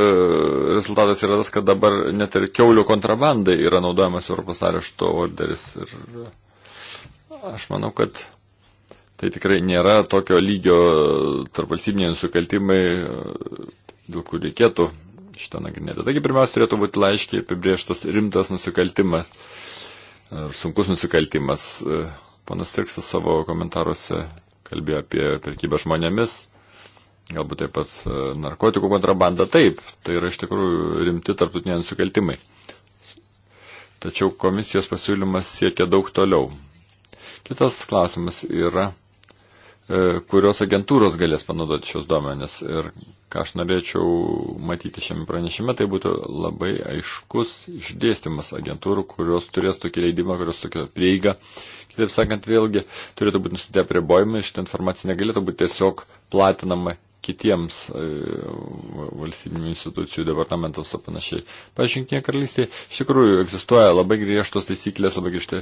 rezultatas yra tas, kad dabar net ir keulių kontrabandai yra naudojamas Europos arešto orderis. Ir e, aš manau, kad tai tikrai nėra tokio lygio tarpvalstybiniai nusikaltimai, e, dėl kurių reikėtų šitą nagrinėti. Taigi pirmiausia turėtų būti laiškiai apibrieštas rimtas nusikaltimas. E, ar sunkus nusikaltimas. Panas Tirksas savo komentaruose kalbėjo apie prekybę žmonėmis, galbūt taip pat narkotikų kontrabandą. Taip, tai yra iš tikrųjų rimti tarptautiniai nusikaltimai. Tačiau komisijos pasiūlymas siekia daug toliau. Kitas klausimas yra E, kurios agentūros galės panaudoti šios duomenės. Ir ką aš norėčiau matyti šiame pranešime, tai būtų labai aiškus išdėstymas agentūrų, kurios turės tokį leidimą, kurios tokią prieigą. Kitaip sakant, vėlgi turėtų būti nusitę pribojimai, šitą informaciją negalėtų būti tiesiog platinama kitiems e, valstybinių institucijų departamentams ar panašiai. Pavyzdžiui, Junktinė karalystė iš tikrųjų egzistuoja labai griežtos taisyklės, labai griežti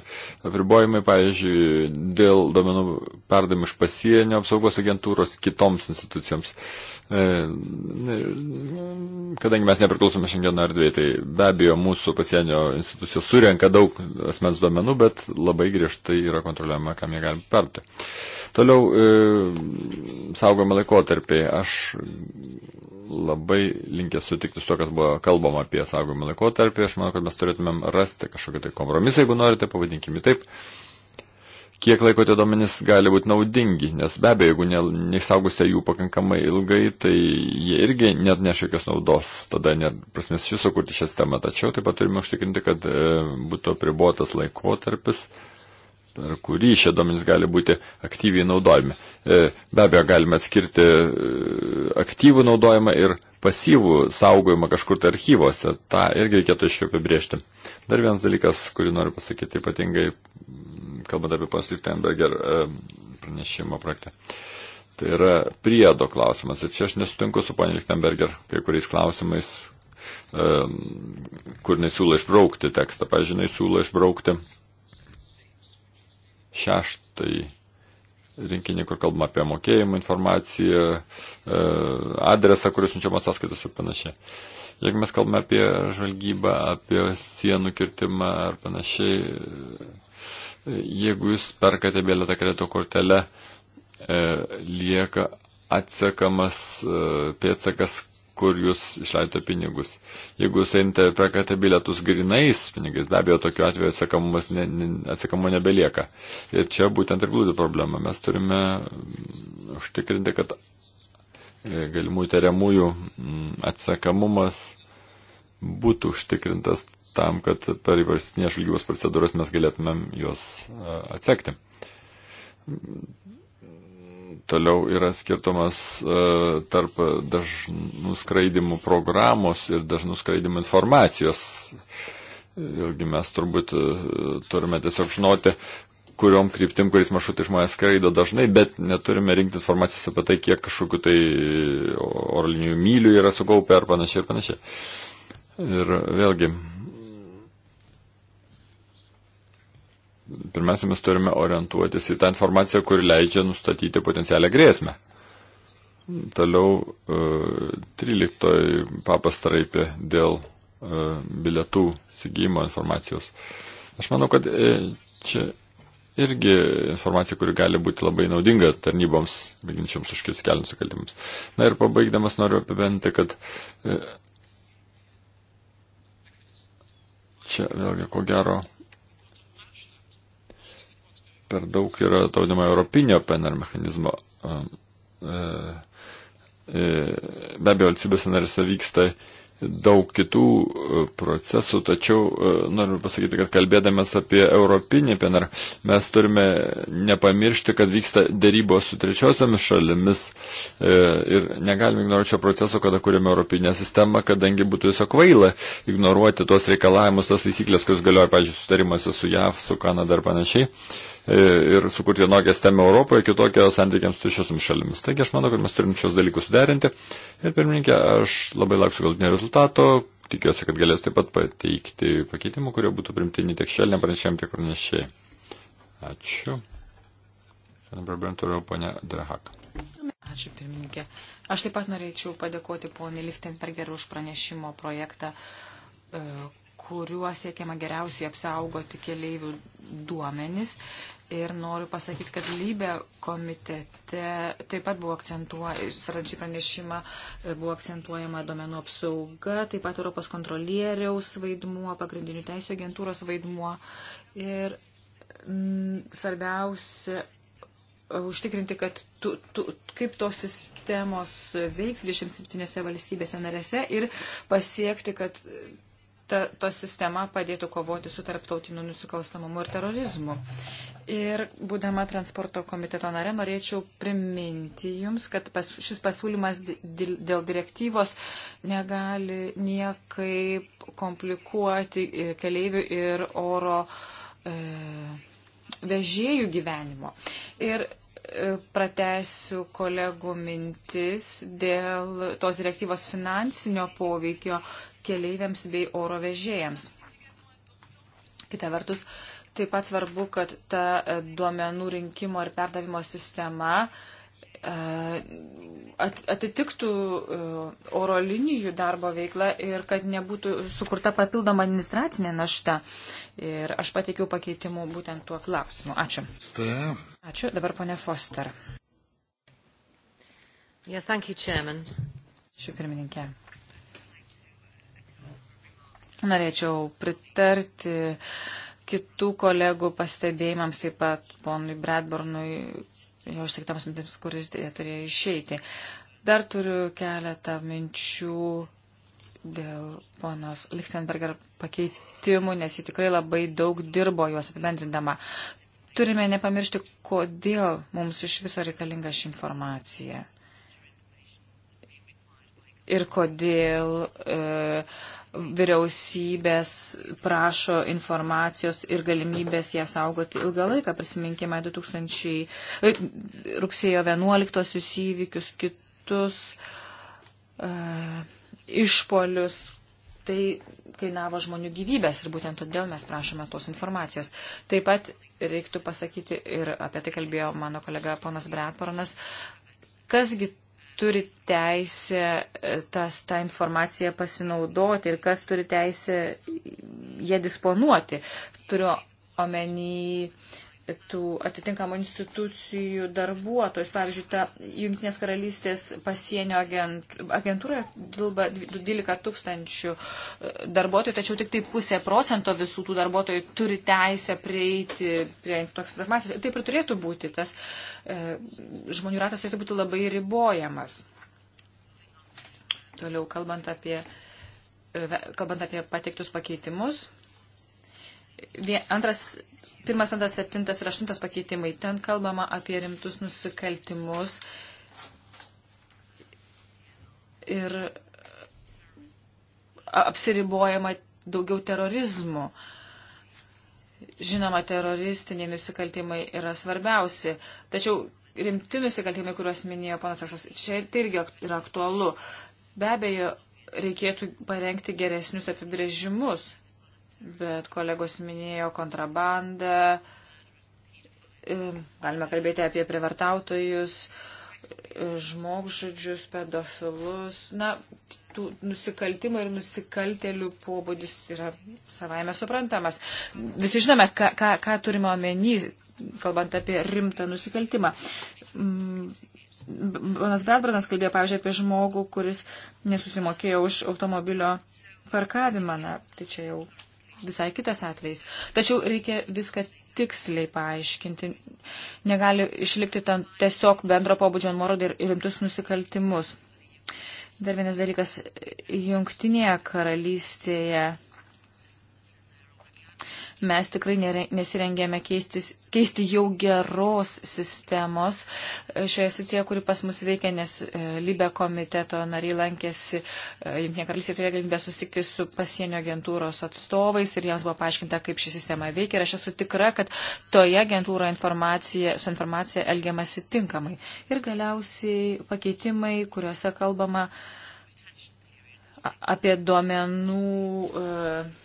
apribojimai, pavyzdžiui, dėl domenų perdavimų iš pasienio apsaugos agentūros kitoms institucijoms. Uh, E, kadangi mes nepriklausome šiandieną erdvėje, tai be abejo mūsų pasienio institucijos surenka daug asmens duomenų, bet labai griežtai yra kontroliuojama, kam jie gali perduoti. Toliau e, saugojame laikotarpį. Aš labai linkęs sutikti su to, kas buvo kalbama apie saugojimo laikotarpį. Aš manau, kad mes turėtumėm rasti kažkokį tai kompromisą, jeigu norite, pavadinkime taip. E, kiek laiko tie duomenys gali būti naudingi, nes be abejo, jeigu ne, nesaugusite jų pakankamai ilgai, tai jie irgi net neš jokios naudos, tada net prasmės šis sukurti šią sistemą, tačiau taip pat turime užtikrinti, kad e, būtų pribuotas laikotarpis per kurį šie duomenys gali būti aktyviai naudojami. E, be abejo, galime atskirti e, aktyvų naudojimą ir pasyvų saugojimą kažkur tai archyvose. Ta irgi reikėtų aiškiai apibriežti. Dar vienas dalykas, kurį noriu pasakyti ypatingai kalbant apie ponas Lichtenberger e, pranešimo projektą. Tai yra priedo klausimas. Ir čia aš nesutinku su ponė Lichtenberger kai kuriais klausimais, e, kur nesiūlo išbraukti tekstą. Pavyzdžiui, nesiūlo išbraukti šeštai rinkinį, kur kalbama apie mokėjimą, informaciją, e, adresą, kuris siunčiamas sąskaitos ir panašiai. Jeigu mes kalbame apie žvalgybą, apie sienų kirtimą ar panašiai, jeigu jūs perkate bilietą kredito kortelę, e, lieka atsekamas e, pėtsakas, kur jūs išleidote pinigus. Jeigu jūs einate perkate bilietus grinais pinigais, be abejo, tokiu atveju atsekamumas ne, ne, atsekamumo nebelieka. Ir čia būtent ir glūdi problema. Mes turime mm, užtikrinti, kad e, galimų įtariamųjų mm, atsekamumas būtų užtikrintas tam, kad per įvarstinės žvalgybos procedūras mes galėtumėm juos atsekti. Toliau yra skirtumas tarp dažnų skraidimų programos ir dažnų skraidimų informacijos. Irgi mes turbūt turime tiesiog žinoti, kuriuom kryptim, kuris maršrutai žmonės skraido dažnai, bet neturime rinkti informacijos apie tai, kiek kažkokiu tai orlinių mylių yra sukaupę ar panašiai ir panašiai. Ir vėlgi, Pirmiausia, mes turime orientuotis į tą informaciją, kuri leidžia nustatyti potencialią grėsmę. Toliau 13 e, papastraipė dėl e, bilietų įsigijimo informacijos. Aš manau, kad e, čia irgi informacija, kuri gali būti labai naudinga tarnyboms, mėginčiams užkirsti kelių nusikaltimams. Na ir pabaigdamas noriu apibendinti, kad čia vėlgi ko gero per daug yra to vadinamo europinio PNR mechanizmo. E, e, be abejo, valstybės narėse vyksta daug kitų e, procesų, tačiau noriu pasakyti, kad kalbėdamas apie europinį PNR, mes turime nepamiršti, kad vyksta dėrybos su trečiosiomis šalimis ir negalime ignoruoti šio proceso, kada kūrėme europinę sistemą, kadangi būtų tiesiog kvaila ignoruoti tuos reikalavimus, tas taisyklės, kurios galioja, pažiūrėjau, sutarimuose su JAV, su Kanada ir panašiai. E, ir sukurti vienokią sistemą Europoje, kitokią santykiams su šiosim šalimis. Taigi aš manau, kad mes turim šios dalykus suderinti. Ir pirmininkė, aš labai lauksiu galutinio rezultato. Tikiuosi, kad galės taip pat pateikti pakeitimų, kurie būtų primtini tiek šelniam pranešėjim, tiek pranešėjai. Ačiū. Šiandien prabėjom toliau ponę Drahak. Ačiū pirmininkė. Aš taip pat norėčiau padėkoti poniai Lichtenberger už pranešimo projektą, e, kuriuo siekiama geriausiai apsaugoti keleivių duomenis Ir noriu pasakyti, kad lybė komitete taip pat buvo akcentuojama, svarant šį pranešimą, e, buvo akcentuojama domenų apsauga, taip pat Europos kontrolieriaus vaidmuo, pagrindinių teisų agentūros vaidmuo. Ir m, mm, svarbiausia e, užtikrinti, kad tu, tu, kaip tos sistemos veiks 27 valstybėse narėse ir pasiekti, kad ta, to sistema padėtų kovoti su tarptautiniu nusikalstamumu ir terorizmu. Ir būdama transporto komiteto nare, norėčiau priminti Jums, kad pas, šis pasiūlymas dėl direktyvos negali niekaip komplikuoti e, keleivių ir oro e, vežėjų gyvenimo. Ir e, pratesiu kolegų mintis dėl tos direktyvos finansinio poveikio keleiviams bei oro vežėjams. Kita vertus, taip pat svarbu, kad ta e, duomenų rinkimo ir perdavimo sistema e, atitiktų e, oro linijų darbo veiklą ir kad nebūtų sukurta papildoma administracinė našta. Ir aš pateikiau pakeitimų būtent tuo klausimu. Ačiū. Ačiū. Dabar ponė Foster. Yeah, thank you, Chairman. Ačiū pirmininkė. Norėčiau pritarti kitų kolegų pastebėjimams, taip pat ponui Bradbornui, jau išsakytams mintims, kuris turėjo išeiti. Dar turiu keletą minčių dėl ponos Lichtenberger pakeitimų, nes ji tikrai labai daug dirbo juos apibendrindama. Turime nepamiršti, kodėl mums iš viso reikalinga ši informacija. Ir kodėl. E, vyriausybės prašo informacijos ir galimybės ją saugoti ilgą laiką. Prisiminkime 2000 e, rugsėjo 11 įvykius, kitus uh, išpolius. Tai kainavo žmonių gyvybės ir būtent todėl mes prašome tos informacijos. Taip pat reiktų pasakyti ir apie tai kalbėjo mano kolega ponas Bretparnas, kasgi turi teisę e, tas, tą informaciją pasinaudoti ir kas turi teisę ją disponuoti. Turiu omeny tų atitinkamų institucijų darbuotojus. Pavyzdžiui, ta Junktinės karalystės pasienio agentūra dilba 12 tūkstančių e, darbuotojų, tačiau tik tai pusė procento visų tų darbuotojų turi teisę prieiti prie tokios informacijos. Taip ir turėtų būti, tas e, žmonių ratas turėtų būti labai ribojamas. Toliau kalbant apie, e, kalbant apie pateiktus pakeitimus. Vien, antras Pirmas, antras, septintas ir aštuntas pakeitimai. Ten kalbama apie rimtus nusikaltimus. Ir apsiribojama daugiau terorizmu. Žinoma, teroristiniai nusikaltimai yra svarbiausi, tačiau rimti nusikaltimai, kuriuos minėjo panas Aksas, čia tai irgi yra aktualu. Be abejo, reikėtų parengti geresnius apibrėžimus bet kolegos minėjo kontrabandą, galime kalbėti apie privartautojus, žmogžudžius, pedofilus. Na, tų nusikaltimų ir nusikaltelių pobūdis yra savaime suprantamas. Visi žinome, ką, ką, ką turime omeny, kalbant apie rimtą nusikaltimą. Mm, Ponas Bradbranas kalbėjo, pavyzdžiui, apie žmogų, kuris nesusimokėjo už automobilio parkavimą. Na, tai čia jau visai kitas atvejs. Tačiau reikia viską tiksliai paaiškinti. Negali išlikti ten tiesiog bendro pobūdžio nuorodai ir rimtus nusikaltimus. Dar vienas dalykas. Jungtinėje karalystėje Mes tikrai nesirengėme keistis, keisti jau geros sistemos e, šioje srityje, kuri pas mus veikia, nes e, Libė komiteto nariai lankėsi, e, Junktinė karalystė turėjo galimybę susitikti su pasienio agentūros atstovais ir jiems buvo paaiškinta, kaip ši sistema veikia. Ir aš esu tikra, kad toje agentūroje informacija, su informacija elgiamasi tinkamai. Ir galiausiai pakeitimai, kuriuose kalbama apie duomenų. Uh,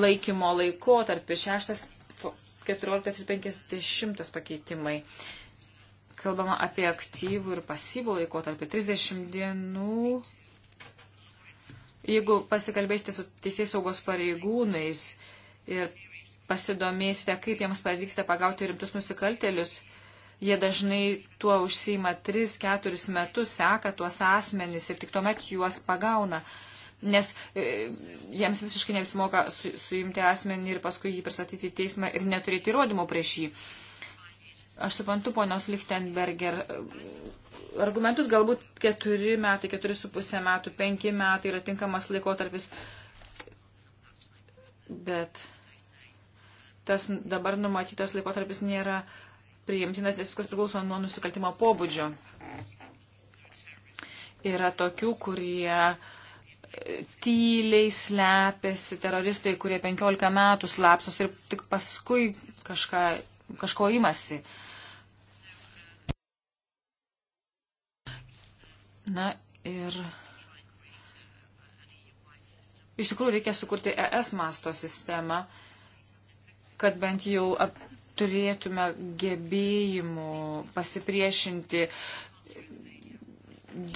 laikymo laikotarpį. 6, 14 ir 50 pakeitimai. Kalbama apie aktyvų ir pasyvų laikotarpį. 30 dienų. Jeigu pasikalbėsite su teisės saugos pareigūnais ir pasidomėsite, kaip jiems pavyksta pagauti rimtus nusikaltelius, jie dažnai tuo užsima 3-4 metus, seka tuos asmenys ir tik tuomet juos pagauna nes e, jiems visiškai nesimoka su, suimti asmenį ir paskui jį pristatyti į teismą ir neturėti įrodymų prieš jį. Aš suprantu, ponios Lichtenberger, e, argumentus galbūt keturi metai, keturi su pusė metų, penki metai yra tinkamas laikotarpis, bet tas dabar numatytas laikotarpis nėra priimtinas, nes viskas priklauso nuo nusikaltimo pobūdžio. Yra tokių, kurie tyliai slepiasi teroristai, kurie 15 metų slapsos ir tik paskui kažką, kažko imasi. Na ir iš tikrųjų reikia sukurti ES masto sistemą, kad bent jau ap, turėtume gebėjimų pasipriešinti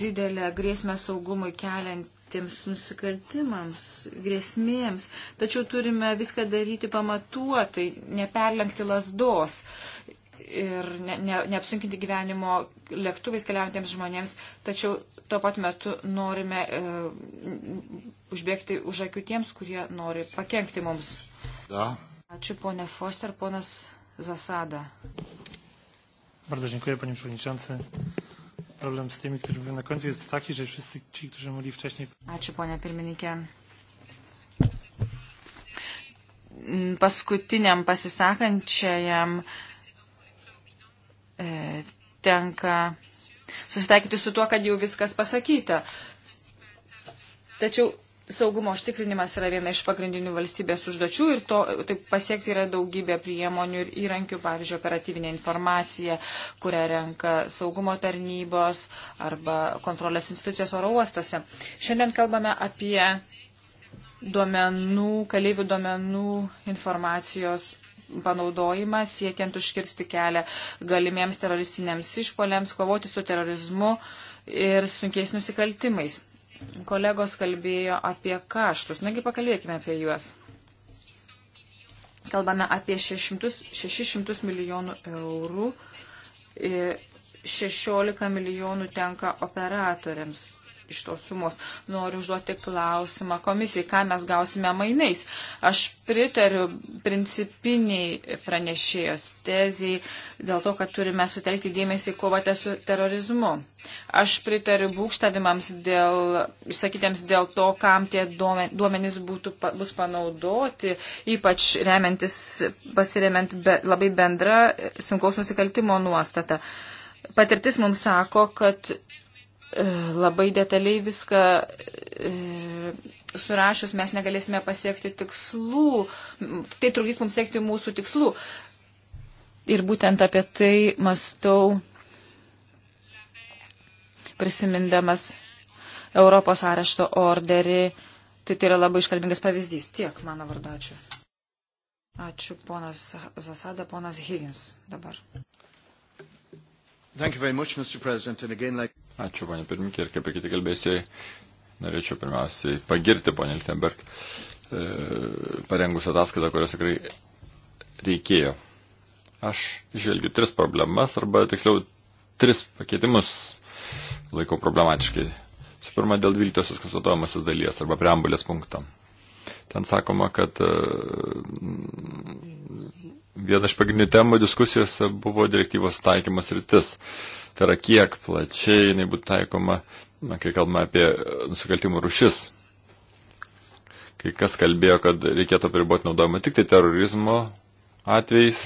didelę grėsmę saugumui keliant tiems nusikaltimams, grėsmėms. Tačiau turime viską daryti pamatuotai, neperlenkti lasdos ir ne, ne, neapsunkinti gyvenimo lėktuvais keliaujantiems žmonėms, tačiau tuo pat metu norime e, užbėgti už akių tiems, kurie nori pakengti mums. Da. Ačiū ponė Foster, ponas Zasada. Bardzo dziękuję, panie przewodniczący. Problem z tymi, którzy mówią na końcu jest taki, że wszyscy ci, którzy mówili wcześniej... Ačiū, ponia pirmininkė. Mm, paskutiniam pasisakančiajam e, tenka susitaikyti su tuo, kad jau viskas pasakyta. Tačiau saugumo užtikrinimas yra viena iš pagrindinių valstybės užduočių ir to taip pasiekti yra daugybė priemonių ir įrankių, pavyzdžiui, operatyvinė informacija, kurią renka saugumo tarnybos arba kontrolės institucijos oro uostuose. Šiandien kalbame apie duomenų, kaleivių duomenų informacijos panaudojimą siekiant užkirsti kelią galimiems teroristiniams išpoliams, kovoti su terorizmu ir sunkiais nusikaltimais. Kolegos kalbėjo apie kaštus. Nagi pakalbėkime apie juos. Kalbame apie 600, 600 milijonų eurų. 16 e, milijonų tenka operatoriams iš tos sumos. Noriu užduoti klausimą komisijai, ką mes gausime mainais. Aš pritariu principiniai pranešėjos tezijai dėl to, kad turime sutelkti dėmesį kovate su terorizmu. Aš pritariu būkštavimams dėl, išsakytėms dėl to, kam tie duomenys būtų, bus panaudoti, ypač remiantis, pasiremiant be, labai bendrą sunkaus nusikaltimo nuostatą. Patirtis mums sako, kad E, labai detaliai viską e, surašius mes negalėsime pasiekti tikslų, tai trukdys mums siekti mūsų tikslų. Ir būtent apie tai mastau prisimindamas Europos arešto orderį. Tai tai yra labai iškalbingas pavyzdys. Tiek mano vardu ačiū. Ačiū ponas Zasada, ponas Higgins dabar. Much, again, like... Ačiū, ponė pirmininkė, ir kaip ir kiti kalbėsiai, norėčiau pirmiausiai pagirti ponė Lichtenberg, e, parengus ataskaitą, kurios tikrai reikėjo. Aš žvelgiu tris problemas, arba tiksliau tris pakeitimus laikau problematiškai. Su pirma, dėl 12 konstatuojamasis dalies arba preambulės punktam. Ten sakoma, kad e, viena iš pagrindinių temų diskusijose buvo direktyvos taikymas rytis. Tai yra, kiek plačiai jinai būtų taikoma, na, kai kalbame apie e, nusikaltimų rušis. Kai kas kalbėjo, kad reikėtų apriboti naudojimą tik tai terorizmo atvejais.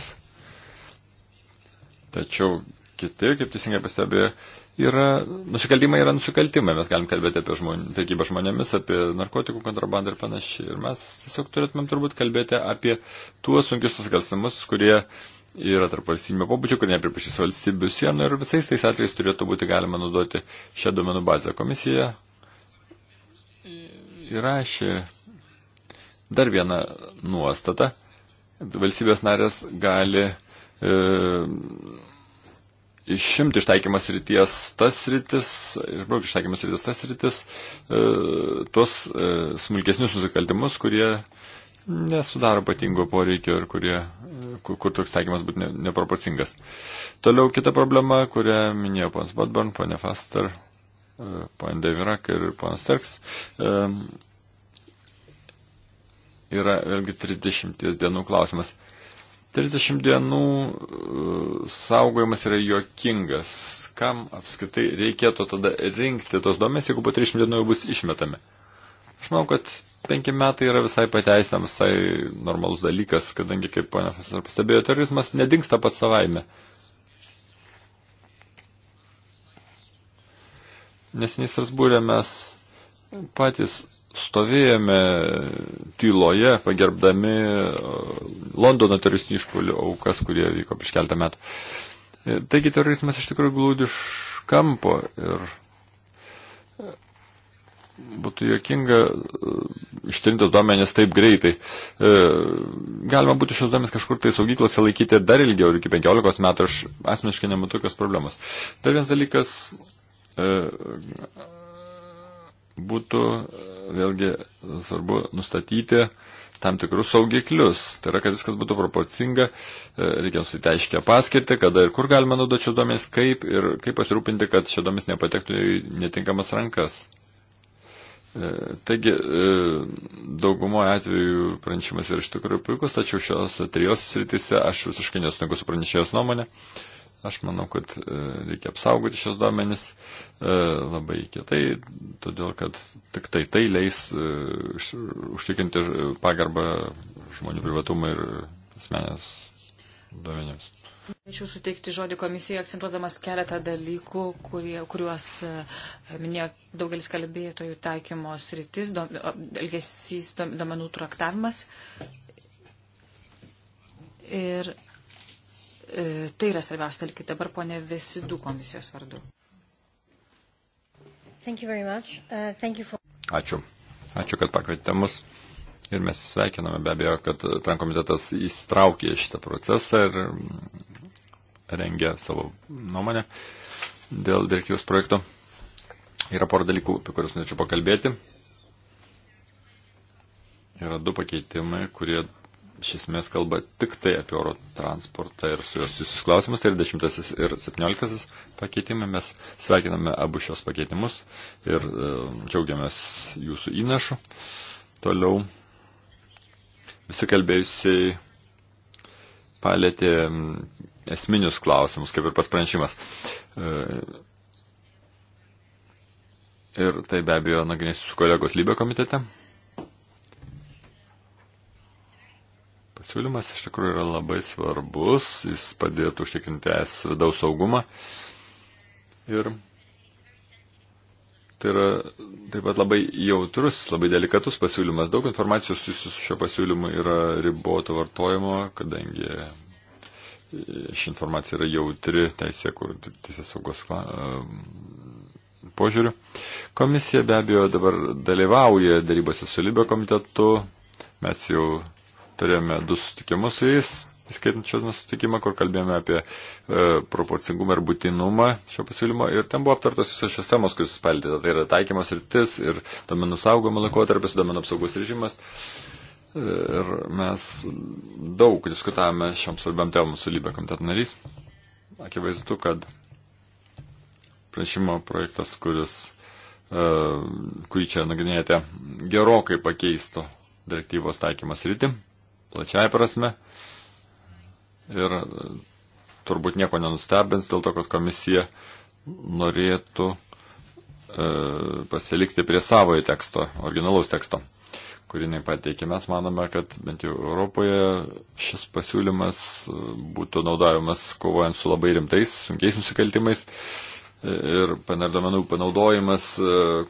Tačiau kiti, kaip teisingai pastebėjo, yra, nusikaltimai yra nusikaltimai. Mes galim kalbėti apie žmon, priekybą žmonėmis, apie narkotikų kontrabandą ir panašiai. Ir mes tiesiog turėtumėm turbūt kalbėti apie tuos sunkius nusikalstamus, kurie yra tarp valstybinio pobūdžio, kur nepripašys valstybių sienų ir visais tais atvejais turėtų būti galima naudoti šią duomenų bazę. Komisija įrašė dar vieną nuostatą. Valstybės narės gali e, išimti ištaikymas ryties tas rytis, išbraukti ištaikymas ryties tas rytis, e, tuos e, smulkesnius nusikaltimus, kurie nesudaro patingo poreikio ir kurie, e, kur, kur toks taikymas būtų ne, neproporcingas. Toliau kita problema, kurią minėjo pons Bodburn, ponė Faster, e, ponė Devirak ir ponas Terks. E, yra vėlgi 30 dienų klausimas. 30 dienų e, saugojimas yra juokingas. Kam apskaitai reikėtų tada rinkti tos duomenys, jeigu po 30 dienų jau bus išmetami? Aš manau, kad 5 metai yra visai pateisinams, visai normalus dalykas, kadangi, kaip ponia Fesar pastebėjo, terorizmas nedingsta pats savaime. Nesiniai Strasbūrė mes patys stovėjome tyloje, pagerbdami e, Londono teroristinių išpolių aukas, kurie vyko prieš keltą metų. E, taigi terorizmas iš tikrųjų glūdi iš kampo ir e, būtų jokinga ištrinti duomenės taip greitai. Galima būtų šios duomenės kažkur tai saugyklose laikyti dar ilgiau, iki 15 metų, aš asmeniškai nematau jokios problemos. Dar vienas dalykas būtų vėlgi svarbu nustatyti tam tikrus saugiklius. Tai yra, kad viskas būtų proporcinga, e, reikia nustatyti aiškę paskirtį, kada ir kur galima naudoti šio domis, kaip ir kaip pasirūpinti, kad šio domis nepatektų į netinkamas rankas. E, taigi, e, daugumoje atveju pranešimas yra iš tikrųjų puikus, tačiau šios trijos sritise aš visiškai nesutinku su pranešėjos nuomonė. Aš manau, kad e, reikia apsaugoti šios duomenys e, labai kietai, todėl kad tik tai tai leis e, užtikrinti pagarbą žmonių privatumą ir asmenės duomenims. Norėčiau suteikti žodį komisijai, akcentuodamas keletą dalykų, kurie, kuriuos minėjo daugelis kalbėtojų taikymos rytis, dom, elgesys, dom, domenų traktavimas. Ir E, tai yra svarbiausia dalykai. Dabar ponė Vesidų komisijos vardu. Uh, for... Ačiū. Ačiū, kad pakvietėte mus. Ir mes sveikiname be abejo, kad e, Trankomitetas įstraukė šitą procesą ir mm, rengia savo nuomonę dėl direktyvos projekto. Yra pora dalykų, apie kuriuos norėčiau pakalbėti. Yra du pakeitimai, kurie iš esmės kalba tik tai apie oro transportą ir su jos jūsų klausimus. Tai yra 10 ir 17 pakeitimai. Mes sveikiname abu šios pakeitimus ir e, džiaugiamės jūsų įnašu. Toliau visi kalbėjusiai palėtė esminius klausimus, kaip ir pasprančimas. E, ir tai be abejo nagrinėsiu su kolegos lybė komitete. Pasiūlymas iš tikrųjų yra labai svarbus, jis padėtų užtikrinti es vidaus saugumą. Ir tai yra taip pat labai jautrus, labai delikatus pasiūlymas. Daug informacijos susijusių su šio pasiūlymu yra riboto vartojimo, kadangi ši informacija yra jautri teisė, kur teisės saugos um, požiūriu. Komisija be abejo dabar dalyvauja darybose su Libio komitetu. Mes jau turėjome du susitikimus su jais, įskaitant šią susitikimą, kur kalbėjome apie e, proporcingumą ir būtinumą šio pasiūlymo. Ir ten buvo aptartos visos šios temos, kuris spaldėta. Tai yra taikymas rytis ir domenų saugojimo laikotarpis, domenų apsaugos režimas. Ir mes daug diskutavome šiom svarbiam temam su Lybė komiteto narys. Akivaizdu, kad pranešimo projektas, kuris, e, kurį čia nagrinėjate, gerokai pakeistų direktyvos taikymas rytim plačiai prasme. Ir e, turbūt nieko nenustebins dėl to, kad komisija norėtų e, pasilikti prie savojo teksto, originalaus teksto, kurį jinai pateikė. Mes manome, kad bent jau Europoje šis pasiūlymas e, būtų naudojamas kovojant su labai rimtais, sunkiais nusikaltimais. E, ir PNR duomenų panaudojimas,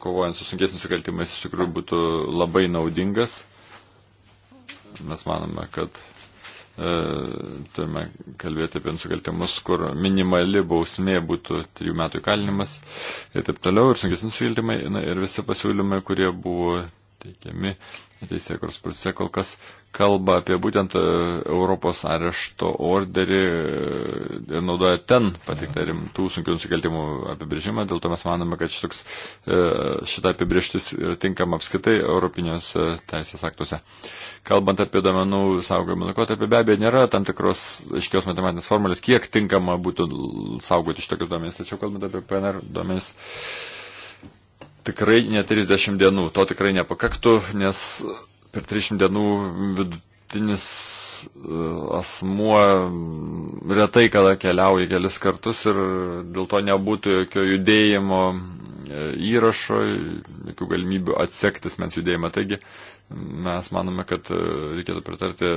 kovojant su sunkiais nusikaltimais, iš tikrųjų būtų labai naudingas mes manome, kad e, turime kalbėti apie nusikaltimus, kur minimali bausmė būtų trijų metų įkalinimas ir taip toliau, ir sunkesni nusikaltimai, na, ir visi pasiūlymai, kurie buvo teikiami teisėkros procese, kol kas kalba apie būtent e, Europos arešto orderį e, ir naudoja ten patiktą rimtų sunkių nusikaltimų apibrėžimą, dėl to mes manome, kad šitoks, e, šita apibrėžtis yra tinkama apskaitai Europinės teisės aktuose. Kalbant apie domenų saugojimą laikotarpį, be abejo, nėra tam tikros aiškios matematinės formulės, kiek tinkama būtų saugoti šitokius duomenys, tačiau kalbant apie PNR duomenys tikrai ne 30 dienų. To tikrai nepakaktų, nes per 30 dienų vidutinis e, asmuo retai kada keliauja kelis kartus ir dėl to nebūtų jokio judėjimo e, įrašo, jokių galimybių atsektis mens judėjimą. Taigi Mes manome, kad e, reikėtų pritarti e,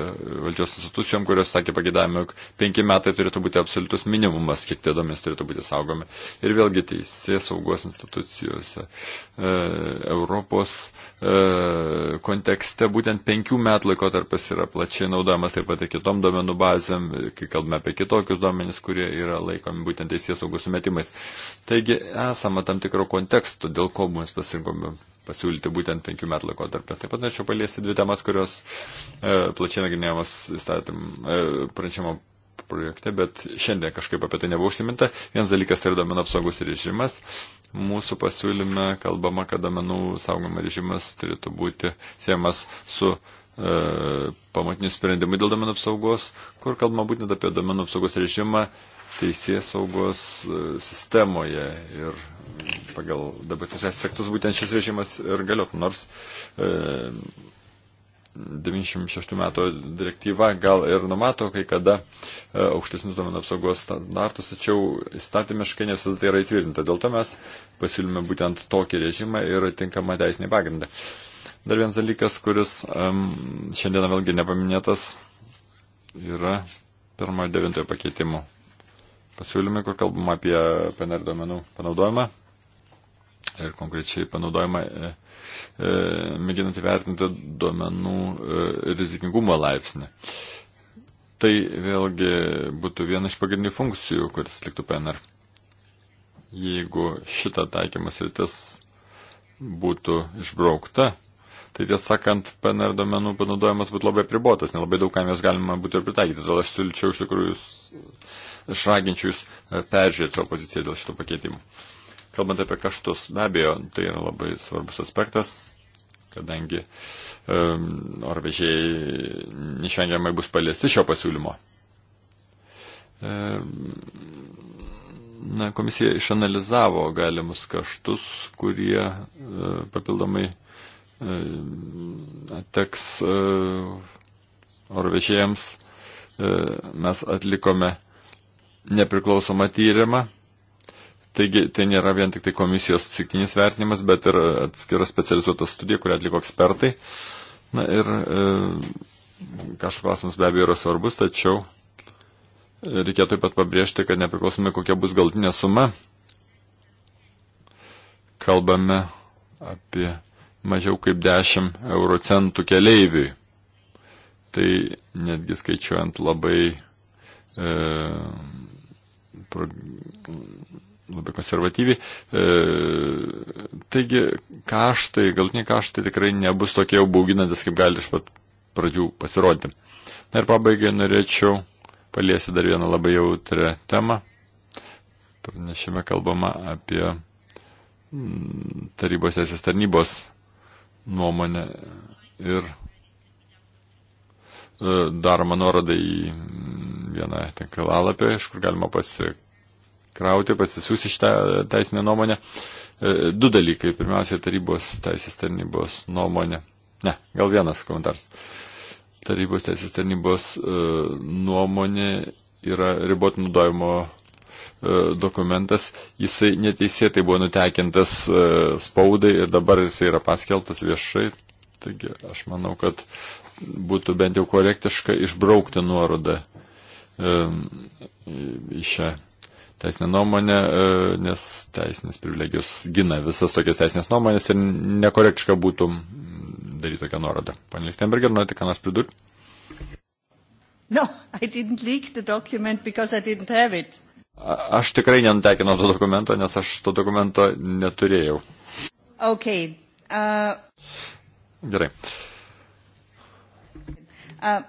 valdžios institucijom, kurios sakė pagėdami, jog penki metai turėtų būti absoliutus minimumas, kiek tie duomenys turėtų būti saugomi. Ir vėlgi teisės saugos institucijose, e, Europos e, kontekste būtent penkių metų laikotarpis yra plačiai naudojamas taip pat ir kitom duomenų bazėm, e, kai kalbame apie kitokius duomenys, kurie yra laikomi būtent teisės saugos sumetimais. Taigi esama tam tikro konteksto, dėl ko mes pasirinkome pasiūlyti būtent penkių metų laikotarpį. Taip pat norėčiau paliesti dvi temas, kurios e, plačiai nagrinėjamos įstatym e, pranešimo projekte, bet šiandien kažkaip apie tai nebuvo užsiminta. Vienas dalykas tai yra domenų apsaugos režimas. Mūsų pasiūlyme kalbama, kad domenų saugojimo režimas turėtų būti siejamas su e, pamatinių sprendimų dėl domenų apsaugos, kur kalbama būtent apie domenų apsaugos režimą teisės saugos e, sistemoje ir pagal dabartinius teisės aktus būtent šis režimas ir galėtų, nors e, 96 metų direktyva gal ir numato kai kada e, aukštesnius duomenų apsaugos standartus, tačiau įstatymiškai nesada tai yra įtvirtinta. Dėl to mes pasiūlėme būtent tokį režimą ir tinkamą teisinį pagrindą. Dar vienas dalykas, kuris um, šiandieną vėlgi nepaminėtas, yra pirmojo devintojo pakeitimo pasiūlymai, kur kalbama apie PNR duomenų panaudojimą ir konkrečiai panaudojama e, e, mėginant įvertinti duomenų e, rizikingumo laipsnį. Tai vėlgi būtų viena iš pagrindinių funkcijų, kuris liktų PNR. Jeigu šita taikymas rytis būtų išbraukta, tai tiesą sakant, PNR duomenų panaudojimas būtų labai pribotas, nelabai daug kam jos galima būtų ir pritaikyti. Todėl aš siūlyčiau iš tikrųjų, aš raginčiau jūs e, peržiūrėti savo poziciją dėl šito pakeitimo. Kalbant apie kaštus, be abejo, tai yra labai svarbus aspektas, kadangi um, orvežiai neišvengiamai bus paliesti šio pasiūlymo. Um, na, komisija išanalizavo galimus kaštus, kurie e, papildomai e, teks e, orvežėjams. E, mes atlikome nepriklausomą tyrimą Taigi tai nėra vien tik tai komisijos atsiktinis vertinimas, bet ir atskira specializuota studija, kurią atliko ekspertai. Na ir e, kažkoks klausimas be abejo yra svarbus, tačiau e, reikėtų taip pat pabrėžti, kad nepriklausomai kokia bus galtinė suma, kalbame apie mažiau kaip 10 euro centų keleiviui. Tai netgi skaičiuojant labai e, pro, labai konservatyviai. E, taigi kaštai, galutiniai kaštai tikrai nebus tokie jau bauginantis, kaip gali iš pat pradžių pasirodyti. Na ir pabaigai norėčiau paliesti dar vieną labai jautrę temą. Pranešime kalbama apie mm, tarybos esės tarnybos nuomonę ir e, daroma nuoroda į mm, vieną tinklalapį, iš kur galima pasi, krauti, pasisiūsti šitą teisinę nuomonę. E, du dalykai. Pirmiausia, tarybos teisės tarnybos nuomonė. Ne, gal vienas komentaras. Tarybos teisės tarnybos e, nuomonė yra ribotų naudojimo e, dokumentas, jisai neteisėtai buvo nutekintas spaudai ir dabar jisai yra paskeltas viešai. Taigi aš manau, kad būtų bent jau korektiška išbraukti nuorodą į šią teisinę nuomonę, e, nes teisinės privilegijos gina visas tokias teisinės nuomonės ir nekorektiška būtų mm, daryti tokią nuorodą. Pane Lichtenberger, norite ką nors pridurti? No, I didn't leak the document because I didn't have it. A aš tikrai nenutekinau to dokumento, nes aš to dokumento neturėjau. Okay. Uh... Gerai. Uh...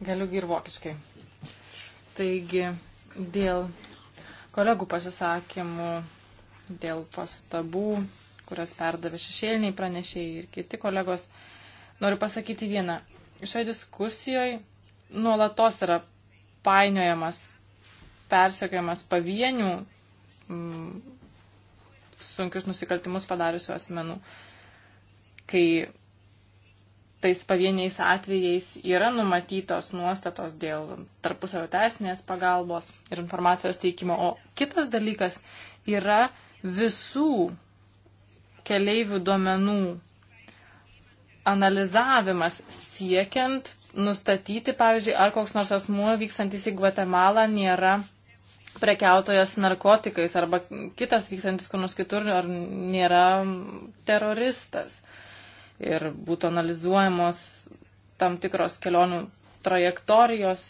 Galiu ir vokiškai. Taigi, Dėl kolegų pasisakymų, dėl pastabų, kurias perdavė šešėliniai pranešėjai ir kiti kolegos, noriu pasakyti vieną. Šioje diskusijoje nuolatos yra painiojamas, persiekiojamas pavienių m, mm, sunkius nusikaltimus padariusių asmenų, kai tais pavieniais atvejais yra numatytos nuostatos dėl tarpusavio teisinės pagalbos ir informacijos teikimo. O kitas dalykas yra visų keleivių duomenų analizavimas siekiant nustatyti, pavyzdžiui, ar koks nors asmuo vykstantis į Gvatemalą nėra prekiautojas narkotikais arba kitas vykstantis kur nors kitur ar nėra teroristas ir būtų analizuojamos tam tikros kelionių trajektorijos.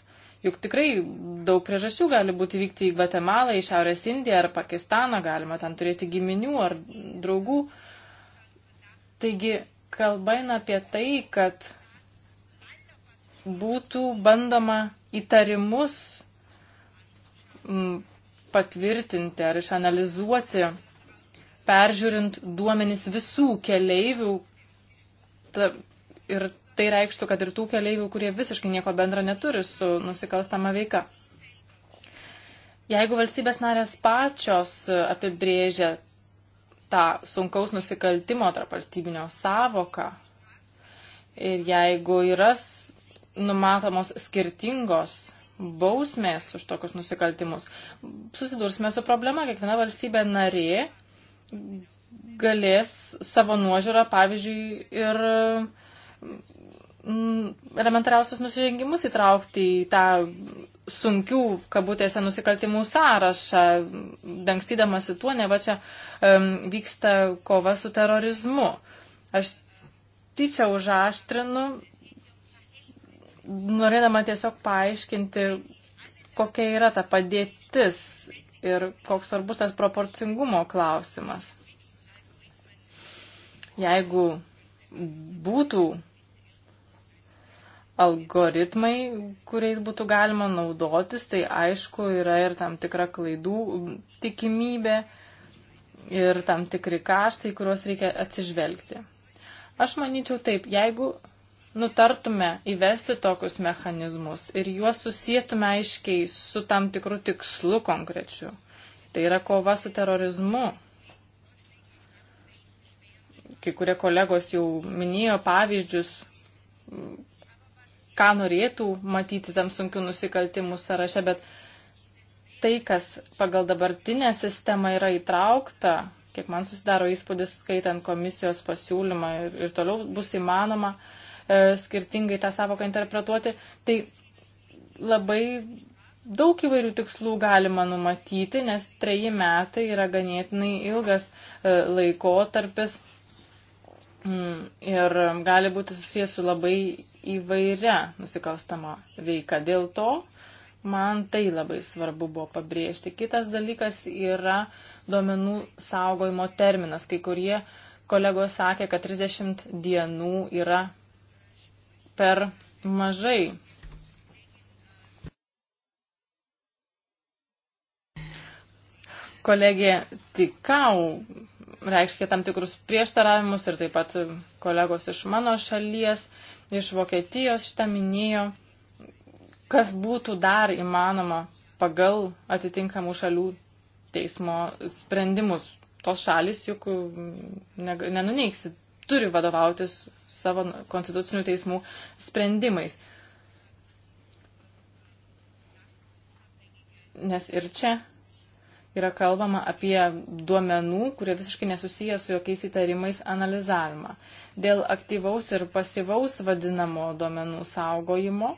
Juk tikrai daug priežasčių gali būti vykti į Gvatemalą, į Šiaurės Indiją ar Pakistaną, galima ten turėti giminių ar draugų. Taigi kalba eina apie tai, kad būtų bandoma įtarimus patvirtinti ar išanalizuoti, peržiūrint duomenis visų keleivių, ta, ir tai reikštų, kad ir tų keleivių, kurie visiškai nieko bendra neturi su nusikalstama veika. Jeigu valstybės narės pačios apibrėžia tą sunkaus nusikaltimo tarp valstybinio savoką ir jeigu yra numatomos skirtingos bausmės už tokius nusikaltimus, susidursime su problema, kiekviena valstybė narė galės savo nuožiūrą, pavyzdžiui, ir mm, elementariausius nusižengimus įtraukti į tą sunkių, kabutėse, nusikaltimų sąrašą, dangstydamasi tuo, ne va čia um, vyksta kova su terorizmu. Aš tyčia užaštrinu, norėdama tiesiog paaiškinti, kokia yra ta padėtis ir koks svarbus tas proporcingumo klausimas. Jeigu būtų algoritmai, kuriais būtų galima naudotis, tai aišku yra ir tam tikra klaidų tikimybė ir tam tikri kaštai, kuriuos reikia atsižvelgti. Aš manyčiau taip, jeigu nutartume įvesti tokius mechanizmus ir juos susijėtume aiškiai su tam tikru tikslu konkrečiu, tai yra kova su terorizmu kai kurie kolegos jau minėjo pavyzdžius, ką norėtų matyti tam sunkių nusikaltimų sąraše, bet tai, kas pagal dabartinę sistemą yra įtraukta, kiek man susidaro įspūdis skaitant komisijos pasiūlymą ir, ir toliau bus įmanoma e, skirtingai tą savoką interpretuoti, tai labai daug įvairių tikslų galima numatyti, nes treji metai yra ganėtinai ilgas e, laikotarpis. tarpis Mm, ir gali būti susijęs su labai įvairia nusikalstama veika. Dėl to man tai labai svarbu buvo pabrėžti. Kitas dalykas yra duomenų saugojimo terminas. Kai kurie kolegos sakė, kad 30 dienų yra per mažai. Kolegė Tikau reiškia tam tikrus prieštaravimus ir taip pat kolegos iš mano šalies, iš Vokietijos šitą minėjo, kas būtų dar įmanoma pagal atitinkamų šalių teismo sprendimus. Tos šalis juk nenuneiksi, turi vadovautis savo konstitucinių teismų sprendimais. Nes ir čia yra kalbama apie duomenų, kurie visiškai nesusiję su jokiais įtarimais analizavimą. Dėl aktyvaus ir pasivaus vadinamo duomenų saugojimo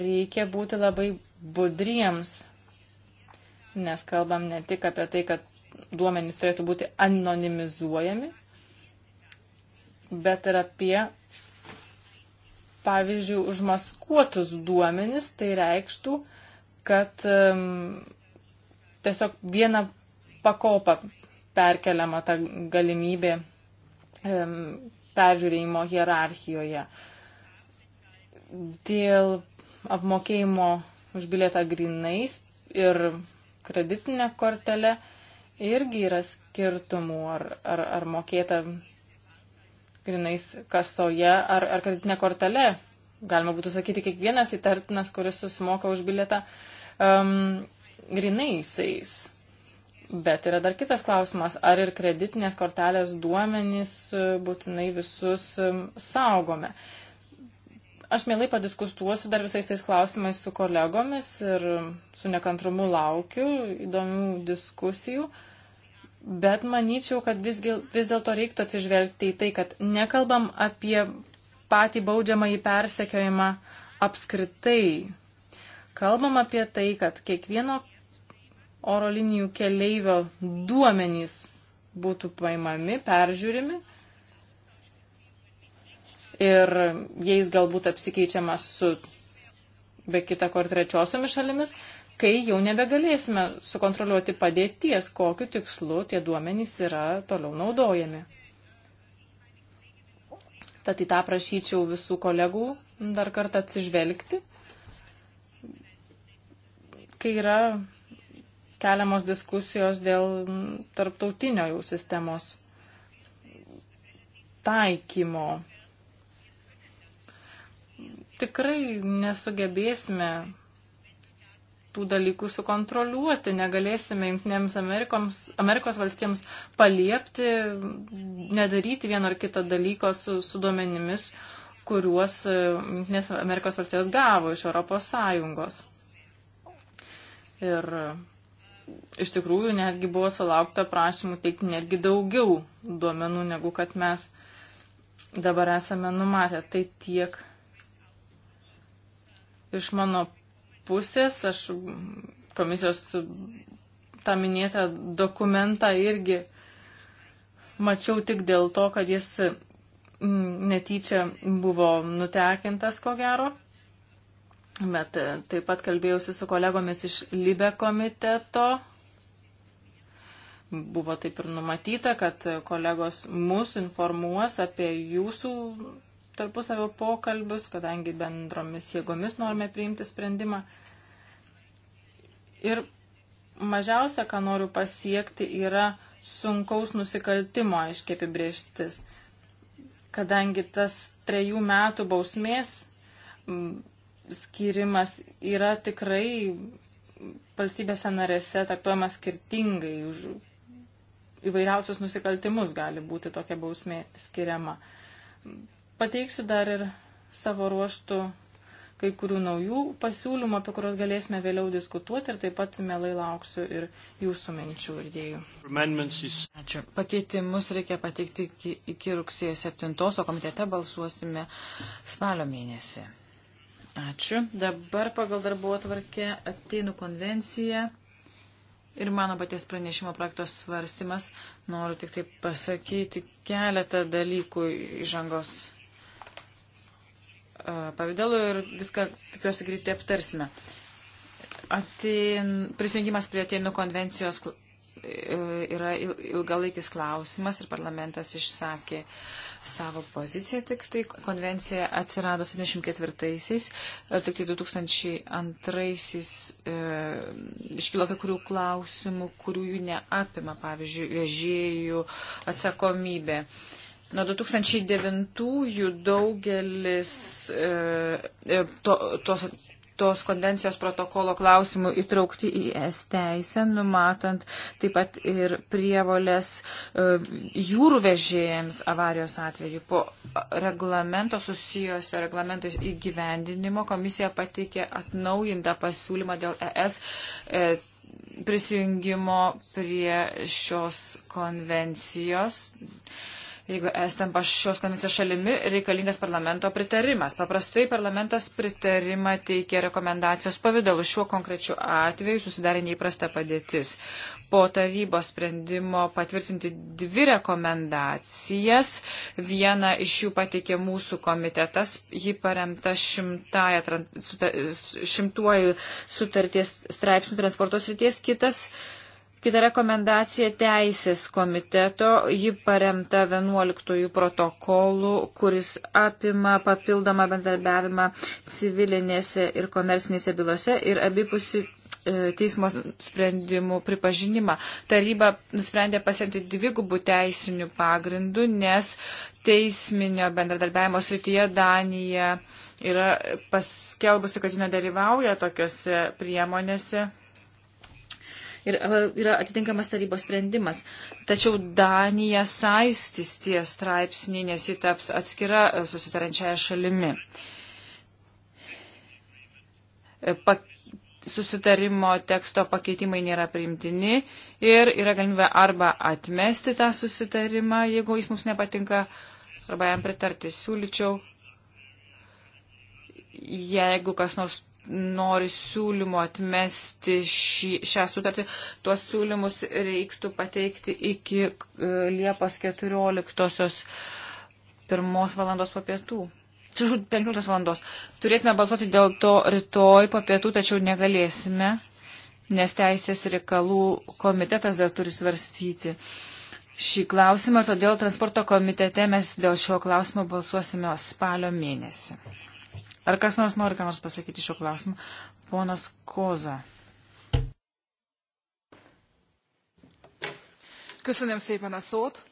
reikia būti labai budriems, nes kalbam ne tik apie tai, kad duomenys turėtų būti anonimizuojami, bet ir apie, pavyzdžiui, užmaskuotus duomenys, tai reikštų, kad um, tiesiog vieną pakopą perkeliama ta galimybė peržiūrėjimo hierarchijoje. Dėl apmokėjimo už bilietą grinais ir kreditinę kortelę irgi yra skirtumų, ar, ar, ar mokėta grinais kasoje ar, ar kreditinė kortelė. Galima būtų sakyti, kiekvienas įtartinas, kuris susimoka už bilietą, um, grinaisiais. Bet yra dar kitas klausimas, ar ir kreditinės kortelės duomenys e, būtinai visus e, saugome. Aš mielai padiskustuosiu dar visais tais klausimais su kolegomis ir su nekantrumu laukiu įdomių diskusijų. Bet manyčiau, kad visgi, vis dėlto reiktų atsižvelgti į tai, kad nekalbam apie patį baudžiamą į persekiojimą apskritai. Kalbam apie tai, kad kiekvieno oro linijų keleivio duomenys būtų paimami, peržiūrimi ir jais galbūt apsikeičiama su be kita ko ir trečiosiomis šalimis, kai jau nebegalėsime sukontroliuoti padėties, kokiu tikslu tie duomenys yra toliau naudojami. Tad į tą prašyčiau visų kolegų dar kartą atsižvelgti, kai yra keliamos diskusijos dėl tarptautinio jau sistemos taikymo. Tikrai nesugebėsime tų dalykų sukontroliuoti, negalėsime Junktinėms Amerikoms, Amerikos valstijams paliepti, nedaryti vieno ar kito dalyko su, su duomenimis, kuriuos e, Junktinės Amerikos valstijos gavo iš Europos Sąjungos. Ir iš tikrųjų netgi buvo sulaukta prašymų teikti netgi daugiau duomenų, negu kad mes dabar esame numatę. Tai tiek iš mano pusės. Aš komisijos tą minėtą dokumentą irgi mačiau tik dėl to, kad jis mm, netyčia buvo nutekintas, ko gero. Bet e, taip pat kalbėjausi su kolegomis iš Libe komiteto. Buvo taip ir numatyta, kad kolegos mus informuos apie jūsų tarpusavio pokalbius, kadangi bendromis jėgomis norime priimti sprendimą. Ir mažiausia, ką noriu pasiekti, yra sunkaus nusikaltimo aiškiai apibrieštis, kadangi tas trejų metų bausmės skirimas yra tikrai valstybėse narėse traktuojamas skirtingai. Už įvairiausius nusikaltimus gali būti tokia bausmė skiriama. Pateiksiu dar ir savo ruoštų kai kurių naujų pasiūlymų, apie kuriuos galėsime vėliau diskutuoti ir taip pat mielai lauksiu ir jūsų minčių ir idėjų. Ačiū. Pakeitimus reikia pateikti iki, iki rugsėjo 7, o komitete balsuosime spalio mėnesį. Ačiū. Dabar pagal darbo atvarkę ateinu konvenciją ir mano paties pranešimo projektos svarstymas. Noriu tik tai pasakyti keletą dalykų įžangos e, pavydalu ir viską, tikiuosi, greitai aptarsime. Atin, prisijungimas prie Atenų konvencijos e, yra ilgalaikis klausimas ir parlamentas išsakė uh, savo poziciją, tik tai konvencija atsirado 74-aisiais, e, tik tai 2002-aisiais e, iškilo kai kurių klausimų, kurių jų neapima, pavyzdžiui, vežėjų atsakomybė. Nuo 2009-ųjų daugelis e, e, to, tos tos konvencijos protokolo klausimų įtraukti į es teisę, numatant taip pat ir prievolės e, jūrų vežėjams avarijos atveju. Po reglamento susijusio reglamentais įgyvendinimo komisija pateikė atnaujintą pasiūlymą dėl ES e, prisijungimo prie šios konvencijos jeigu estam šios komisijos šalimi, reikalingas parlamento pritarimas. Paprastai parlamentas pritarimą teikia rekomendacijos pavydalu. Šiuo konkrečiu atveju susidarė neįprasta padėtis. Po tarybos sprendimo patvirtinti dvi rekomendacijas, vieną iš jų pateikė mūsų komitetas, ji paremta šimtąją, šimtuoju sutarties straipsnių transportos ryties, kitas Kita rekomendacija teisės komiteto, ji paremta 11 protokolu, kuris apima papildomą bendarbiavimą civilinėse ir komersinėse bylose ir abipusi e, teismo sprendimų pripažinimą. Taryba nusprendė pasiemti dvigubų teisinių pagrindų, nes teisminio bendradarbiavimo srityje Danija yra paskelbusi, kad ji nedalyvauja tokiuose priemonėse ir e, yra atitinkamas tarybos sprendimas. Tačiau Danija saistys tie straipsniai, nes ji taps atskira e, susitarančiaja šalimi. E, pa, susitarimo teksto pakeitimai nėra priimtini ir yra galimybė arba atmesti tą susitarimą, jeigu jis mums nepatinka, arba jam pritarti. Siūlyčiau, jeigu kas nors nori siūlymų atmesti šį, šią sutartį. Tuos siūlymus reiktų pateikti iki e, Liepos 14-osios pirmos valandos po pietų. Atsiprašau, 15 valandos. Turėtume balsuoti dėl to rytoj po pietų, tačiau negalėsime, nes Teisės reikalų komitetas dar turi svarstyti šį klausimą, todėl transporto komitete mes dėl šio klausimo balsuosime spalio mėnesį. Ar kas nors nori ką nors pasakyti šiuo klausimu? Ponas Koza. Köszönöm szépen a szót.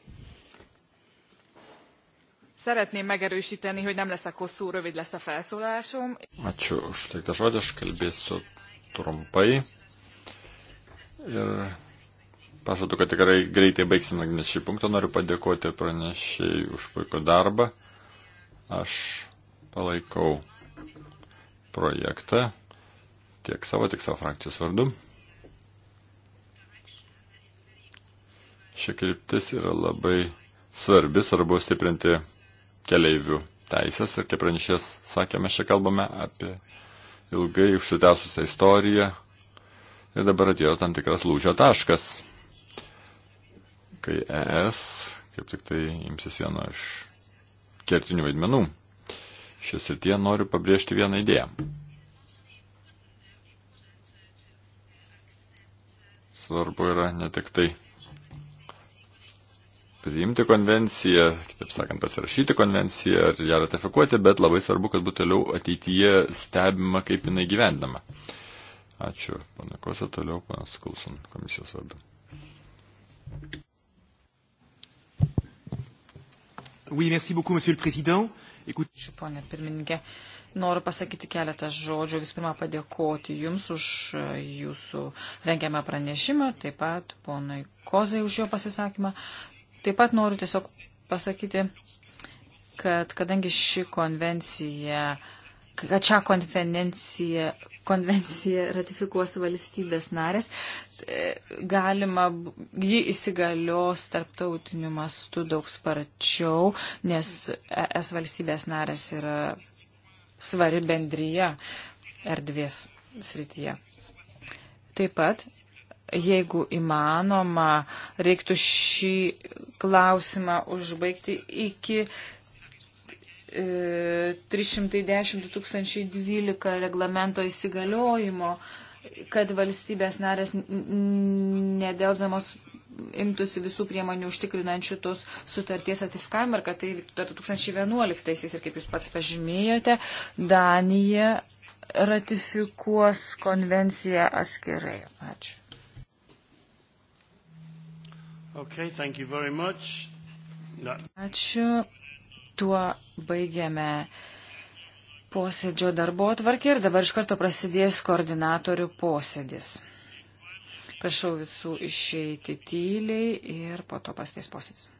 Szeretném megerősíteni, hogy nem leszek hosszú, rövid lesz a felszólásom. Ačiū už tai, tą žodį aš kalbėsiu trumpai. Ir pažadu, kad tikrai greitai baigsime šį punktą. Noriu padėkoti pranešėjai už puikų darbą. Aš palaikau projektą tiek savo, tiek savo frakcijos vardu. Ši kryptis yra labai svarbi, svarbu stiprinti keleivių teisės ir kaip pranešės sakė, mes čia kalbame apie ilgai užsitęsusią istoriją ir dabar atėjo tam tikras lūžio taškas, kai ES kaip tik tai imsis vieno iš kertinių vaidmenų šis ir tie noriu pabrėžti vieną idėją. Svarbu yra ne tik tai priimti konvenciją, kitaip sakant, pasirašyti konvenciją ar ją ratifikuoti, bet labai svarbu, kad būtų toliau ateityje stebima, kaip jinai gyvendama. Ačiū, panakose toliau, panas Kulson, komisijos vardu. Oui, merci beaucoup, monsieur le président. Ačiū, ponė pirmininkė. Noriu pasakyti keletą žodžių. Visų pirma, padėkoti Jums už e, Jūsų rengiamą pranešimą, taip pat ponui Kozai už jo pasisakymą. Taip pat noriu tiesiog pasakyti, kad kadangi ši konvencija, kad šią konvenciją konvenciją ratifikuos valstybės narės, e, galima, ji įsigalios tarptautiniu mastu daug sparčiau, nes es valstybės narės yra svari bendryje erdvės srityje. Taip pat, jeigu įmanoma, reiktų šį klausimą užbaigti iki 310-2012 e, reglamento įsigaliojimo, kad valstybės narės nedėlzamos imtųsi visų priemonių užtikrinančių tos sutarties ratifikavimą ir kad tai dar 2011-aisiais ir kaip jūs pats pažymėjote, Danija ratifikuos konvenciją atskirai. Ačiū. Okay, thank you very much. No. Ačiū. Tuo baigiame posėdžio darbo atvarkį ir dabar iš karto prasidės koordinatorių posėdis. Prašau visų išeiti tyliai ir po to pasidės posėdis.